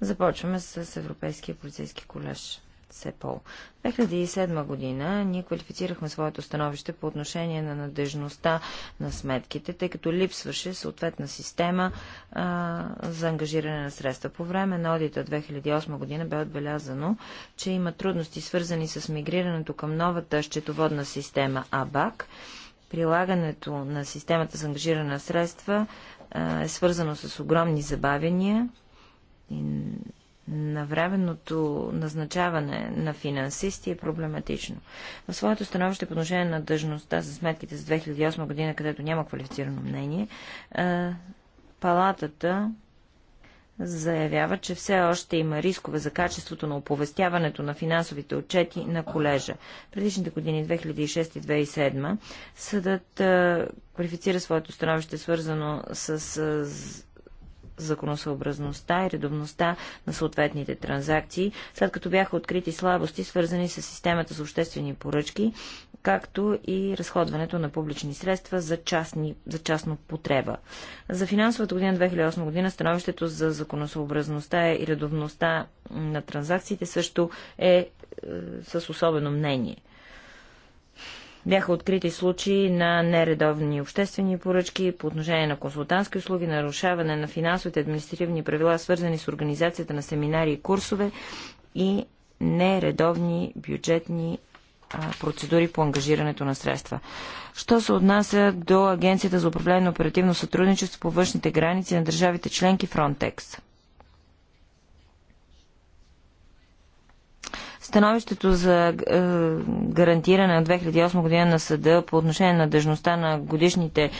Започваме с Европейския полицейски колеж. СЕПОЛ. 2007 година ние квалифицирахме своето становище по отношение на надежността на сметките, тъй като липсваше съответна система а, за ангажиране на средства. По време на одита 2008 година бе отбелязано, че има трудности свързани с мигрирането към новата счетоводна система АБАК. Прилагането на системата за ангажиране на средства а, е свързано с огромни забавения навременното назначаване на финансисти е проблематично. В своето становище по отношение на дъжността за сметките за 2008 година, където няма квалифицирано мнение, е, палатата заявява, че все още има рискове за качеството на оповестяването на финансовите отчети на колежа. Предишните години 2006 и 2007 съдът е, квалифицира своето становище свързано с е, законосъобразността и редовността на съответните транзакции, след като бяха открити слабости, свързани с системата за обществени поръчки, както и разходването на публични средства за, частни, за частна потреба. За финансовата година 2008 година становището за законосъобразността и редовността на транзакциите също е, е с особено мнение. Бяха открити случаи на нередовни обществени поръчки по отношение на консултантски услуги, нарушаване на финансовите административни правила, свързани с организацията на семинари и курсове и нередовни бюджетни процедури по ангажирането на средства. Що се отнася до Агенцията за управление на оперативно сътрудничество по външните граници на държавите членки Frontex? Становището за е, гарантиране от 2008 година на съда по отношение на дъжността на годишните е,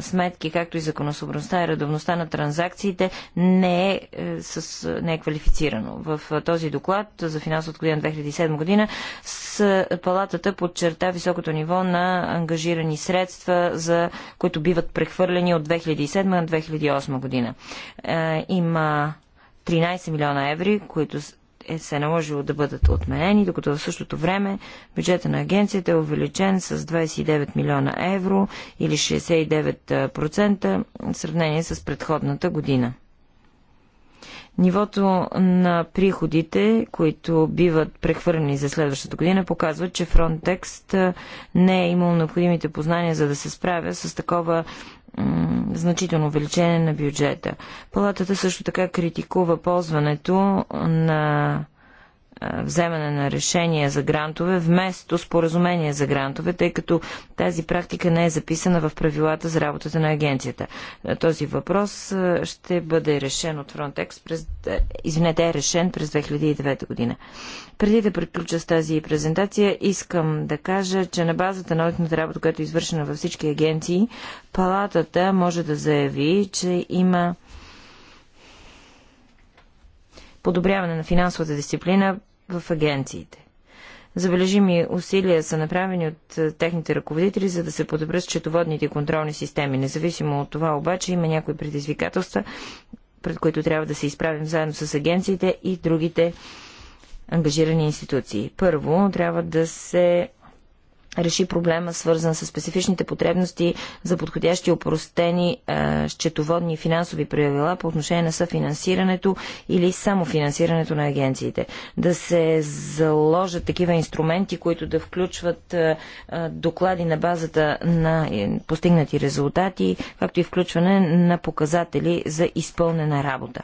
сметки, както и законосъобразността и редовността на транзакциите, не е, е с, не е квалифицирано. В е, този доклад за финансовата година 2007 година с палатата подчерта високото ниво на ангажирани средства, за които биват прехвърлени от 2007 на 2008 година. Е, има 13 милиона евро, които е се наложило да бъдат отменени, докато в същото време бюджета на агенцията е увеличен с 29 милиона евро или 69% в сравнение с предходната година. Нивото на приходите, които биват прехвърлени за следващата година, показват, че Frontex не е имал необходимите познания за да се справя с такова значително увеличение на бюджета. Палатата също така критикува ползването на вземане на решения за грантове вместо споразумение за грантове, тъй като тази практика не е записана в правилата за работата на агенцията. Този въпрос ще бъде решен от Frontex през, извинете, е решен през 2009 година. Преди да приключа с тази презентация, искам да кажа, че на базата на одитната работа, която е извършена във всички агенции, палатата може да заяви, че има подобряване на финансовата дисциплина в агенциите. Забележими усилия са направени от е, техните ръководители, за да се подобрят счетоводните контролни системи. Независимо от това обаче има някои предизвикателства, пред които трябва да се изправим заедно с агенциите и другите ангажирани институции. Първо, трябва да се реши проблема, свързан с специфичните потребности за подходящи опростени е, счетоводни финансови правила по отношение на съфинансирането или само финансирането на агенциите. Да се заложат такива инструменти, които да включват е, е, доклади на базата на е, постигнати резултати, както и включване на показатели за изпълнена работа.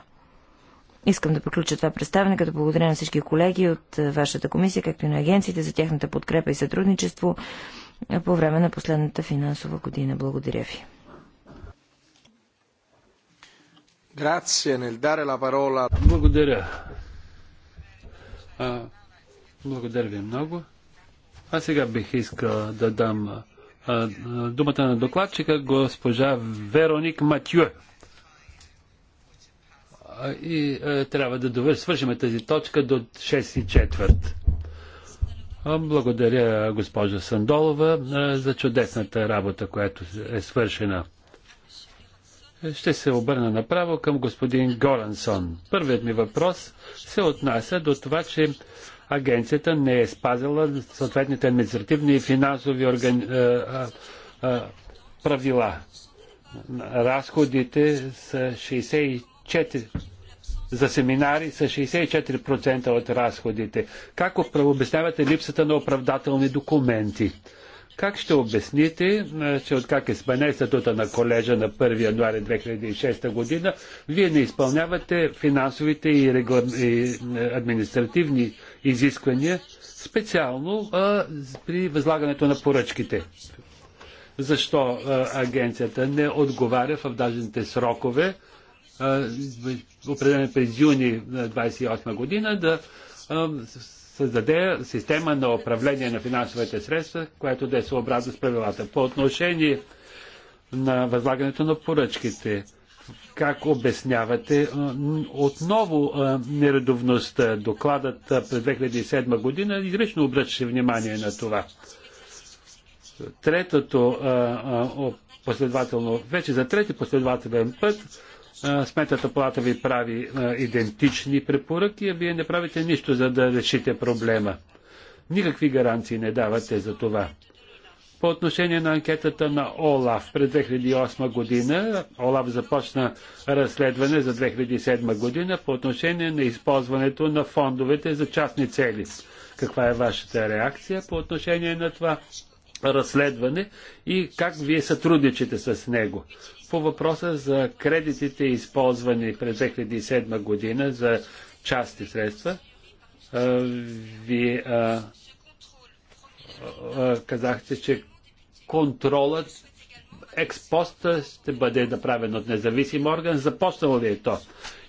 Искам да приключа това представяне, като благодаря на всички колеги от е, вашата комисия, както и на агенциите за тяхната подкрепа и сътрудничество е, по време на последната финансова година. Благодаря ви. Благодаря. А, благодаря ви много. А сега бих искал да дам а, думата на докладчика госпожа Вероник Матюе и е, трябва да свършим тази точка до 6 и четвърт. Благодаря, госпожа Сандолова, е, за чудесната работа, която е свършена. Ще се обърна направо към господин Горансон. Първият ми въпрос се отнася до това, че агенцията не е спазила съответните административни и финансови органи... Е, правила. Разходите са 64 64 за семинари са 64% от разходите. Как обяснявате липсата на оправдателни документи? Как ще обясните, че значи, от как е сменен статута на колежа на 1 януари 2006 година, вие не изпълнявате финансовите и, регла... и е, административни изисквания, специално а, при възлагането на поръчките? Защо а, агенцията не отговаря в дадените срокове? определен през юни 28 година, да създаде система на управление на финансовите средства, която да е съобразна с правилата. По отношение на възлагането на поръчките, как обяснявате отново нередовност Докладът през 2007 година изрично обръчаше внимание на това. Третото последователно, вече за трети последователен път Сметната палата ви прави идентични препоръки, а вие не правите нищо, за да решите проблема. Никакви гаранции не давате за това. По отношение на анкетата на ОЛАФ през 2008 година, ОЛАФ започна разследване за 2007 година по отношение на използването на фондовете за частни цели. Каква е вашата реакция по отношение на това разследване и как вие сътрудничите с него? по въпроса за кредитите, използвани през 2007 година за части средства, ви а, а, казахте, че контролът експоста ще бъде направен от независим орган. Започнало ли е то?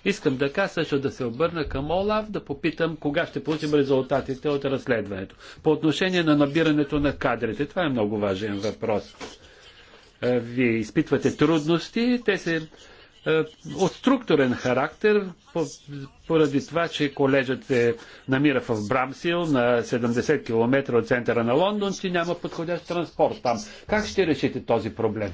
Искам така също да се обърна към Олаф, да попитам кога ще получим резултатите от разследването. По отношение на набирането на кадрите, това е много важен въпрос. Е, вие изпитвате трудности, те са е, от структурен характер, поради това, че колежът се намира в Брамсил на 70 км от центъра на Лондон, че няма подходящ транспорт там. Как ще решите този проблем?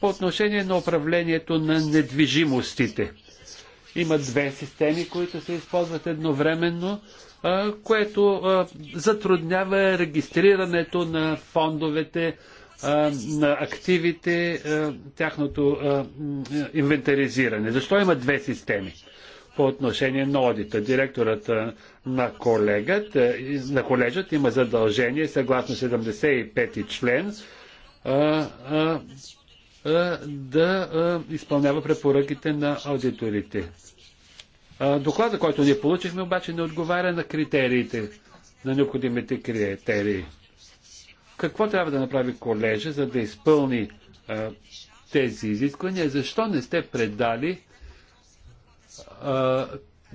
По отношение на управлението на недвижимостите. Има две системи, които се използват едновременно, е, което затруднява регистрирането на фондовете, на активите, тяхното инвентаризиране. Защо има две системи? По отношение на одита, директорът на, колегът, на колежът има задължение, съгласно 75 член, да изпълнява препоръките на аудиторите. Доклада, който ние получихме, обаче не отговаря на критериите, на необходимите критерии. Какво трябва да направи колежа, за да изпълни а, тези изисквания? Защо не сте предали а,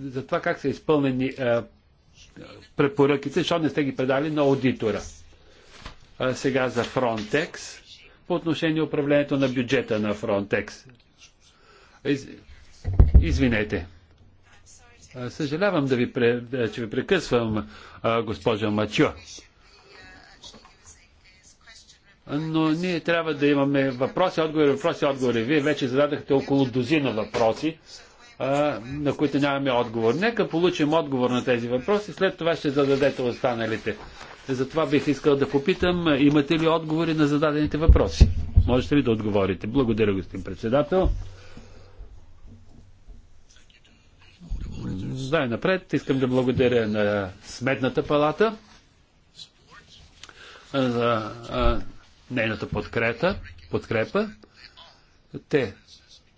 за това как са изпълнени а, препоръките, защо не сте ги предали на аудитора? А, сега за Фронтекс, по отношение управлението на бюджета на Фронтекс. Из, извинете. Съжалявам да ви, че ви прекъсвам, госпожа Мачо но ние трябва да имаме въпроси, отговори, въпроси, отговори. Вие вече зададахте около дозина въпроси, а, на които нямаме отговор. Нека получим отговор на тези въпроси, след това ще зададете останалите. Затова бих искал да попитам, имате ли отговори на зададените въпроси? Можете ли да отговорите? Благодаря, господин председател. Дай напред, искам да благодаря на Сметната палата за нейната подкрепа, подкрепа те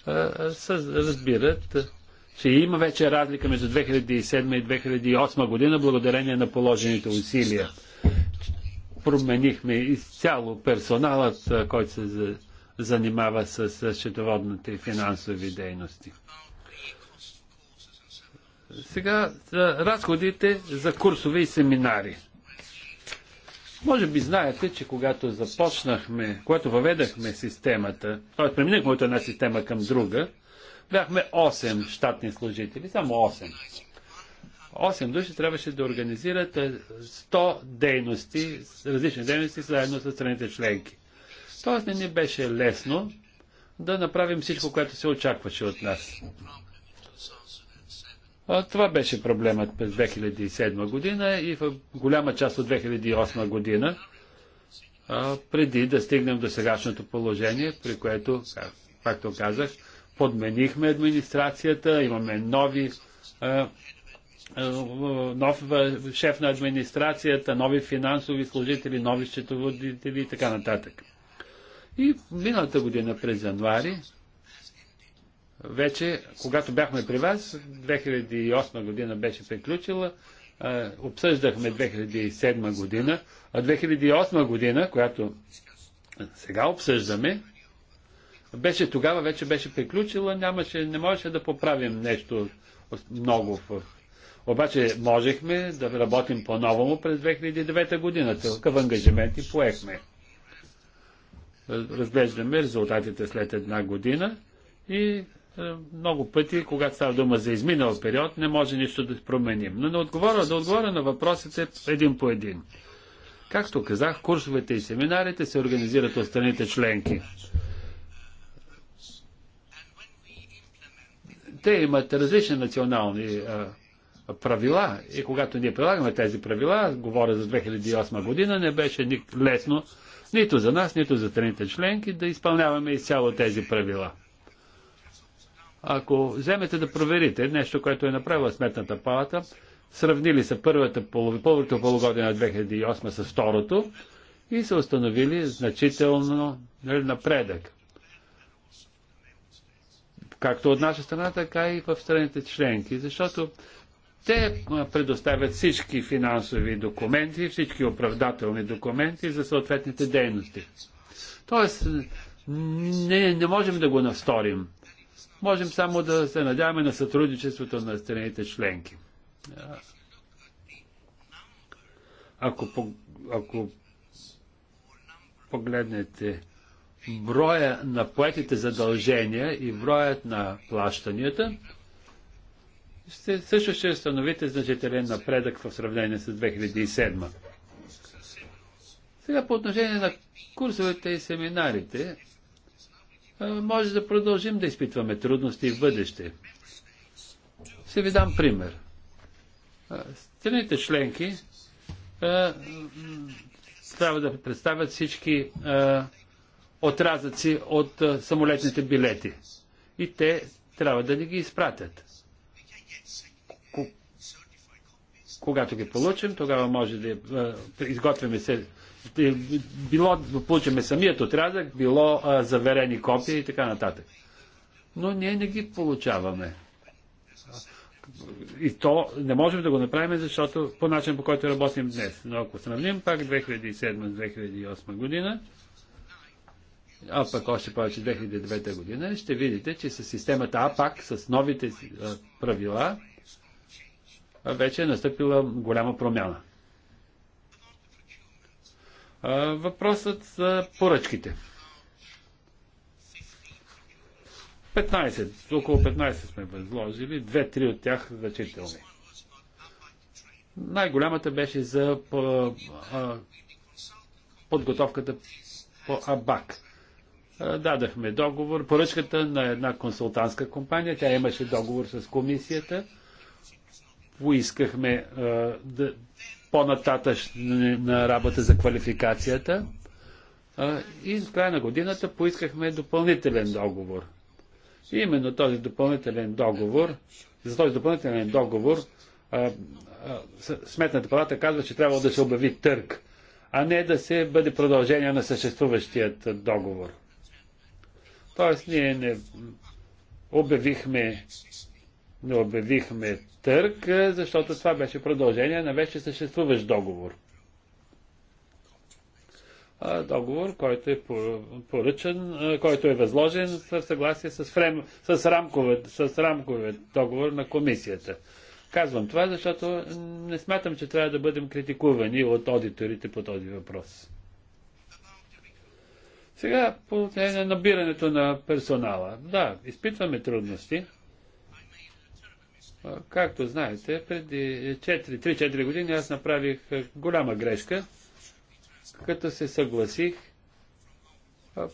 а, са, разбират, че има вече разлика между 2007 и 2008 година, благодарение на положените усилия. Променихме изцяло персоналът, който се занимава с счетоводните и финансови дейности. Сега разходите за курсове и семинари – може би знаете, че когато започнахме, когато въведахме системата, т.е. преминахме от една система към друга, бяхме 8 щатни служители, само 8. 8 души трябваше да организират 100 е, дейности, различни дейности, заедно с страните членки. Тоест не ни беше лесно да направим всичко, което се очакваше от нас. Това беше проблемът през 2007 година и в голяма част от 2008 година, преди да стигнем до сегашното положение, при което, както казах, подменихме администрацията, имаме нови, нов шеф на администрацията, нови финансови служители, нови счетоводители и така нататък. И миналата година през януари вече, когато бяхме при вас, 2008 година беше приключила, обсъждахме 2007 година, а 2008 година, която сега обсъждаме, беше тогава, вече беше приключила, нямаше, не можеше да поправим нещо много. Обаче можехме да работим по-новому през 2009 година. Такъв ангажимент и поехме. Разглеждаме резултатите след една година и е, много пъти, когато става дума за изминал период, не може нищо да променим. Но не отговоря, да отговоря на въпросите един по един. Както казах, курсовете и семинарите се организират от страните членки. Те имат различни национални а, е, правила и когато ние прилагаме тези правила, говоря за 2008 година, не беше ни лесно нито за нас, нито за страните членки да изпълняваме изцяло тези правила. Ако вземете да проверите нещо, което е направила Сметната палата, сравнили са първата полов... първото полугодие на 2008 с второто и са установили значително нали, напредък. Както от наша страна, така и в страните членки, защото те предоставят всички финансови документи, всички оправдателни документи за съответните дейности. Тоест, не, не можем да го насторим. Можем само да се надяваме на сътрудничеството на страните членки. Ако, ако погледнете броя на поетите задължения и броят на плащанията, ще, също ще установите значителен напредък в сравнение с 2007. Сега по отношение на курсовете и семинарите, може да продължим да изпитваме трудности в бъдеще. Ще ви дам пример. Страните членки трябва да представят всички отразъци от самолетните билети. И те трябва да ни ги изпратят. Когато ги получим, тогава може да изготвяме е, било да получаме самият отрязък, било а, заверени копия и така нататък. Но ние не ги получаваме. И то не можем да го направим, защото по начин по който работим днес. Но ако сравним пак 2007-2008 година, а пък още повече 2009 година, ще видите, че с системата АПАК, с новите правила, вече е настъпила голяма промяна. Въпросът за поръчките. 15, около 15 сме възложили, 2-3 от тях значителни. Най-голямата беше за по, а, подготовката по АБАК. Дадахме договор, поръчката на една консултантска компания, тя имаше договор с комисията. Поискахме а, да, по-нататъчна работа за квалификацията. И в края на годината поискахме допълнителен договор. И именно този допълнителен договор, за този допълнителен договор, Сметната палата казва, че трябва да се обяви търг, а не да се бъде продължение на съществуващият договор. Тоест, ние не обявихме, не обявихме търг, е, защото това беше продължение на вече съществуващ договор. Договор, който е поръчен, който е възложен в съгласие с, фрем, с, рамковият, с рамковият договор на комисията. Казвам това, защото не смятам, че трябва да бъдем критикувани от аудиторите по този въпрос. Сега по отношение на набирането на персонала. Да, изпитваме трудности. Както знаете, преди 3-4 години аз направих голяма грешка, като се съгласих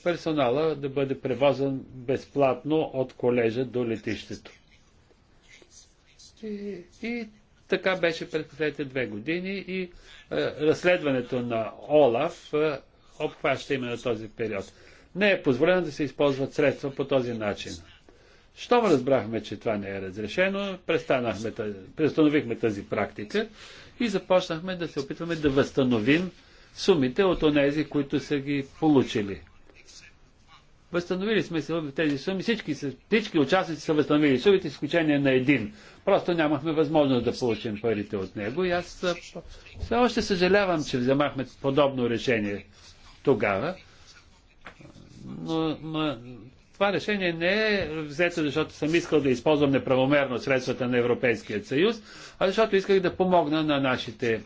персонала да бъде превозен безплатно от колежа до летището. И, и така беше през последните две години и е, разследването на Олаф е, обхваща именно този период. Не е позволено да се използват средства по този начин. Щом разбрахме, че това не е разрешено, престановихме тази практика и започнахме да се опитваме да възстановим сумите от онези, които са ги получили. Възстановили сме се в тези суми. Всички, всички участници са възстановили сумите, изключение на един. Просто нямахме възможност да получим парите от него и аз все още съжалявам, че вземахме подобно решение тогава. Но, но това решение не е взето, защото съм искал да използвам неправомерно средствата на Европейския съюз, а защото исках да помогна на нашите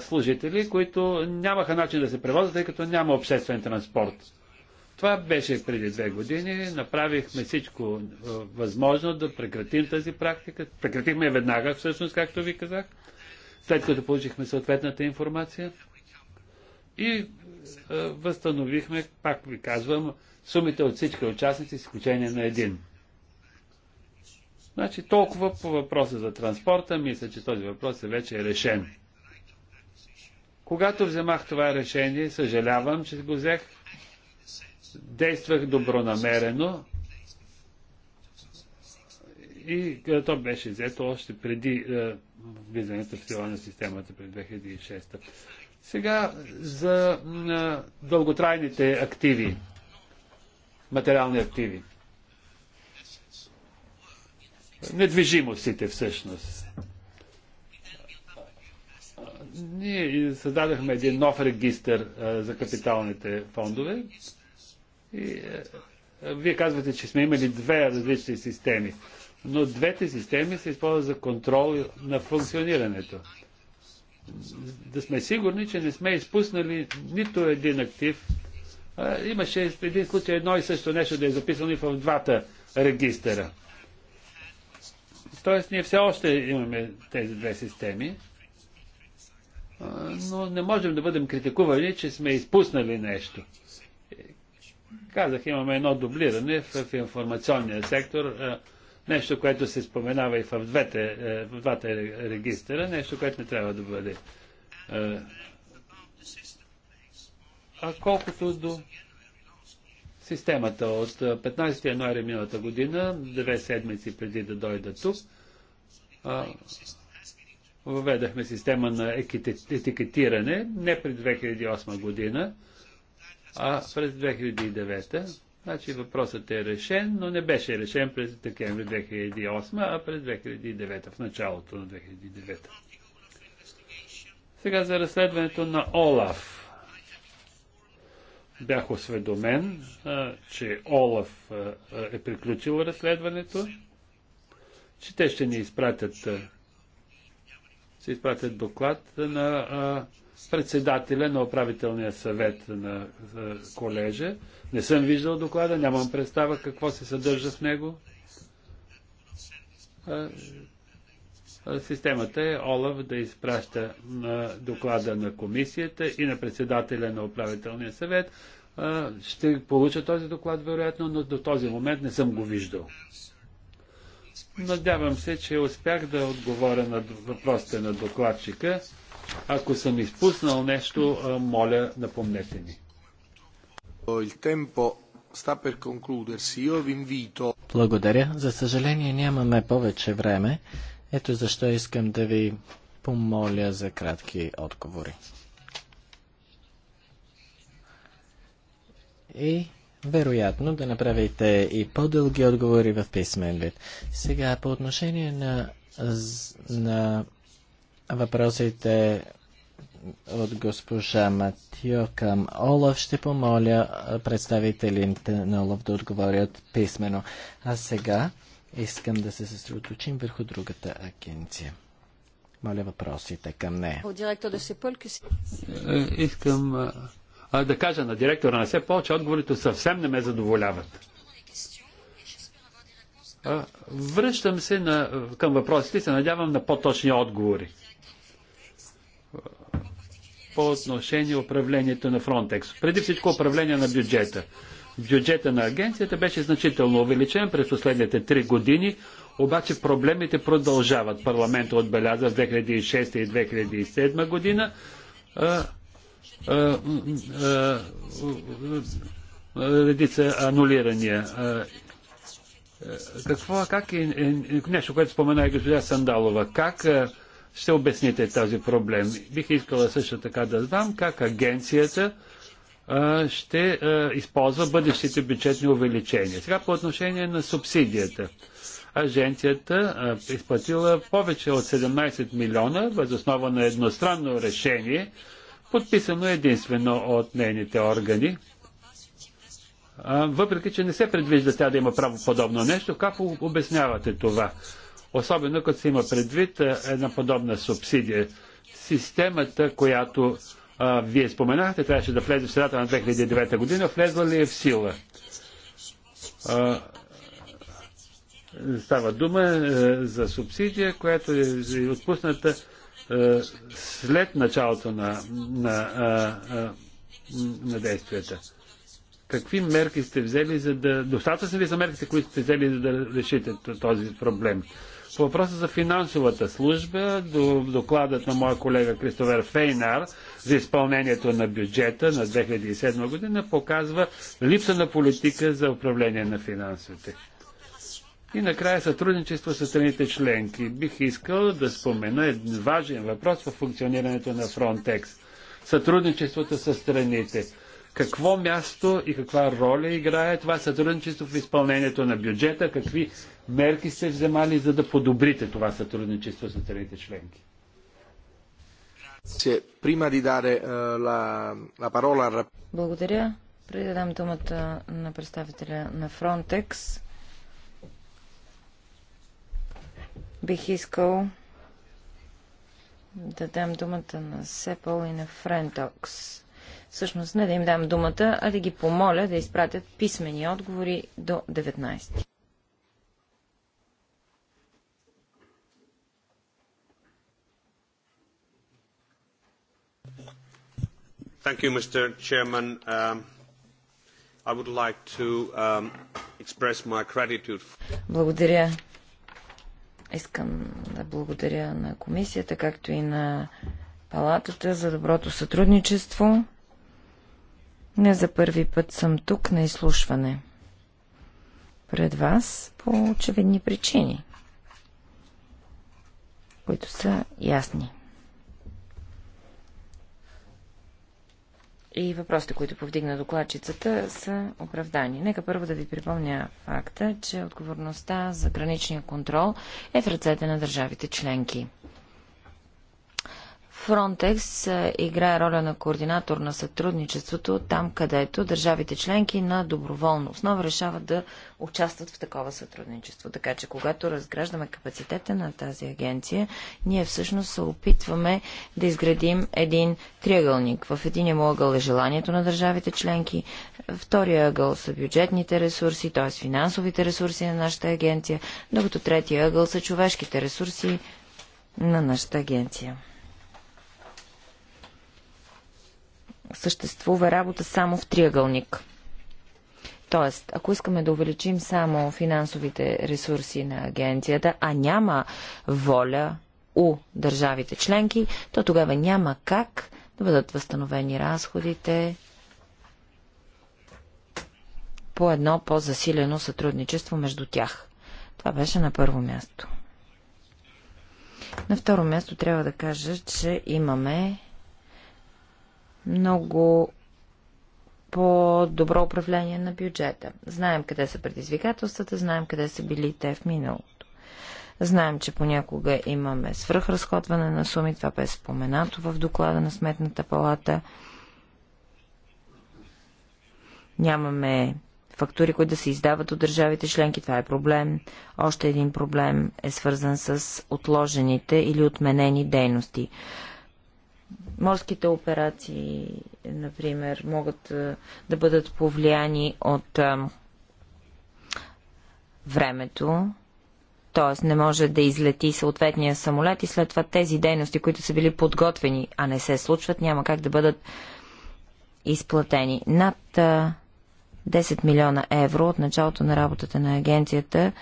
служители, които нямаха начин да се превозят, тъй като няма обществен транспорт. Това беше преди две години. Направихме всичко възможно да прекратим тази практика. Прекратихме веднага, всъщност, както ви казах, след като получихме съответната информация. И възстановихме, пак ви казвам, сумите от всички участници, с изключение на един. Значи толкова по въпроса за транспорта, мисля, че този въпрос е вече решен. Когато вземах това решение, съжалявам, че го взех, действах добронамерено и е, то беше взето още преди е, влизането в сила на системата през 2006. Сега за е, дълготрайните активи материални активи. Недвижимостите всъщност. Ние създадахме един нов регистр за капиталните фондове. И, вие казвате, че сме имали две различни системи, но двете системи се използват за контрол на функционирането. Да сме сигурни, че не сме изпуснали нито един актив Имаше един случай едно и също нещо да е записано и в двата регистъра. Тоест ние все още имаме тези две системи, но не можем да бъдем критикувани, че сме изпуснали нещо. Казах, имаме едно дублиране в информационния сектор, нещо, което се споменава и в, двете, в двата регистъра, нещо, което не трябва да бъде а колкото до системата от 15 януаря миналата година, две седмици преди да дойда тук, въведахме система на етикетиране не през 2008 година, а през 2009. Значи въпросът е решен, но не беше решен през декември 2008, а през 2009, в началото на 2009. Сега за разследването на Олаф бях осведомен, че Олаф е приключил разследването, че те ще ни изпратят, ще изпратят доклад на председателя на управителния съвет на колежа. Не съм виждал доклада, нямам представа какво се съдържа в него. Системата е Олаф да изпраща доклада на комисията и на председателя на управителния съвет. Ще получа този доклад, вероятно, но до този момент не съм го виждал. Надявам се, че успях да отговоря на въпросите на докладчика. Ако съм изпуснал нещо, моля, напомнете ми. Благодаря. За съжаление нямаме повече време. Ето защо искам да ви помоля за кратки отговори. И вероятно да направите и по-дълги отговори в писмен вид. Сега по отношение на, на въпросите от госпожа Матио към Олаф. Ще помоля представителите на Олаф да отговорят писменно. А сега Искам да се съсредоточим върху другата агенция. Моля въпросите към нея. Е, искам а, да кажа на директора на СЕПО, че отговорите съвсем не ме задоволяват. А, връщам се на, към въпросите и се надявам на по-точни отговори. По отношение управлението на Фронтекс. Преди всичко управление на бюджета. Бюджета на агенцията беше значително увеличен през последните три години, обаче проблемите продължават. Парламентът отбеляза в 2006 и 2007 година редица анулирания. Какво, как е, е, нещо, което спомена и госпожа Сандалова, как ще обясните този проблем? Бих искала също така да знам как агенцията ще използва бъдещите бюджетни увеличения. Сега по отношение на субсидията. Агенцията е изплатила повече от 17 милиона възоснова на едностранно решение, подписано единствено от нейните органи. Въпреки, че не се предвижда тя да има право подобно нещо, как обяснявате това? Особено като се има предвид една подобна субсидия. Системата, която а, вие споменахте, трябваше да влезе в средата на 2009 година, влезла ли е в сила? А, става дума е, за субсидия, която е отпусната е, след началото на, на, а, на действията. Какви мерки сте взели, за да... Достатъчно ли са мерките, които сте взели, за да решите този проблем? По въпроса за финансовата служба, до докладът на моя колега Кристофер Фейнар, за изпълнението на бюджета на 2007 година показва липса на политика за управление на финансите. И накрая сътрудничество с страните членки. Бих искал да спомена един важен въпрос в функционирането на Frontex. Сътрудничеството с страните. Какво място и каква роля играе това сътрудничество в изпълнението на бюджета? Какви мерки сте вземали, за да подобрите това сътрудничество с страните членки? Eh, Благодаря. Преди да дам думата на представителя на Фронтекс, бих искал да дам думата на Сепъл и на Frontex. Всъщност не да им дам думата, а да ги помоля да изпратят писмени отговори до 19. Mr. Chairman. Um, I would like to um, express my gratitude. Благодаря. Искам да благодаря на комисията, както и на палатата за доброто сътрудничество. Не за първи път съм тук на изслушване. Пред вас по очевидни причини, които са ясни. и въпросите, които повдигна докладчицата, са оправдани. Нека първо да ви припомня факта, че отговорността за граничния контрол е в ръцете на държавите членки. Фронтекс играе роля на координатор на сътрудничеството там, където държавите членки на доброволно основа решават да участват в такова сътрудничество. Така че, когато разграждаме капацитета на тази агенция, ние всъщност се опитваме да изградим един триъгълник. В един му ъгъл е желанието на държавите членки, втория ъгъл са бюджетните ресурси, т.е. финансовите ресурси на нашата агенция, докато третия ъгъл са човешките ресурси на нашата агенция. съществува работа само в триъгълник. Тоест, ако искаме да увеличим само финансовите ресурси на агенцията, а няма воля у държавите членки, то тогава няма как да бъдат възстановени разходите по едно по-засилено сътрудничество между тях. Това беше на първо място. На второ място трябва да кажа, че имаме много по-добро управление на бюджета. Знаем къде са предизвикателствата, знаем къде са били те в миналото. Знаем, че понякога имаме свръхразходване на суми, това бе споменато в доклада на Сметната палата. Нямаме фактури, които да се издават от държавите членки, това е проблем. Още един проблем е свързан с отложените или отменени дейности морските операции, например, могат е, да бъдат повлияни от е, времето, т.е. не може да излети съответния самолет и след това тези дейности, които са били подготвени, а не се случват, няма как да бъдат изплатени. Над 10 е, милиона евро от началото на работата на агенцията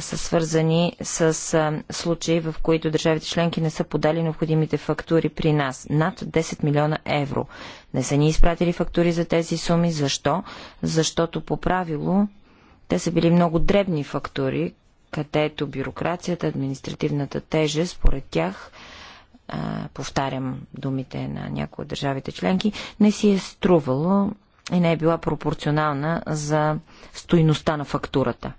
са свързани с а, случаи, в които държавите членки не са подали необходимите фактури при нас. Над 10 милиона евро. Не са ни изпратили фактури за тези суми. Защо? Защото по правило те са били много дребни фактури, където бюрокрацията, административната тежест, според тях, а, повтарям думите на някои от държавите членки, не си е струвало и не е била пропорционална за стоиността на фактурата.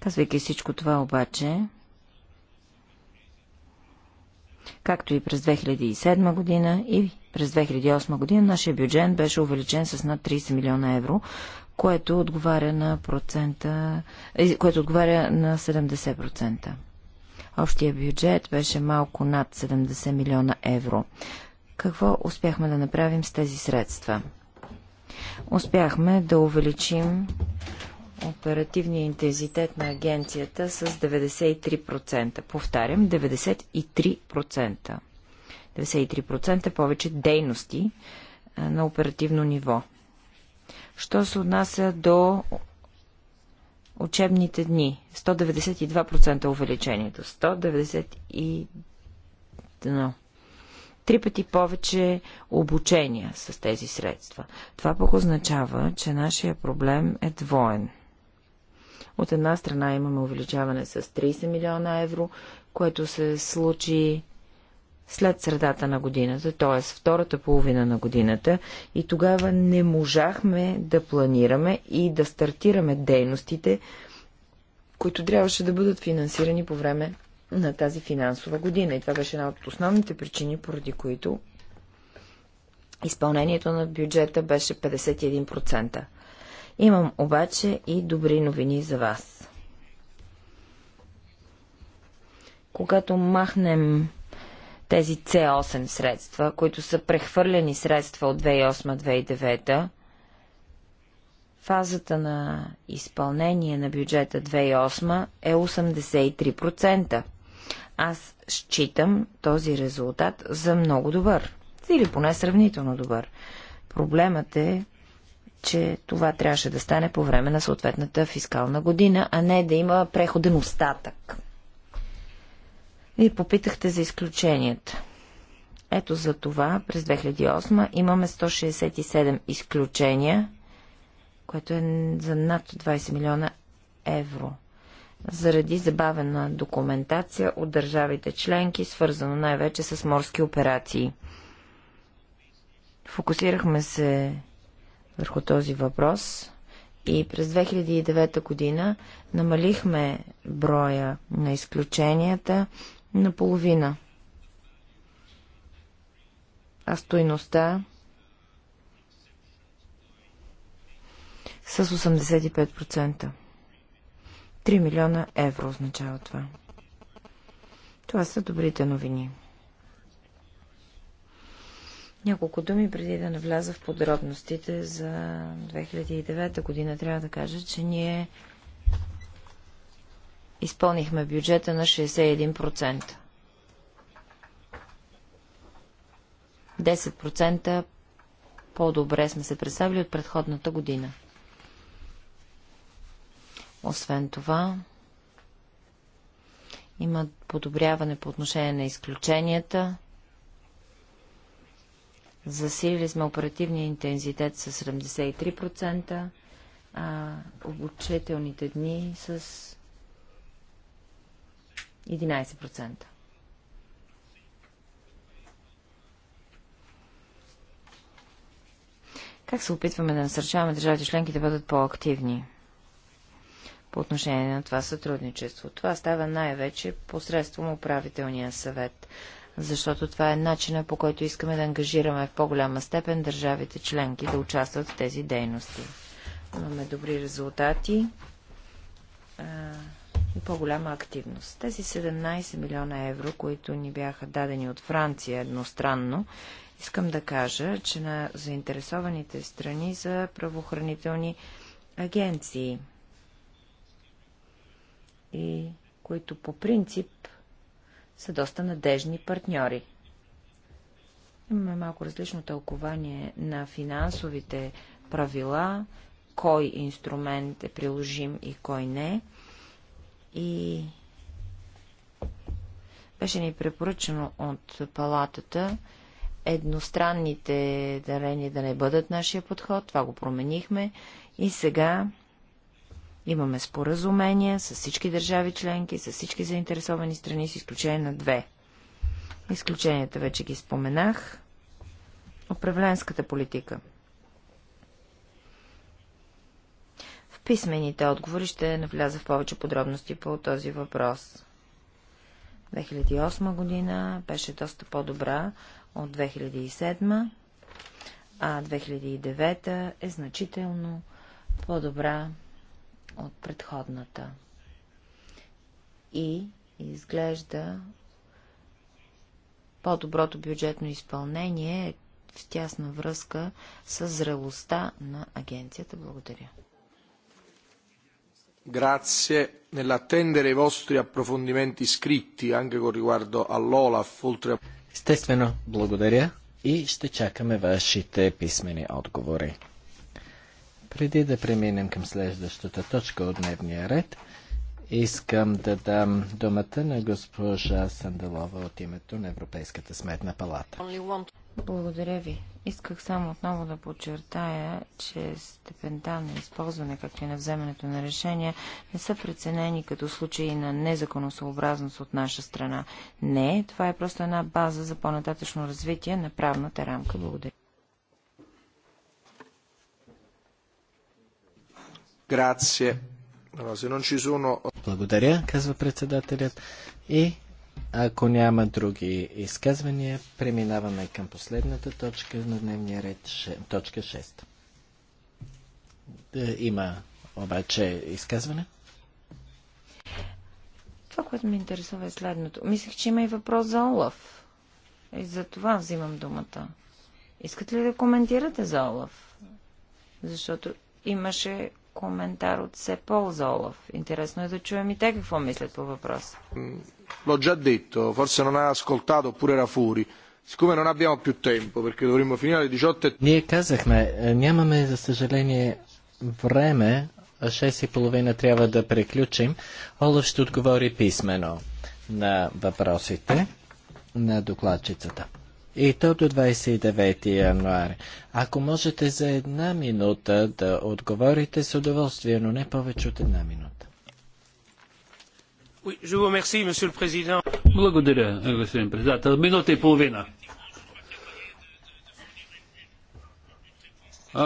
Казвайки всичко това обаче, както и през 2007 година и през 2008 година нашия бюджет беше увеличен с над 30 милиона евро, което отговаря на процента, е, което отговаря на 70%. Общия бюджет беше малко над 70 милиона евро. Какво успяхме да направим с тези средства? Успяхме да увеличим оперативния интензитет на агенцията с 93%. Повтарям, 93%. 93% е повече дейности на оперативно ниво. Що се отнася до учебните дни? 192% е увеличението. 191. Три пъти повече обучения с тези средства. Това пък означава, че нашия проблем е двоен. От една страна имаме увеличаване с 30 милиона евро, което се случи след средата на годината, т.е. втората половина на годината и тогава не можахме да планираме и да стартираме дейностите, които трябваше да бъдат финансирани по време на тази финансова година. И това беше една от основните причини, поради които изпълнението на бюджета беше 51%. Имам обаче и добри новини за вас. Когато махнем тези C8 средства, които са прехвърлени средства от 2008-2009, фазата на изпълнение на бюджета 2008 е 83%. Аз считам този резултат за много добър. Или поне сравнително добър. Проблемът е, че това трябваше да стане по време на съответната фискална година, а не да има преходен остатък. Вие попитахте за изключенията. Ето за това през 2008 имаме 167 изключения, което е за над 20 милиона евро. Заради забавена документация от държавите членки, свързано най-вече с морски операции. Фокусирахме се върху този въпрос. И през 2009 година намалихме броя на изключенията на половина. А стойността с 85%. 3 милиона евро означава това. Това са добрите новини. Няколко думи преди да навляза в подробностите за 2009 година. Трябва да кажа, че ние изпълнихме бюджета на 61%. 10% по-добре сме се представили от предходната година. Освен това, има подобряване по отношение на изключенията – Засилили сме оперативния интензитет с 73%, а обучителните дни с 11%. Как се опитваме да насърчаваме държавите членки да бъдат по-активни по отношение на това сътрудничество? Това става най-вече посредством управителния съвет защото това е начина по който искаме да ангажираме в по-голяма степен държавите членки да участват в тези дейности. Имаме добри резултати и по-голяма активност. Тези 17 милиона евро, които ни бяха дадени от Франция едностранно, искам да кажа, че на заинтересованите страни за правоохранителни агенции и които по принцип са доста надежни партньори. Имаме малко различно тълкование на финансовите правила, кой инструмент е приложим и кой не. И беше ни препоръчено от палатата едностранните дарения да не бъдат нашия подход. Това го променихме. И сега Имаме споразумения с всички държави членки, с всички заинтересовани страни, с изключение на две. Изключенията вече ги споменах. Управленската политика. В писмените отговори ще навляза в повече подробности по този въпрос. 2008 година беше доста по-добра от 2007, а 2009 е значително по-добра от предходната. И изглежда по-доброто бюджетно изпълнение е в тясна връзка с зрелостта на агенцията. Благодаря. Grazie. Nell'attendere i vostri approfondimenti scritti anche con riguardo all'Olaf, oltre a... Естествено, благодаря и ще чакаме вашите писмени отговори. Преди да преминем към следващата точка от дневния ред, искам да дам думата на госпожа Сандалова от името на Европейската сметна палата. Благодаря ви. Исках само отново да подчертая, че степента на използване, както и на вземането на решения, не са преценени като случаи на незаконосъобразност от наша страна. Не, това е просто една база за по-нататъчно развитие на правната рамка. Благодаря. Благодаря, казва председателят. И ако няма други изказвания, преминаваме към последната точка на дневния ред, точка 6. Е, има обаче изказване. Това, което ме интересува е следното. Мислех, че има и въпрос за Олаф. И за това взимам думата. Искате ли да коментирате за Олаф? Защото имаше коментар от Сепол за Интересно е да чуем и те какво мислят по въпроса. L'ho già detto, forse non ha ascoltato oppure era fuori. Siccome non abbiamo più tempo, perché dovremmo finire alle 18... E Ние казахме, е, нямаме за съжаление време, и половина трябва да преключим. Олаф ще отговори писмено на въпросите на докладчицата и то до 29 януари. Ако можете за една минута да отговорите с удоволствие, но не повече от една минута. Благодаря, господин председател. Минута и половина.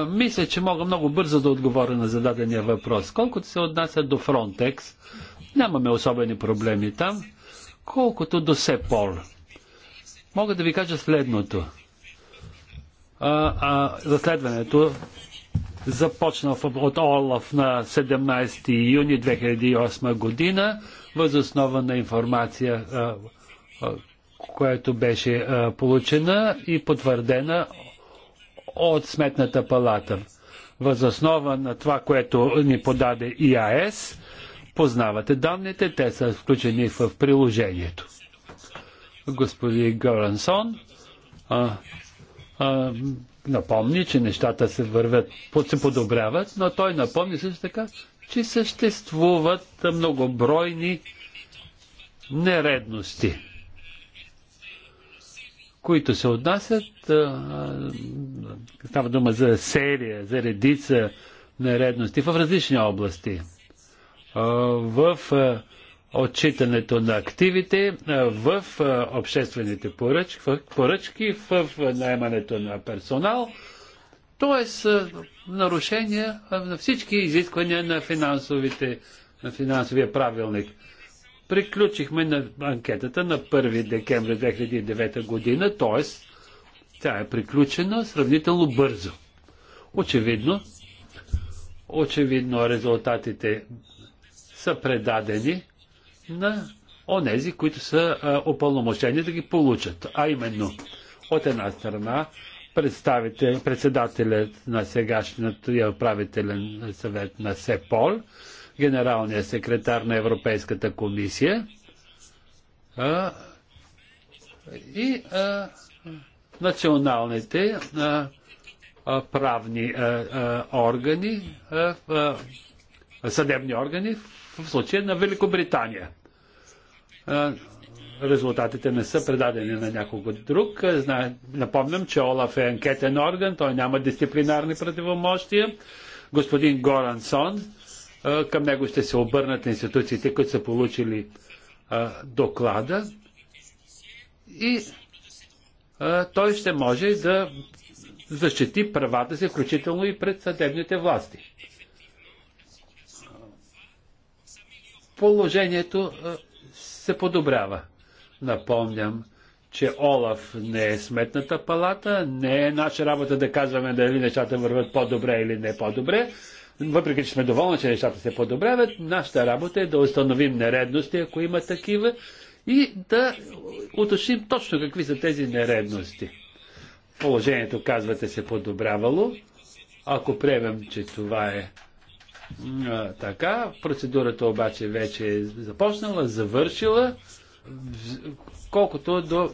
Мисля, че мога много бързо да отговоря на зададения въпрос. Колкото се отнася до Фронтекс, нямаме особени проблеми там, колкото до Сепол мога да ви кажа следното. А, а, разследването започна от Олаф на 17 юни 2008 година, възоснова на информация, а, а, която беше а, получена и потвърдена от Сметната палата. Възоснова на това, което ни подаде ИАС, познавате данните, те са включени в приложението господин Горансон а, а, напомни, че нещата се вървят, се подобряват, но той напомни също така, че съществуват многобройни нередности, които се отнасят, става дума за серия, за редица нередности в различни области. А, в а, отчитането на активите в обществените поръчки, в, наемането на персонал, т.е. нарушения на всички изисквания на, финансовите, на финансовия правилник. Приключихме на анкетата на 1 декември 2009 година, т.е. тя е приключена сравнително бързо. Очевидно, очевидно резултатите са предадени на онези, които са опълномощени да ги получат. А именно, от една страна, председателят на сегашния управителен съвет на СЕПОЛ, генералният секретар на Европейската комисия а, и а, националните а, а, правни а, а, органи, а, а, съдебни органи в случая на Великобритания. Резултатите не са предадени на някого друг. Напомням, че Олаф е анкетен орган, той няма дисциплинарни противомощия. Господин Горансон, към него ще се обърнат институциите, които са получили доклада и той ще може да защити правата си, включително и пред съдебните власти. положението се подобрява. Напомням, че Олаф не е сметната палата, не е наша работа да казваме дали нещата върват по-добре или не по-добре. Въпреки, че сме доволни, че нещата се подобряват, нашата работа е да установим нередности, ако има такива, и да уточним точно какви са тези нередности. Положението, казвате, се подобрявало. Ако приемем, че това е така. Процедурата обаче вече е започнала, завършила. Колкото до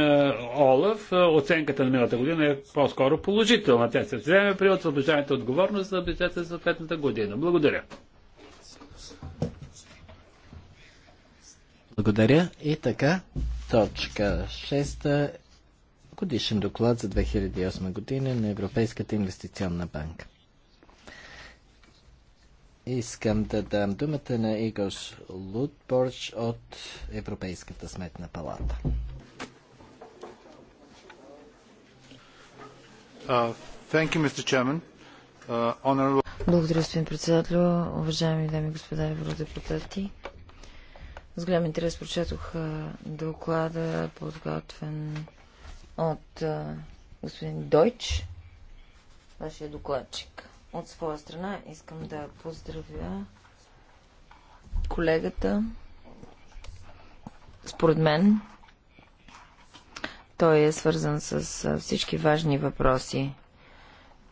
е, Олаф, оценката на миналата година е по-скоро положителна. Тя се вземе при освобождаването отговорност за бюджета за съответната година. Благодаря. Благодаря. И така, точка 6. Годишен доклад за 2008 година на Европейската инвестиционна банка. Искам да дам думата на Игош Лутборч от Европейската сметна палата. Uh, uh, Благодаря, господин председател. Уважаеми дами и господа евродепутати, с голям интерес прочетох доклада, подготвен от господин Дойч, вашия докладчик. От своя страна искам да поздравя колегата. Според мен той е свързан с всички важни въпроси.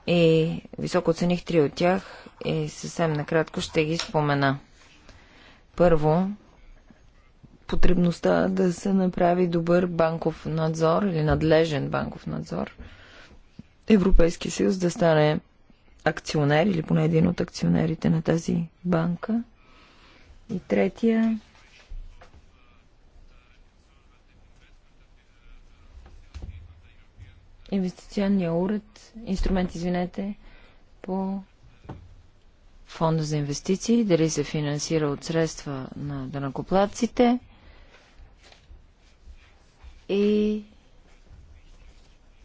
И високо оцених три от тях и съвсем накратко ще ги спомена. Първо, потребността да се направи добър банков надзор или надлежен банков надзор. Европейския съюз да стане акционер или поне един от акционерите на тази банка. И третия инвестиционния уред, инструмент, извинете, по фонда за инвестиции, дали се финансира от средства на данакоплаците и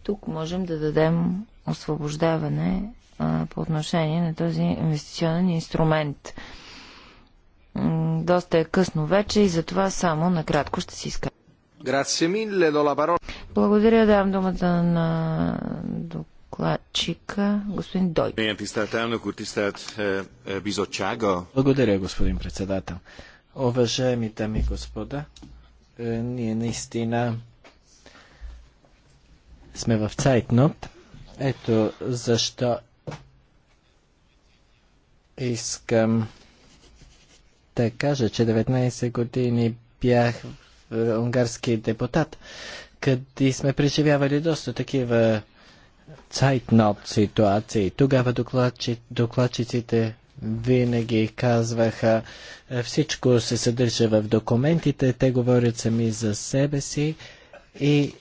тук можем да дадем освобождаване по отношение на този инвестиционен инструмент. Доста е късно вече и затова само накратко ще си изкажа. Благодаря, давам думата на докладчика, господин Дой. Е, е, Благодаря, господин председател. Уважаеми дами и господа, е, ние наистина сме в Цайтнот. Ето защо искам да кажа, че 19 години бях унгарски депутат, къде сме преживявали доста такива цайтнот ситуации. Тогава докладчи, докладчиците винаги казваха, е, всичко се съдържа в документите, те говорят сами за себе си и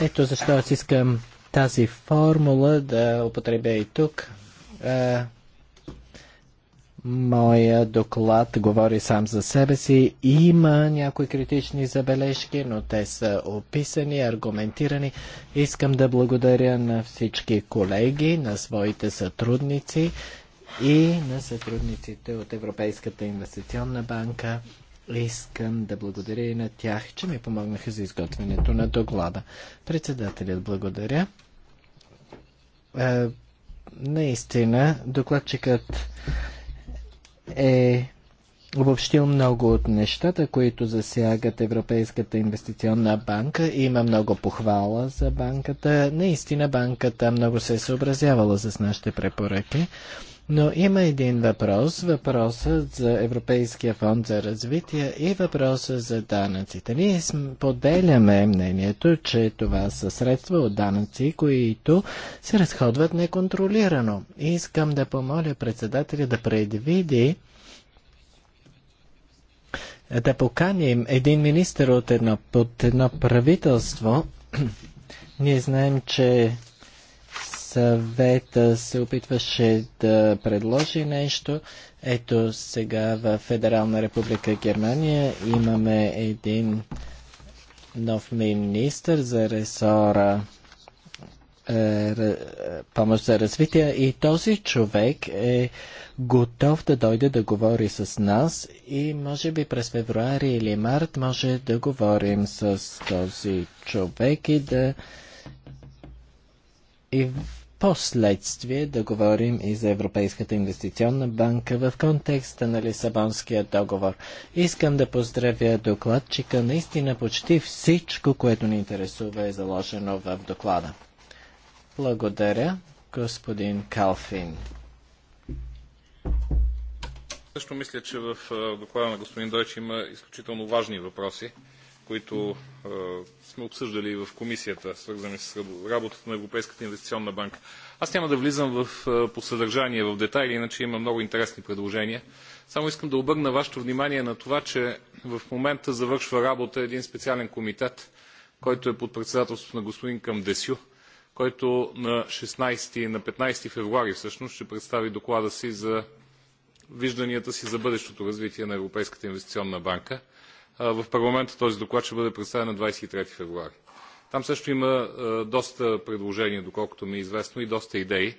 ето защо аз искам тази формула да употребя и тук. Е, Моя доклад говори сам за себе си. Има някои критични забележки, но те са описани, аргументирани. Искам да благодаря на всички колеги, на своите сътрудници и на сътрудниците от Европейската инвестиционна банка. Искам да благодаря и на тях, че ми помогнаха за изготвянето на доклада. Председателят благодаря. Е, наистина, докладчикът е обобщил много от нещата, които засягат Европейската инвестиционна банка. Има много похвала за банката. Наистина банката много се е съобразявала с нашите препоръки. Но има един въпрос, въпросът за Европейския фонд за развитие и въпросът за данъците. Ние поделяме мнението, че това са средства от данъци, които се разходват неконтролирано. И искам да помоля председателя да предвиди да поканим един министр от едно, от едно правителство. Ние знаем, че съвета се опитваше да предложи нещо. Ето сега в Федерална република Германия имаме един нов министр за ресора е, помощ за развитие и този човек е готов да дойде да говори с нас и може би през февруари или март може да говорим с този човек и да и последствие да говорим и за Европейската инвестиционна банка в контекста на Лисабонския договор. Искам да поздравя докладчика. Наистина почти всичко, което ни интересува е заложено в доклада. Благодаря, господин Калфин. Също мисля, че в доклада на господин Дойч има изключително важни въпроси които сме обсъждали и в комисията, свързани с работата на Европейската инвестиционна банка. Аз няма да влизам в, по съдържание в детайли, иначе има много интересни предложения. Само искам да обърна вашето внимание на това, че в момента завършва работа един специален комитет, който е под председателството на господин Камдесю, който на 16 на 15 февруари всъщност ще представи доклада си за вижданията си за бъдещото развитие на Европейската инвестиционна банка в парламента този доклад ще бъде представен на 23 февруари. Там също има доста предложения, доколкото ми е известно, и доста идеи.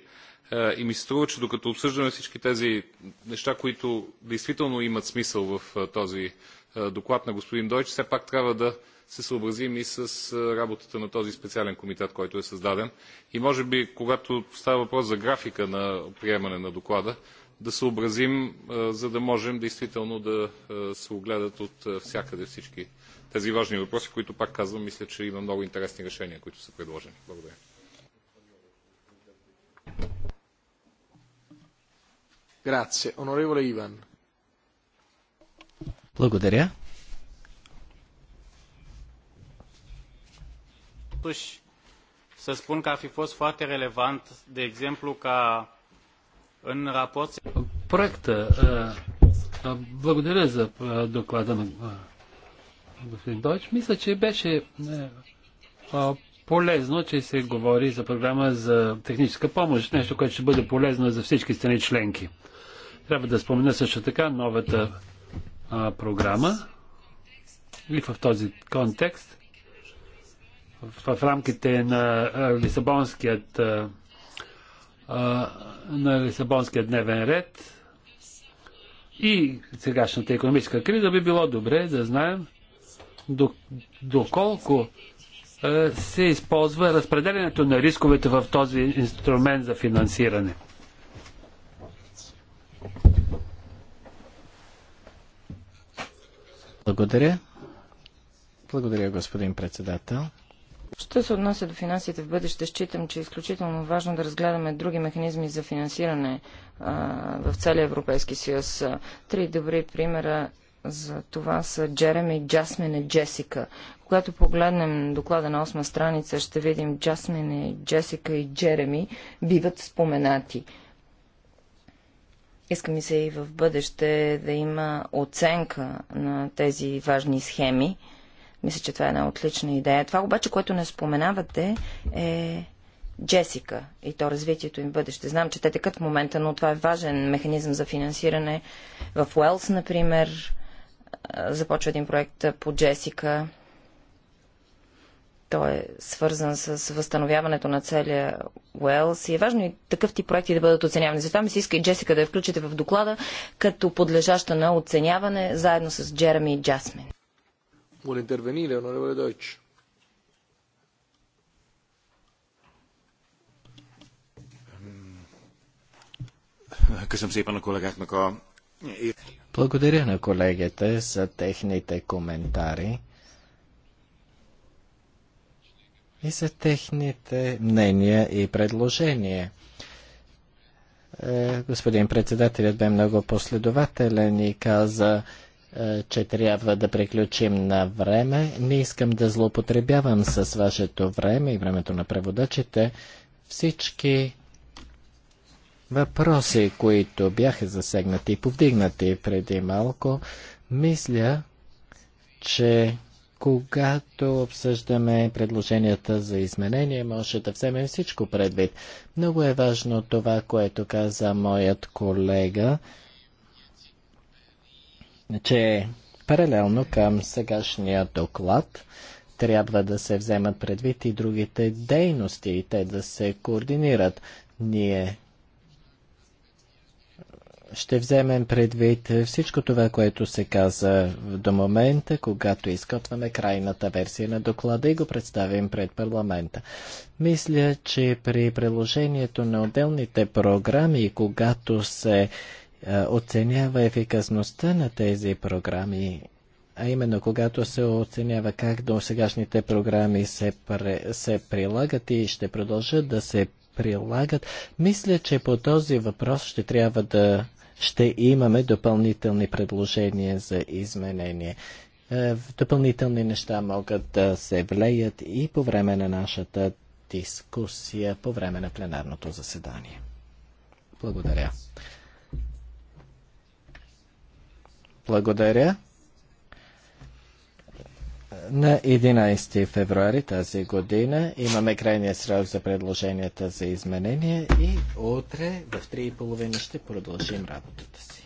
И ми се струва, че докато обсъждаме всички тези неща, които действително имат смисъл в този доклад на господин Дойч, все пак трябва да се съобразим и с работата на този специален комитет, който е създаден. И може би, когато става въпрос за графика на приемане на доклада, да съобразим, за да можем действително да се огледат от всякъде всички тези важни въпроси, които пак казвам, мисля, че има много интересни решения, които са предложени. Благодаря. Благодаря. Totuși, să spun că a fi fost foarte relevant, de exemplu, ca în raport... Проекта. Благодаря за доклада на господин Дойч. Мисля, че беше полезно, че се говори за програма за техническа помощ, нещо, което ще бъде полезно за всички страни членки. Трябва да спомена също така новата програма и в този контекст, в, рамките на Лисабонският на Лисабонския дневен ред и сегашната економическа криза, би било добре да знаем доколко се използва разпределението на рисковете в този инструмент за финансиране. Благодаря. Благодаря, господин председател. Що се отнася до финансите в бъдеще, считам, че е изключително важно да разгледаме други механизми за финансиране а, в целия Европейски съюз. Три добри примера за това са Джереми, Джасмин и Джесика. Когато погледнем доклада на 8 страница, ще видим Джасмин, Джесика и Джереми биват споменати. Иска ми се и в бъдеще да има оценка на тези важни схеми мисля, че това е една отлична идея. Това обаче, което не споменавате е Джесика и то развитието им в бъдеще. Знам, че те текат в момента, но това е важен механизъм за финансиране. В Уелс, например, започва един проект по Джесика. Той е свързан с възстановяването на целия Уелс и е важно и такъв тип проекти да бъдат оценявани. Затова ми се иска и Джесика да я включите в доклада като подлежаща на оценяване заедно с Джереми и Джасмин. Vuole intervenire, onorevole Deutsch? Ehm, Благодаря на колегите за техните коментари и за техните мнения и предложения. Е, господин председателят бе много последователен и каза, че трябва да приключим на време. Не искам да злоупотребявам с вашето време и времето на преводачите. Всички въпроси, които бяха засегнати и повдигнати преди малко, мисля, че когато обсъждаме предложенията за изменение, може да вземем всичко предвид. Много е важно това, което каза моят колега че значи, паралелно към сегашния доклад трябва да се вземат предвид и другите дейности и те да се координират. Ние ще вземем предвид всичко това, което се каза до момента, когато изготвяме крайната версия на доклада и го представим пред парламента. Мисля, че при приложението на отделните програми, когато се е, оценява ефикасността на тези програми, а именно когато се оценява как до сегашните програми се, пре, се прилагат и ще продължат да се прилагат, мисля, че по този въпрос ще трябва да ще имаме допълнителни предложения за изменение. Е, допълнителни неща могат да се влеят и по време на нашата дискусия, по време на пленарното заседание. Благодаря. Благодаря. На 11 февруари тази година имаме крайния срок за предложенията за изменение и утре в 3.30 ще продължим работата си.